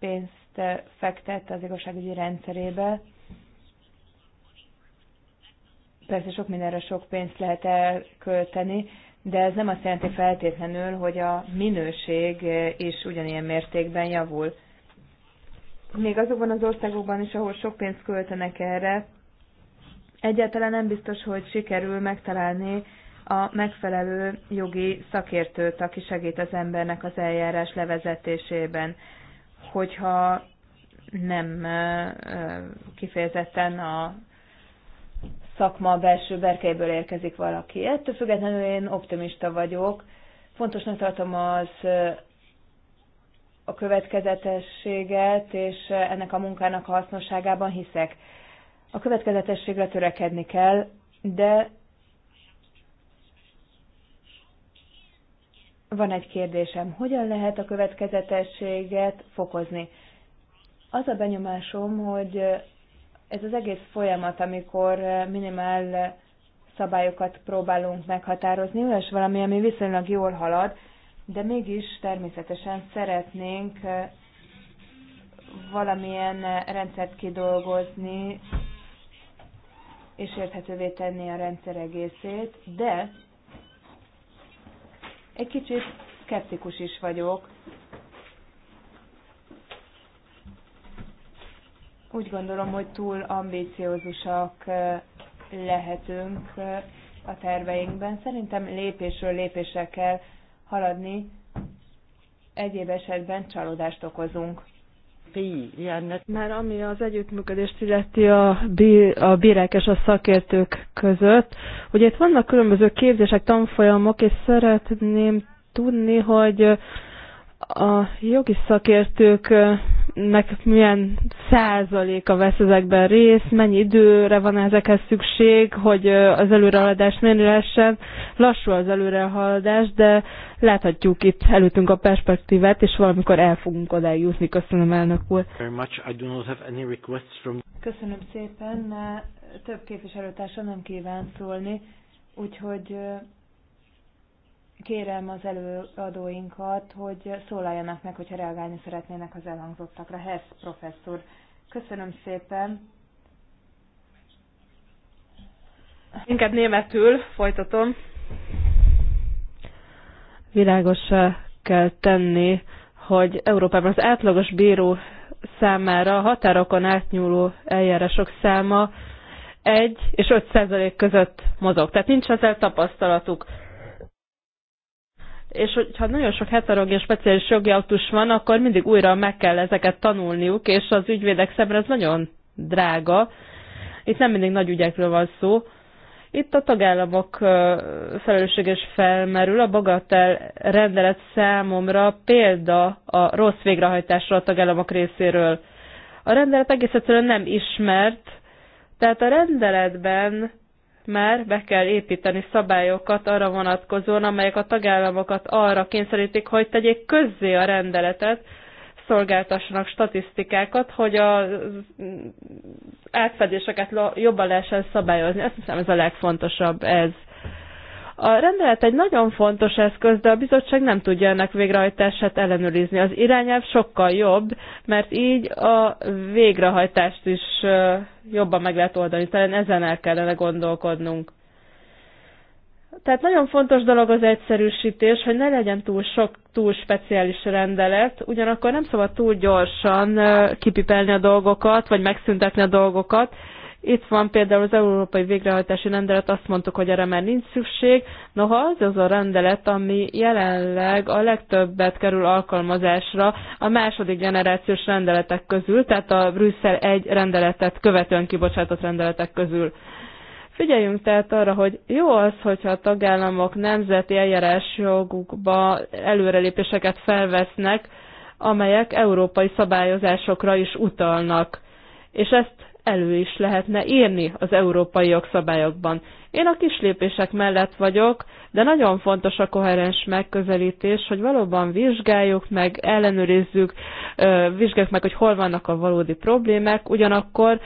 pénzt fektet az igazságügyi rendszerébe. Persze sok mindenre sok pénzt lehet elkölteni, de ez nem azt jelenti feltétlenül, hogy a minőség is ugyanilyen mértékben javul még azokban az országokban is, ahol sok pénzt költenek erre, egyáltalán nem biztos, hogy sikerül megtalálni a megfelelő jogi szakértőt, aki segít az embernek az eljárás levezetésében, hogyha nem kifejezetten a szakma belső berkeiből érkezik valaki. Ettől függetlenül én optimista vagyok. Fontosnak tartom az a következetességet, és ennek a munkának a hasznosságában hiszek. A következetességre törekedni kell, de van egy kérdésem. Hogyan lehet a következetességet fokozni? Az a benyomásom, hogy ez az egész folyamat, amikor minimál szabályokat próbálunk meghatározni, olyas valami, ami viszonylag jól halad, de mégis természetesen szeretnénk valamilyen rendszert kidolgozni, és érthetővé tenni a rendszer egészét, de egy kicsit szkeptikus is vagyok. Úgy gondolom, hogy túl ambíciózusak lehetünk a terveinkben. Szerintem lépésről lépésre kell haladni, egyéb esetben csalódást okozunk. Már ami az együttműködést illeti a, bí, a bírák és a szakértők között, ugye itt vannak különböző képzések, tanfolyamok, és szeretném tudni, hogy a jogi szakértők nek milyen százaléka vesz ezekben részt, mennyi időre van ezekhez szükség, hogy az előrehaladás mennyire lesen. Lassú az előrehaladás, de láthatjuk itt előttünk a perspektívát, és valamikor el fogunk odáig jutni. Köszönöm, elnök úr. Köszönöm szépen. Több képviselőtársa nem kíván szólni, úgyhogy kérem az előadóinkat, hogy szólaljanak meg, hogyha reagálni szeretnének az elhangzottakra. Hess professzor, köszönöm szépen. Inkább németül folytatom. Világosá kell tenni, hogy Európában az átlagos bíró számára a határokon átnyúló eljárások száma 1 és 5 százalék között mozog. Tehát nincs ezzel tapasztalatuk és hogyha nagyon sok heterogén speciális jogi aktus van, akkor mindig újra meg kell ezeket tanulniuk, és az ügyvédek szemre ez nagyon drága. Itt nem mindig nagy ügyekről van szó. Itt a tagállamok is felmerül, a bagatel rendelet számomra példa a rossz végrehajtásra a tagállamok részéről. A rendelet egész egyszerűen nem ismert, tehát a rendeletben már be kell építeni szabályokat arra vonatkozóan, amelyek a tagállamokat arra kényszerítik, hogy tegyék közzé a rendeletet, szolgáltassanak statisztikákat, hogy az átfedéseket jobban lehessen szabályozni. Azt hiszem ez a legfontosabb ez. A rendelet egy nagyon fontos eszköz, de a bizottság nem tudja ennek végrehajtását ellenőrizni. Az irányelv sokkal jobb, mert így a végrehajtást is jobban meg lehet oldani. Talán ezen el kellene gondolkodnunk. Tehát nagyon fontos dolog az egyszerűsítés, hogy ne legyen túl sok, túl speciális rendelet, ugyanakkor nem szabad túl gyorsan kipipelni a dolgokat, vagy megszüntetni a dolgokat, itt van például az Európai Végrehajtási Rendelet, azt mondtuk, hogy erre már nincs szükség. Noha az az a rendelet, ami jelenleg a legtöbbet kerül alkalmazásra a második generációs rendeletek közül, tehát a Brüsszel egy rendeletet követően kibocsátott rendeletek közül. Figyeljünk tehát arra, hogy jó az, hogyha a tagállamok nemzeti eljárásjogukba előrelépéseket felvesznek, amelyek európai szabályozásokra is utalnak. És ezt elő is lehetne írni az európai jogszabályokban. Én a kislépések mellett vagyok, de nagyon fontos a koherens megközelítés, hogy valóban vizsgáljuk meg, ellenőrizzük, vizsgáljuk meg, hogy hol vannak a valódi problémák, ugyanakkor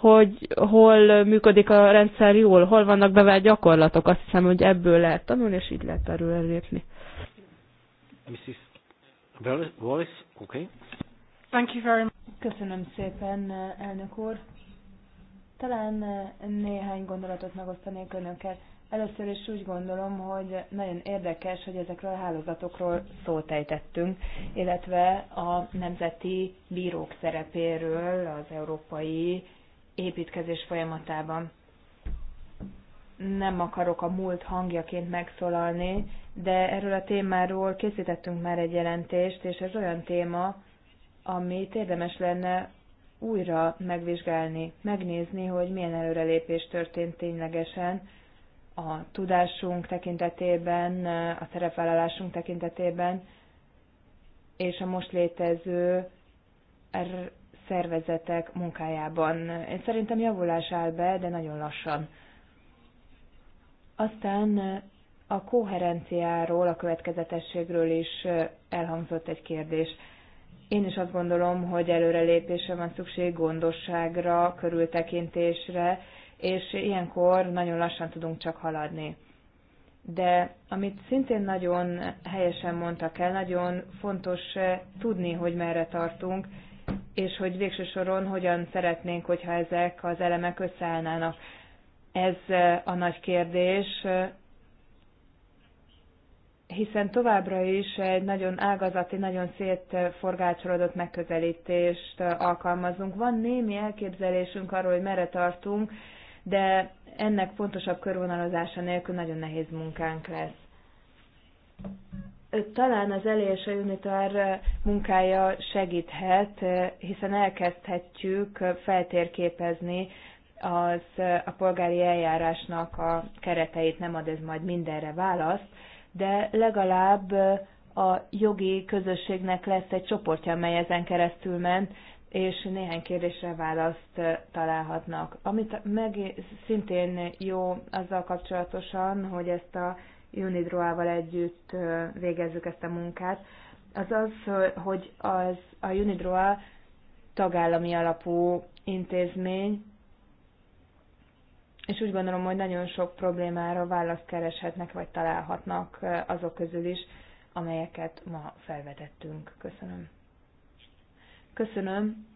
hogy hol működik a rendszer jól, hol vannak bevált gyakorlatok. Azt hiszem, hogy ebből lehet tanulni, és így lehet erről lépni. Mrs. Wallace, okay. Thank you very much. Köszönöm szépen, elnök úr. Talán néhány gondolatot megosztanék önökkel. Először is úgy gondolom, hogy nagyon érdekes, hogy ezekről a hálózatokról szót ejtettünk, illetve a nemzeti bírók szerepéről az európai építkezés folyamatában. Nem akarok a múlt hangjaként megszólalni, de erről a témáról készítettünk már egy jelentést, és ez olyan téma, amit érdemes lenne újra megvizsgálni, megnézni, hogy milyen előrelépés történt ténylegesen a tudásunk tekintetében, a szerepvállalásunk tekintetében, és a most létező er- szervezetek munkájában. Én szerintem javulás áll be, de nagyon lassan. Aztán a koherenciáról, a következetességről is elhangzott egy kérdés. Én is azt gondolom, hogy előrelépésre van szükség, gondosságra, körültekintésre, és ilyenkor nagyon lassan tudunk csak haladni. De amit szintén nagyon helyesen mondtak el, nagyon fontos eh, tudni, hogy merre tartunk, és hogy végső soron hogyan szeretnénk, hogyha ezek az elemek összeállnának. Ez eh, a nagy kérdés, eh, hiszen továbbra is egy nagyon ágazati, nagyon szétforgácsolódott megközelítést alkalmazunk. Van némi elképzelésünk arról, hogy merre tartunk, de ennek pontosabb körvonalazása nélkül nagyon nehéz munkánk lesz. Talán az elé és a Unitar munkája segíthet, hiszen elkezdhetjük feltérképezni az, a polgári eljárásnak a kereteit, nem ad ez majd mindenre választ, de legalább a jogi közösségnek lesz egy csoportja, amely ezen keresztül ment, és néhány kérdésre választ találhatnak. Amit meg szintén jó azzal kapcsolatosan, hogy ezt a Unidroával együtt végezzük ezt a munkát, az az, hogy az, a Unidroa tagállami alapú intézmény, és úgy gondolom, hogy nagyon sok problémára választ kereshetnek, vagy találhatnak azok közül is, amelyeket ma felvetettünk. Köszönöm. Köszönöm.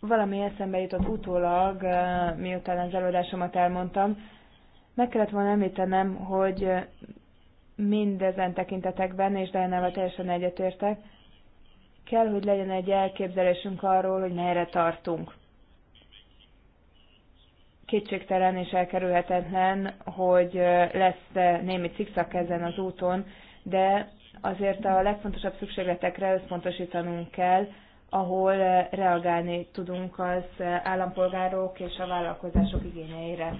Valami eszembe jutott utólag, miután az előadásomat elmondtam. Meg kellett volna említenem, hogy mindezen tekintetekben, és Dajnával teljesen egyetértek, kell, hogy legyen egy elképzelésünk arról, hogy merre tartunk. Kétségtelen és elkerülhetetlen, hogy lesz némi cikszak ezen az úton, de azért a legfontosabb szükségletekre összpontosítanunk kell, ahol reagálni tudunk az állampolgárok és a vállalkozások igényeire.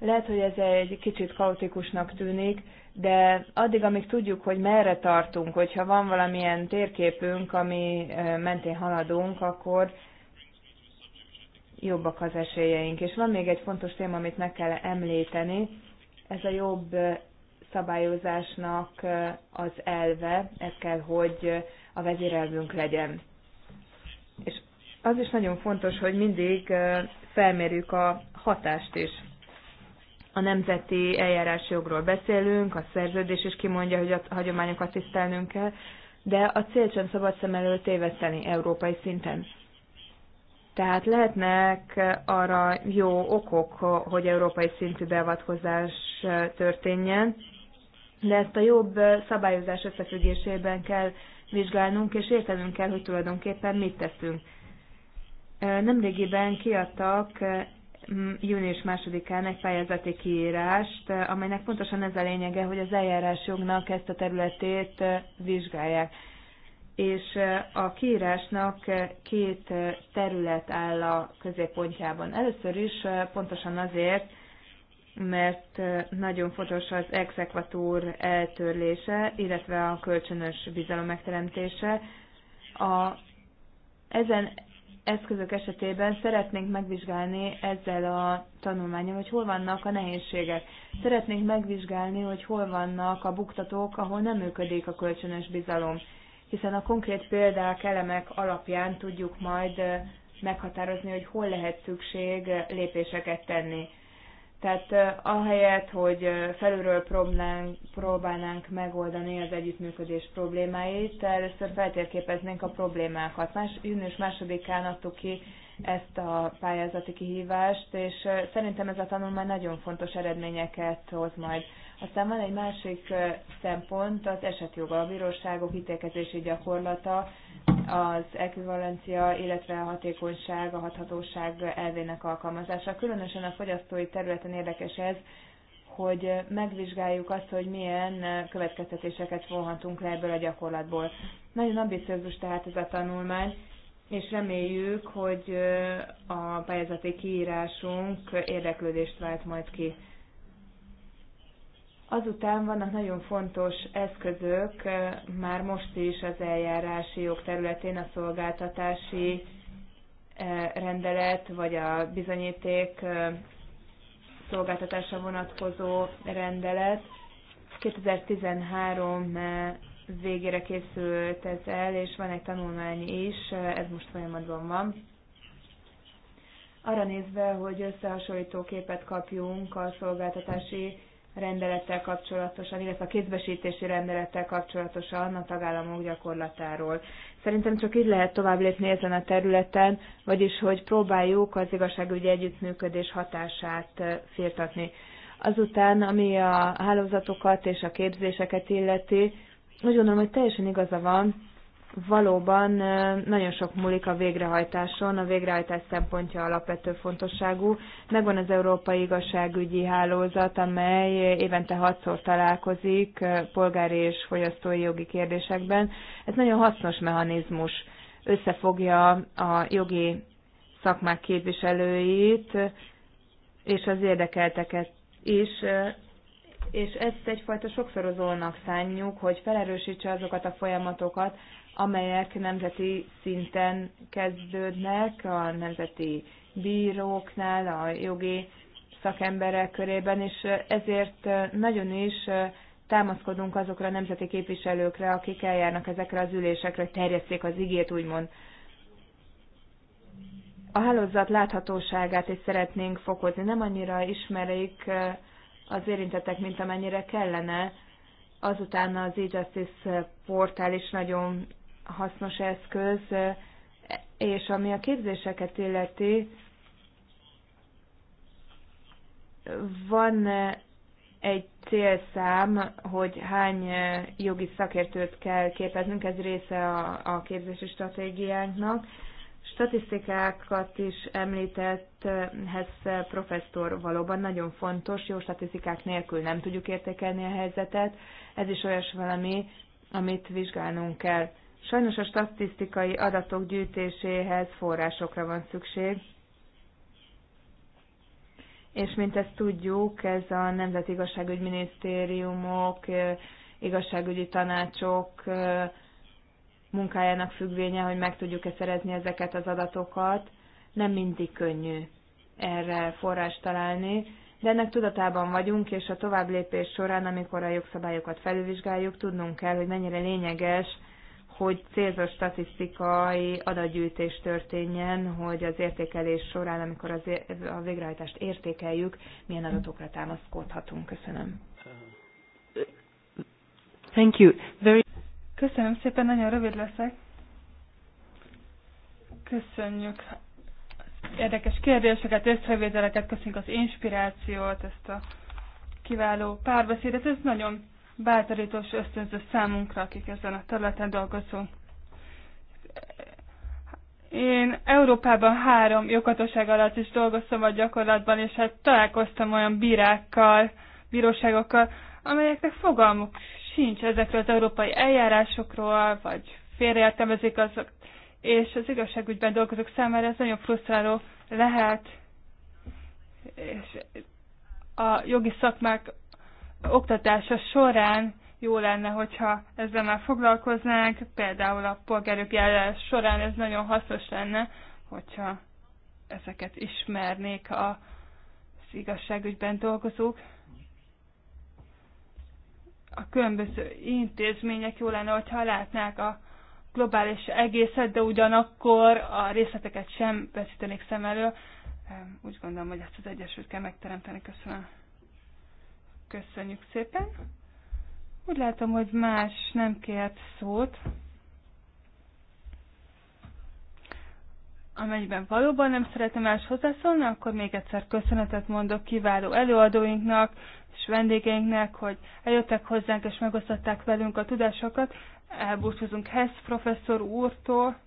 Lehet, hogy ez egy kicsit kaotikusnak tűnik, de addig, amíg tudjuk, hogy merre tartunk, hogyha van valamilyen térképünk, ami mentén haladunk, akkor jobbak az esélyeink. És van még egy fontos téma, amit meg kell említeni, ez a jobb szabályozásnak az elve, ez kell, hogy a vezérelvünk legyen. És az is nagyon fontos, hogy mindig felmérjük a hatást is a nemzeti eljárási jogról beszélünk, a szerződés is kimondja, hogy a hagyományokat tisztelnünk kell, de a cél sem szabad szem elől téveszteni európai szinten. Tehát lehetnek arra jó okok, hogy európai szintű beavatkozás történjen, de ezt a jobb szabályozás összefüggésében kell vizsgálnunk, és értenünk kell, hogy tulajdonképpen mit teszünk. Nemrégiben kiadtak június másodikán egy pályázati kiírást, amelynek pontosan ez a lényege, hogy az eljárás jognak ezt a területét vizsgálják. És a kiírásnak két terület áll a középpontjában. Először is pontosan azért, mert nagyon fontos az exekvatúr eltörlése, illetve a kölcsönös bizalom megteremtése. A, ezen eszközök esetében szeretnénk megvizsgálni ezzel a tanulmányom, hogy hol vannak a nehézségek. Szeretnénk megvizsgálni, hogy hol vannak a buktatók, ahol nem működik a kölcsönös bizalom, hiszen a konkrét példák, elemek alapján tudjuk majd meghatározni, hogy hol lehet szükség lépéseket tenni. Tehát ahelyett, hogy felülről próbálnánk, próbálnánk megoldani az együttműködés problémáit, először feltérképeznénk a problémákat. Más, június másodikán adtuk ki ezt a pályázati kihívást, és szerintem ez a tanulmány nagyon fontos eredményeket hoz majd. Aztán van egy másik szempont, az esetjoga, a bíróságok ítélkezési gyakorlata, az ekvivalencia, illetve a hatékonyság, a hathatóság elvének alkalmazása. Különösen a fogyasztói területen érdekes ez, hogy megvizsgáljuk azt, hogy milyen következtetéseket vonhatunk le ebből a gyakorlatból. Nagyon ambiciózus tehát ez a tanulmány, és reméljük, hogy a pályázati kiírásunk érdeklődést vált majd ki. Azután vannak nagyon fontos eszközök eh, már most is az eljárási jog területén a szolgáltatási eh, rendelet, vagy a bizonyíték eh, szolgáltatásra vonatkozó rendelet. 2013 végére készült ez el, és van egy tanulmány is, ez most folyamatban van. Arra nézve, hogy összehasonlító képet kapjunk a szolgáltatási rendelettel kapcsolatosan, illetve a kézbesítési rendelettel kapcsolatosan a tagállamok gyakorlatáról. Szerintem csak így lehet tovább lépni ezen a területen, vagyis hogy próbáljuk az igazságügyi együttműködés hatását firtatni. Azután, ami a hálózatokat és a képzéseket illeti, úgy gondolom, hogy teljesen igaza van, valóban nagyon sok múlik a végrehajtáson, a végrehajtás szempontja alapvető fontosságú. Megvan az Európai Igazságügyi Hálózat, amely évente hatszor találkozik polgári és fogyasztói jogi kérdésekben. Ez nagyon hasznos mechanizmus. Összefogja a jogi szakmák képviselőit és az érdekelteket is, és ezt egyfajta sokszorozónak szánjuk, hogy felerősítse azokat a folyamatokat, amelyek nemzeti szinten kezdődnek, a nemzeti bíróknál, a jogi szakemberek körében, és ezért nagyon is támaszkodunk azokra a nemzeti képviselőkre, akik eljárnak ezekre az ülésekre, hogy terjesszék az igét, úgymond. A hálózat láthatóságát is szeretnénk fokozni. Nem annyira ismerik az érintettek, mint amennyire kellene. Azután az e-justice portál is nagyon hasznos eszköz, és ami a képzéseket illeti, van egy célszám, hogy hány jogi szakértőt kell képeznünk, ez része a, a képzési stratégiánknak. Statisztikákat is említett Hess professzor valóban nagyon fontos, jó statisztikák nélkül nem tudjuk értékelni a helyzetet, ez is olyas valami, amit vizsgálnunk kell. Sajnos a statisztikai adatok gyűjtéséhez forrásokra van szükség, és mint ezt tudjuk, ez a Nemzeti Igazságügyminisztériumok, igazságügyi tanácsok munkájának függvénye, hogy meg tudjuk-e szerezni ezeket az adatokat. Nem mindig könnyű erre forrást találni, de ennek tudatában vagyunk, és a tovább lépés során, amikor a jogszabályokat felülvizsgáljuk, tudnunk kell, hogy mennyire lényeges hogy célzott statisztikai adatgyűjtés történjen, hogy az értékelés során, amikor az, a végrehajtást értékeljük, milyen adatokra támaszkodhatunk. Köszönöm. Thank you. Very... Köszönöm szépen, nagyon rövid leszek. Köszönjük érdekes kérdéseket, észrevételeket, köszönjük az inspirációt, ezt a kiváló párbeszédet, ez nagyon bátorítós ösztönző számunkra, akik ezen a területen dolgozunk. Én Európában három joghatóság alatt is dolgoztam a gyakorlatban, és hát találkoztam olyan bírákkal, bíróságokkal, amelyeknek fogalmuk sincs ezekről az európai eljárásokról, vagy félreértelmezik azok, és az igazságügyben dolgozók számára ez nagyon frusztráló lehet, és a jogi szakmák oktatása során jó lenne, hogyha ezzel már foglalkoznánk, például a polgárok járás során ez nagyon hasznos lenne, hogyha ezeket ismernék a, igazságügyben dolgozók. A különböző intézmények jó lenne, hogyha látnák a globális egészet, de ugyanakkor a részleteket sem veszítenék szem elől. Úgy gondolom, hogy ezt az egyesült kell megteremteni. Köszönöm. Köszönjük szépen. Úgy látom, hogy más nem kért szót. Amennyiben valóban nem szeretem más hozzászólni, akkor még egyszer köszönetet mondok kiváló előadóinknak és vendégeinknek, hogy eljöttek hozzánk és megosztották velünk a tudásokat. Elbúcsúzunk Hess professzor úrtól,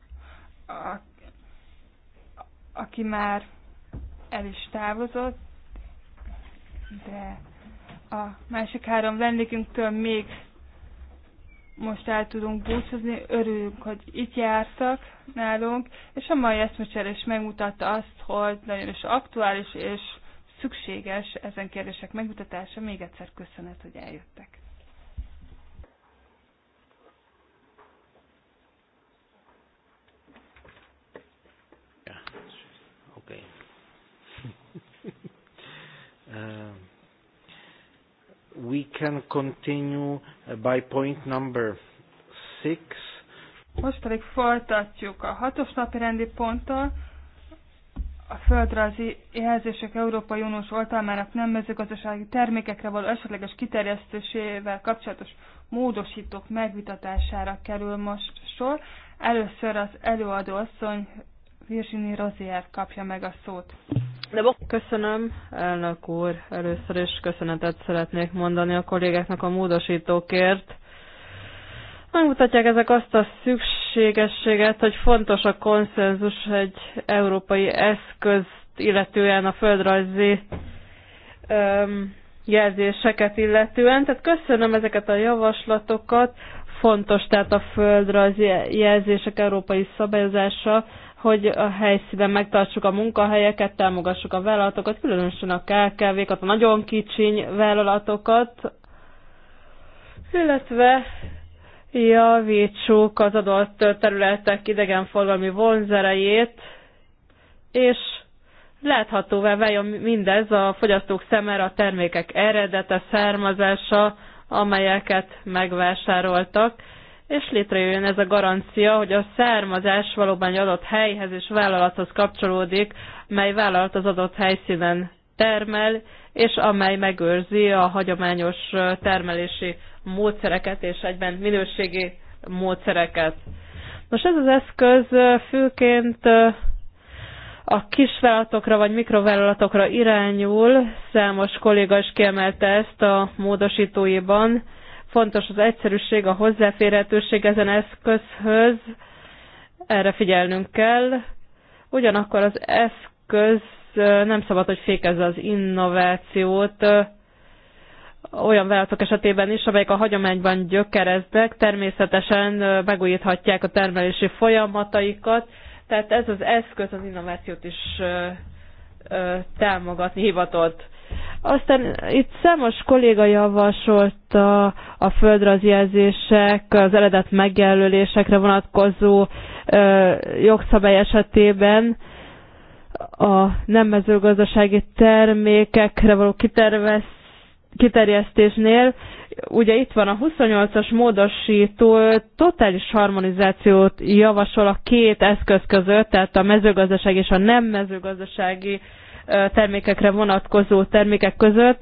aki már el is távozott, de a másik három vendégünktől még most el tudunk búcsúzni. Örülünk, hogy itt jártak nálunk, és a mai eszmecsere is megmutatta azt, hogy nagyon is aktuális és szükséges ezen kérdések megmutatása. Még egyszer köszönet, hogy eljöttek. Yeah. [laughs] um we can continue by point number six. Most pedig folytatjuk a hatos napi rendi ponttal. A földrajzi jelzések Európai Uniós oltalmának nem mezőgazdasági termékekre való esetleges kiterjesztésével kapcsolatos módosítók megvitatására kerül most sor. Először az előadó asszony Virginie Rozier kapja meg a szót. Köszönöm, elnök úr. Először is köszönetet szeretnék mondani a kollégáknak a módosítókért. Megmutatják ezek azt a szükségességet, hogy fontos a konszenzus egy európai eszközt, illetően a földrajzi öm, jelzéseket illetően. Tehát köszönöm ezeket a javaslatokat. Fontos tehát a földrajzi jelzések európai szabályozása hogy a helyszínen megtartsuk a munkahelyeket, támogassuk a vállalatokat, különösen a KKV-kat, a nagyon kicsiny vállalatokat, illetve javítsuk az adott területek idegenforgalmi vonzerejét, és láthatóvá váljon mindez a fogyasztók szemére a termékek eredete, származása, amelyeket megvásároltak, és létrejöjjön ez a garancia, hogy a származás valóban egy adott helyhez és vállalathoz kapcsolódik, mely vállalat az adott helyszínen termel, és amely megőrzi a hagyományos termelési módszereket és egyben minőségi módszereket. Most ez az eszköz főként a kisvállalatokra vagy mikrovállalatokra irányul, számos kolléga is kiemelte ezt a módosítóiban, Fontos az egyszerűség, a hozzáférhetőség ezen eszközhöz, erre figyelnünk kell. Ugyanakkor az eszköz nem szabad, hogy fékezze az innovációt, olyan vállalatok esetében is, amelyek a hagyományban gyökereznek, természetesen megújíthatják a termelési folyamataikat, tehát ez az eszköz az innovációt is támogatni hivatott. Aztán itt számos kolléga javasolta a földrajzjelzések, az eredet megjelölésekre vonatkozó ö, jogszabály esetében a nem mezőgazdasági termékekre való kiterjesztésnél. Ugye itt van a 28-as módosító totális harmonizációt javasol a két eszköz között, tehát a mezőgazdaság és a nem mezőgazdasági termékekre vonatkozó termékek között.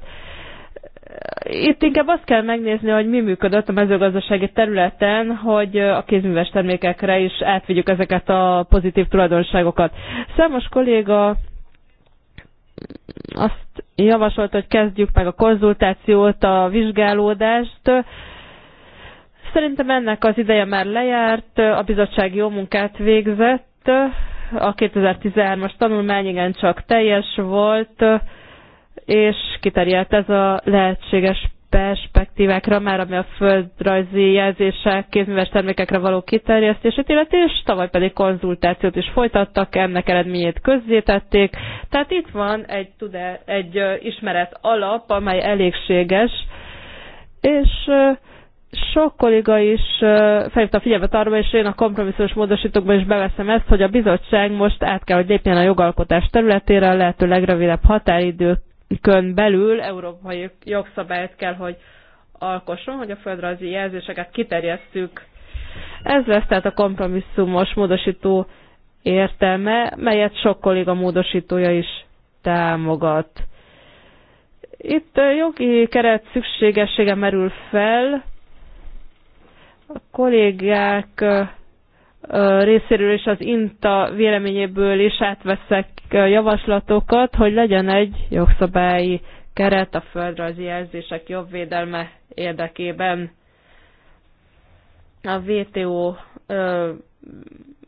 Itt inkább azt kell megnézni, hogy mi működött a mezőgazdasági területen, hogy a kézműves termékekre is átvigyük ezeket a pozitív tulajdonságokat. Számos kolléga azt javasolt, hogy kezdjük meg a konzultációt, a vizsgálódást. Szerintem ennek az ideje már lejárt, a bizottság jó munkát végzett, a 2013-as tanulmány csak teljes volt, és kiterjedt ez a lehetséges perspektívákra, már ami a földrajzi jelzések, kézműves termékekre való kiterjesztését illeti, és tavaly pedig konzultációt is folytattak, ennek eredményét közzétették. Tehát itt van egy, tudá, egy ismeret alap, amely elégséges, és uh, sok kolléga is felhívta a figyelmet arra, és én a kompromisszós módosítókban is beveszem ezt, hogy a bizottság most át kell, hogy lépjen a jogalkotás területére, a lehető legrövidebb határidőkön belül európai jogszabályt kell, hogy alkosson, hogy a földrajzi jelzéseket kiterjesztük. Ez lesz tehát a kompromisszumos módosító értelme, melyet sok kolléga módosítója is támogat. Itt jogi keret szükségessége merül fel, a kollégák részéről és az INTA véleményéből is átveszek javaslatokat, hogy legyen egy jogszabályi keret a földrajzi jelzések jobb védelme érdekében. A VTO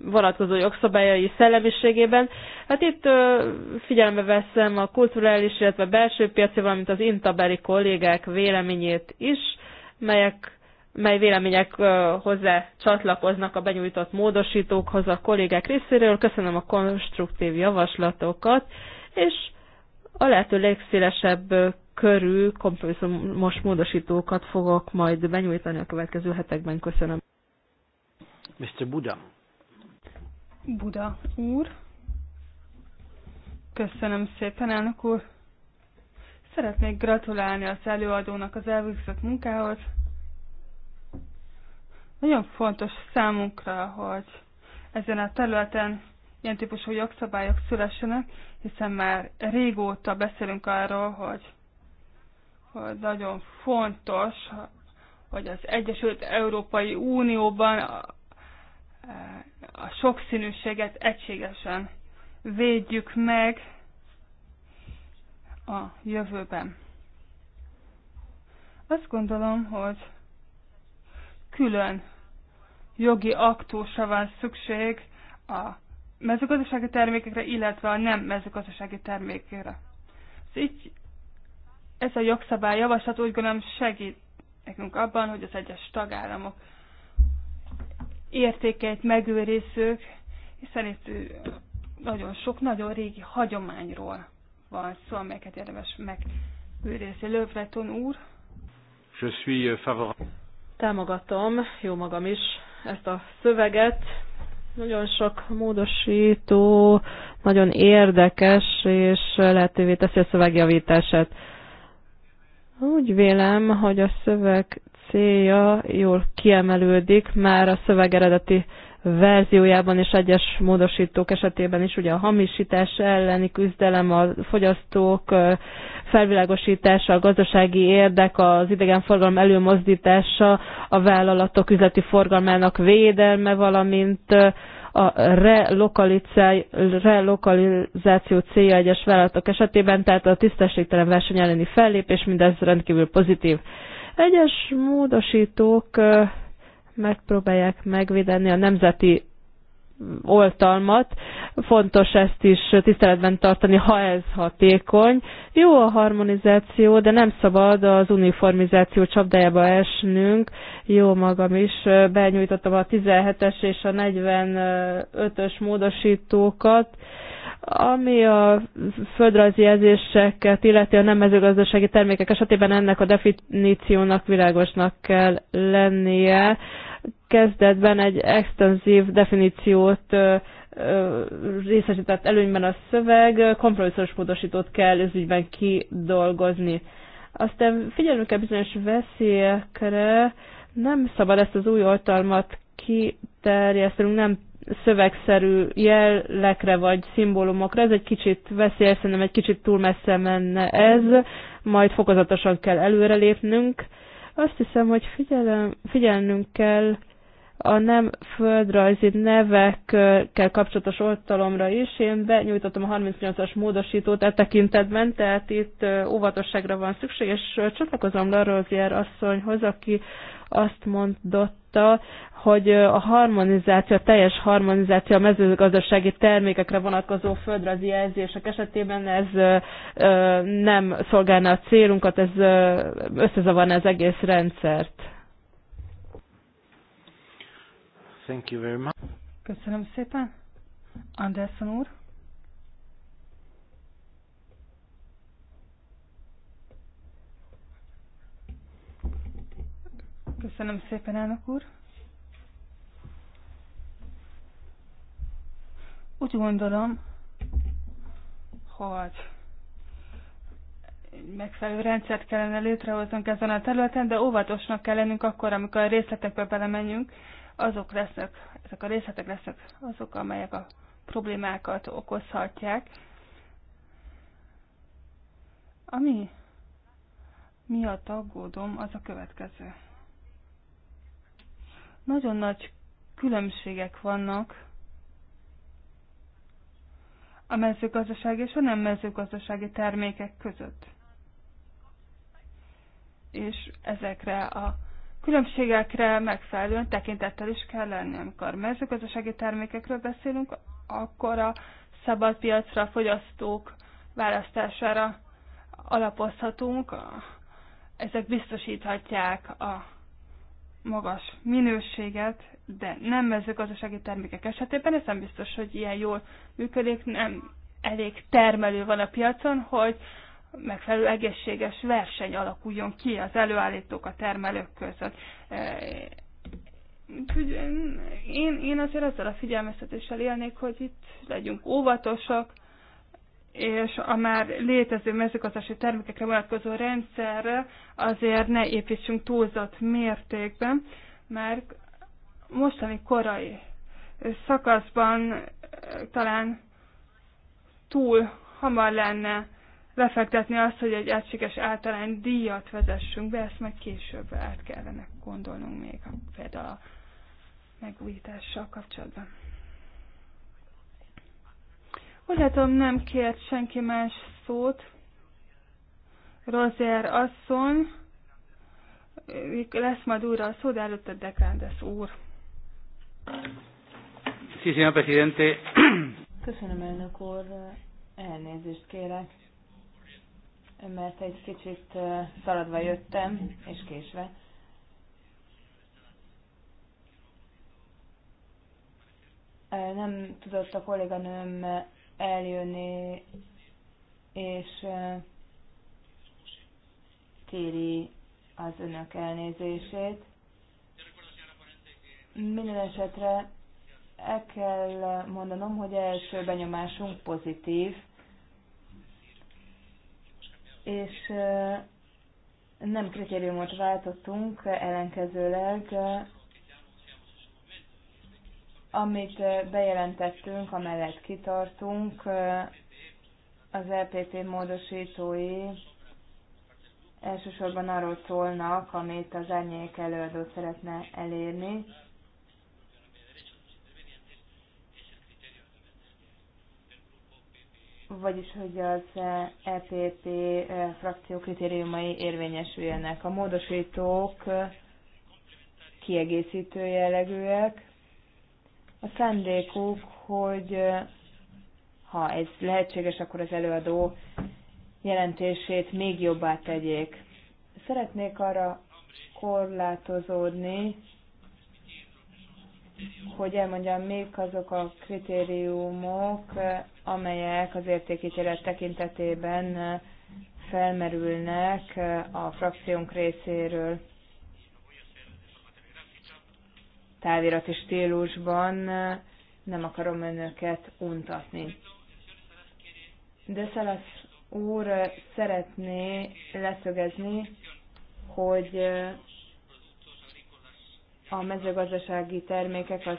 vonatkozó jogszabályai szellemiségében. Hát itt ö, figyelembe veszem a kulturális, illetve belső piaci, valamint az intabeli kollégák véleményét is, melyek mely vélemények hozzá csatlakoznak a benyújtott módosítókhoz a kollégák részéről. Köszönöm a konstruktív javaslatokat, és a lehető legszélesebb körű kompromisszumos módosítókat fogok majd benyújtani a következő hetekben. Köszönöm. Mr. Buda. Buda úr. Köszönöm szépen, elnök úr. Szeretnék gratulálni az előadónak az elvégzett munkához nagyon fontos számunkra, hogy ezen a területen ilyen típusú jogszabályok szülessenek, hiszen már régóta beszélünk arról, hogy, hogy nagyon fontos, hogy az Egyesült Európai Unióban a, a sokszínűséget egységesen védjük meg a jövőben. Azt gondolom, hogy külön jogi aktusra van szükség a mezőgazdasági termékekre, illetve a nem mezőgazdasági termékekre. Ez, így, ez a jogszabály javaslat úgy gondolom segít nekünk abban, hogy az egyes tagállamok értékeit megőrizzük, hiszen itt nagyon sok, nagyon régi hagyományról van szó, amelyeket érdemes megőrizni. Lövreton úr. Je suis euh, favorable. Támogatom, jó magam is, ezt a szöveget. Nagyon sok módosító, nagyon érdekes, és lehetővé teszi a szövegjavítását. Úgy vélem, hogy a szöveg célja jól kiemelődik, már a szöveg eredeti verziójában és egyes módosítók esetében is, ugye a hamisítás elleni küzdelem, a fogyasztók felvilágosítása, a gazdasági érdek, az idegenforgalom előmozdítása, a vállalatok üzleti forgalmának védelme, valamint a relokalizáció célja egyes vállalatok esetében, tehát a tisztességtelen verseny elleni fellépés, mindez rendkívül pozitív. Egyes módosítók megpróbálják megvédeni a nemzeti oltalmat. Fontos ezt is tiszteletben tartani, ha ez hatékony. Jó a harmonizáció, de nem szabad az uniformizáció csapdájába esnünk. Jó magam is, benyújtottam a 17-es és a 45-ös módosítókat. Ami a földrajzi jelzéseket, illeti a nem mezőgazdasági termékek esetében ennek a definíciónak világosnak kell lennie, kezdetben egy extenzív definíciót részesített előnyben a szöveg, kompromisszoros módosítót kell ez ügyben kidolgozni. Aztán figyelünk kell bizonyos veszélyekre, nem szabad ezt az új oltalmat kiterjesztenünk, nem szövegszerű jellekre vagy szimbólumokra. Ez egy kicsit veszélyes, szerintem egy kicsit túl messze menne ez, majd fokozatosan kell előrelépnünk. Azt hiszem, hogy figyelem, figyelnünk kell a nem földrajzi nevekkel kapcsolatos oltalomra is. Én benyújtottam a 38-as módosítót e tekintetben, tehát itt óvatosságra van szükség, és csatlakozom Larozier asszonyhoz, aki azt mondotta, hogy a harmonizáció, a teljes harmonizáció a mezőgazdasági termékekre vonatkozó földrajzi jelzések esetében ez nem szolgálna a célunkat, ez összezavarna az egész rendszert. Thank you very much. Köszönöm szépen. Anderson úr. Köszönöm szépen, elnök úr. Úgy gondolom, hogy megfelelő rendszert kellene létrehoznunk ezen a területen, de óvatosnak kell lennünk akkor, amikor a részletekbe belemenjünk, azok lesznek, ezek a részletek lesznek azok, amelyek a problémákat okozhatják. Ami miatt aggódom, az a következő. Nagyon nagy különbségek vannak a mezőgazdasági és a nem mezőgazdasági termékek között. És ezekre a különbségekre megfelelően tekintettel is kell lenni. Amikor mezőgazdasági termékekről beszélünk, akkor a szabad piacra, fogyasztók választására alapozhatunk, ezek biztosíthatják a magas minőséget, de nem mezőgazdasági termékek esetében, ez nem biztos, hogy ilyen jól működik, nem elég termelő van a piacon, hogy megfelelő egészséges verseny alakuljon ki az előállítók, a termelők között. E, én, én azért ezzel a figyelmeztetéssel élnék, hogy itt legyünk óvatosak, és a már létező mezőgazdasági termékekre vonatkozó rendszerre azért ne építsünk túlzott mértékben, mert mostani korai szakaszban eh, talán túl hamar lenne lefektetni azt, hogy egy egységes általány díjat vezessünk be, ezt meg később át kellene gondolnunk még például a megújítással kapcsolatban. Úgy látom, nem kért senki más szót. Rozier asszony, lesz majd újra a szó, de előtte Dekrándes úr. Sí, señor presidente. Köszönöm, elnök úr. Elnézést kérek, mert egy kicsit szaladva jöttem, és késve. Nem tudott a kolléganőm eljönni, és kéri az önök elnézését. Minden esetre el kell mondanom, hogy első benyomásunk pozitív, és nem kritériumot váltottunk, ellenkezőleg amit bejelentettünk, amellett kitartunk, az LPP e módosítói elsősorban arról szólnak, amit az árnyék előadó szeretne elérni. Vagyis, hogy az EPP frakció kritériumai érvényesüljenek. A módosítók kiegészítő jellegűek, a szándékuk, hogy ha ez lehetséges, akkor az előadó jelentését még jobbá tegyék. Szeretnék arra korlátozódni, hogy elmondjam, még azok a kritériumok, amelyek az értékítélet tekintetében felmerülnek a frakciónk részéről. távirati stílusban, nem akarom önöket untatni. De Szelasz úr szeretné leszögezni, hogy a mezőgazdasági termékek, a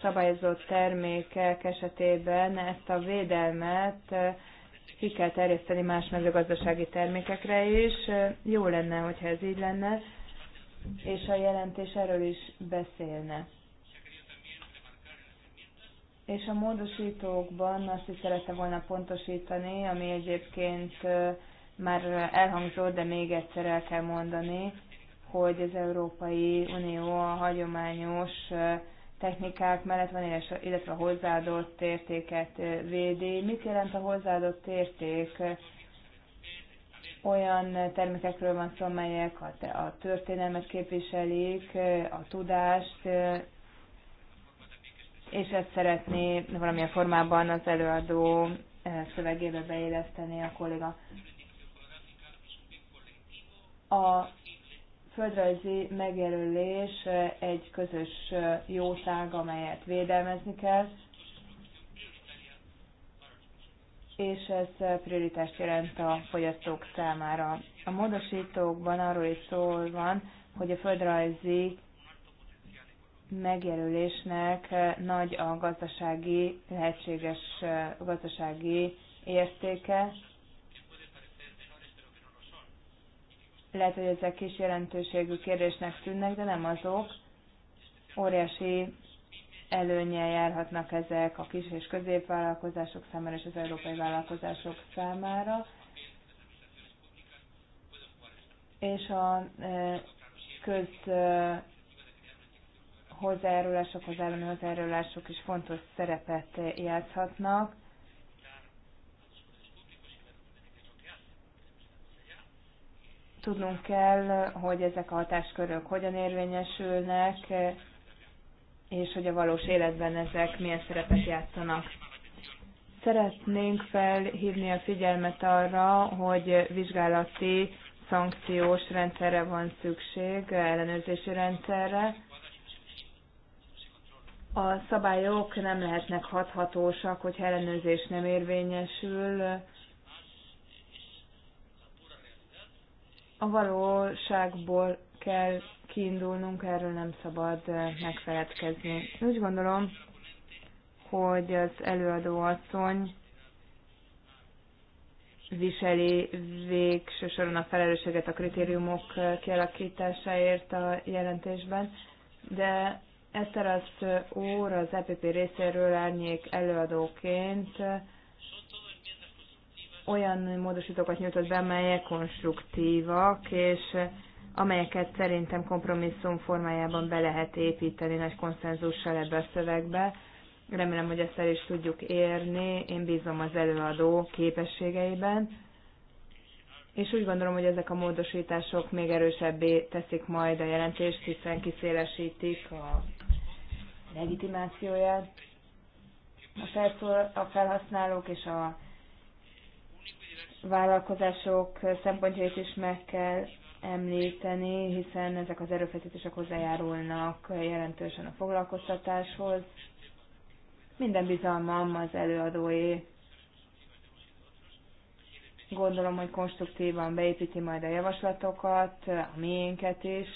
szabályozott termékek esetében ezt a védelmet ki kell terjeszteni más mezőgazdasági termékekre is. Jó lenne, hogyha ez így lenne, és a jelentés erről is beszélne. És a módosítókban azt is szerette volna pontosítani, ami egyébként már elhangzott, de még egyszer el kell mondani, hogy az Európai Unió a hagyományos technikák mellett van, illetve a hozzáadott értéket védi. Mit jelent a hozzáadott érték? olyan termékekről van szó, amelyek a, a történelmet képviselik, a tudást, és ezt szeretné valamilyen formában az előadó szövegébe beéleszteni a kolléga. A földrajzi megjelölés egy közös jóság, amelyet védelmezni kell, és ez prioritást jelent a fogyasztók számára. A módosítókban arról is szó van, hogy a földrajzi megjelölésnek nagy a gazdasági, lehetséges gazdasági értéke. Lehet, hogy ezek kis jelentőségű kérdésnek tűnnek, de nem azok. Óriási előnyel járhatnak ezek a kis és középvállalkozások számára és az európai vállalkozások számára. És a e, köz e, hozzájárulások, az állami hozzájárulások is fontos szerepet játszhatnak. Tudnunk kell, hogy ezek a hatáskörök hogyan érvényesülnek, és hogy a valós életben ezek milyen szerepet játszanak. Szeretnénk felhívni a figyelmet arra, hogy vizsgálati szankciós rendszerre van szükség, ellenőrzési rendszerre. A szabályok nem lehetnek hathatósak, hogy ellenőrzés nem érvényesül. A valóságból kell kiindulnunk, erről nem szabad eh, megfeledkezni. Úgy gondolom, hogy az előadó asszony viseli végső soron a felelősséget a kritériumok eh, kialakításáért a jelentésben, de az eh, úr az EPP részéről árnyék előadóként olyan módosítókat nyújtott be, melyek konstruktívak, és amelyeket szerintem kompromisszum formájában be lehet építeni nagy konszenzussal ebbe a szövegbe. Remélem, hogy ezt el is tudjuk érni. Én bízom az előadó képességeiben. És úgy gondolom, hogy ezek a módosítások még erősebbé teszik majd a jelentést, hiszen kiszélesítik a legitimációját. A, felszól, a felhasználók és a vállalkozások szempontjait is meg kell említeni, hiszen ezek az erőfeszítések hozzájárulnak jelentősen a foglalkoztatáshoz. Minden bizalmam az előadóé. Gondolom, hogy konstruktívan beépíti majd a javaslatokat, a miénket is,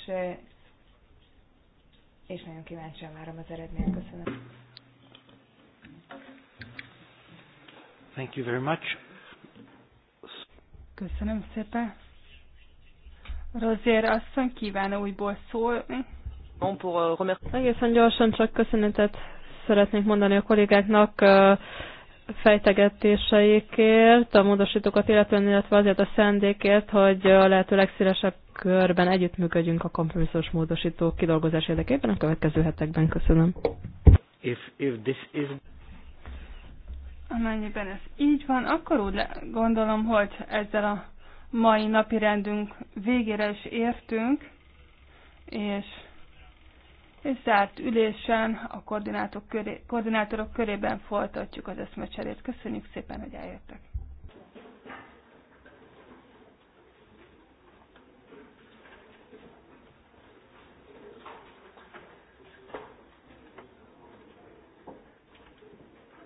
és nagyon kíváncsian várom az eredményt. Köszönöm. Thank you very much. Köszönöm szépen. Rozér asszony kíván újból szólni. Euh, Egészen gyorsan csak köszönetet szeretnék mondani a kollégáknak fejtegetéseikért, a módosítókat illetően, illetve azért a szendékért, hogy a lehető legszélesebb körben együttműködjünk a kompromisszós módosító kidolgozás érdekében a következő hetekben. Köszönöm. If, if this is... Amennyiben ez így van, akkor úgy gondolom, hogy ezzel a mai napi rendünk végére is értünk, és, és zárt ülésen a koordinátorok, köré, koordinátorok körében folytatjuk az eszmecserét. Köszönjük szépen, hogy eljöttek!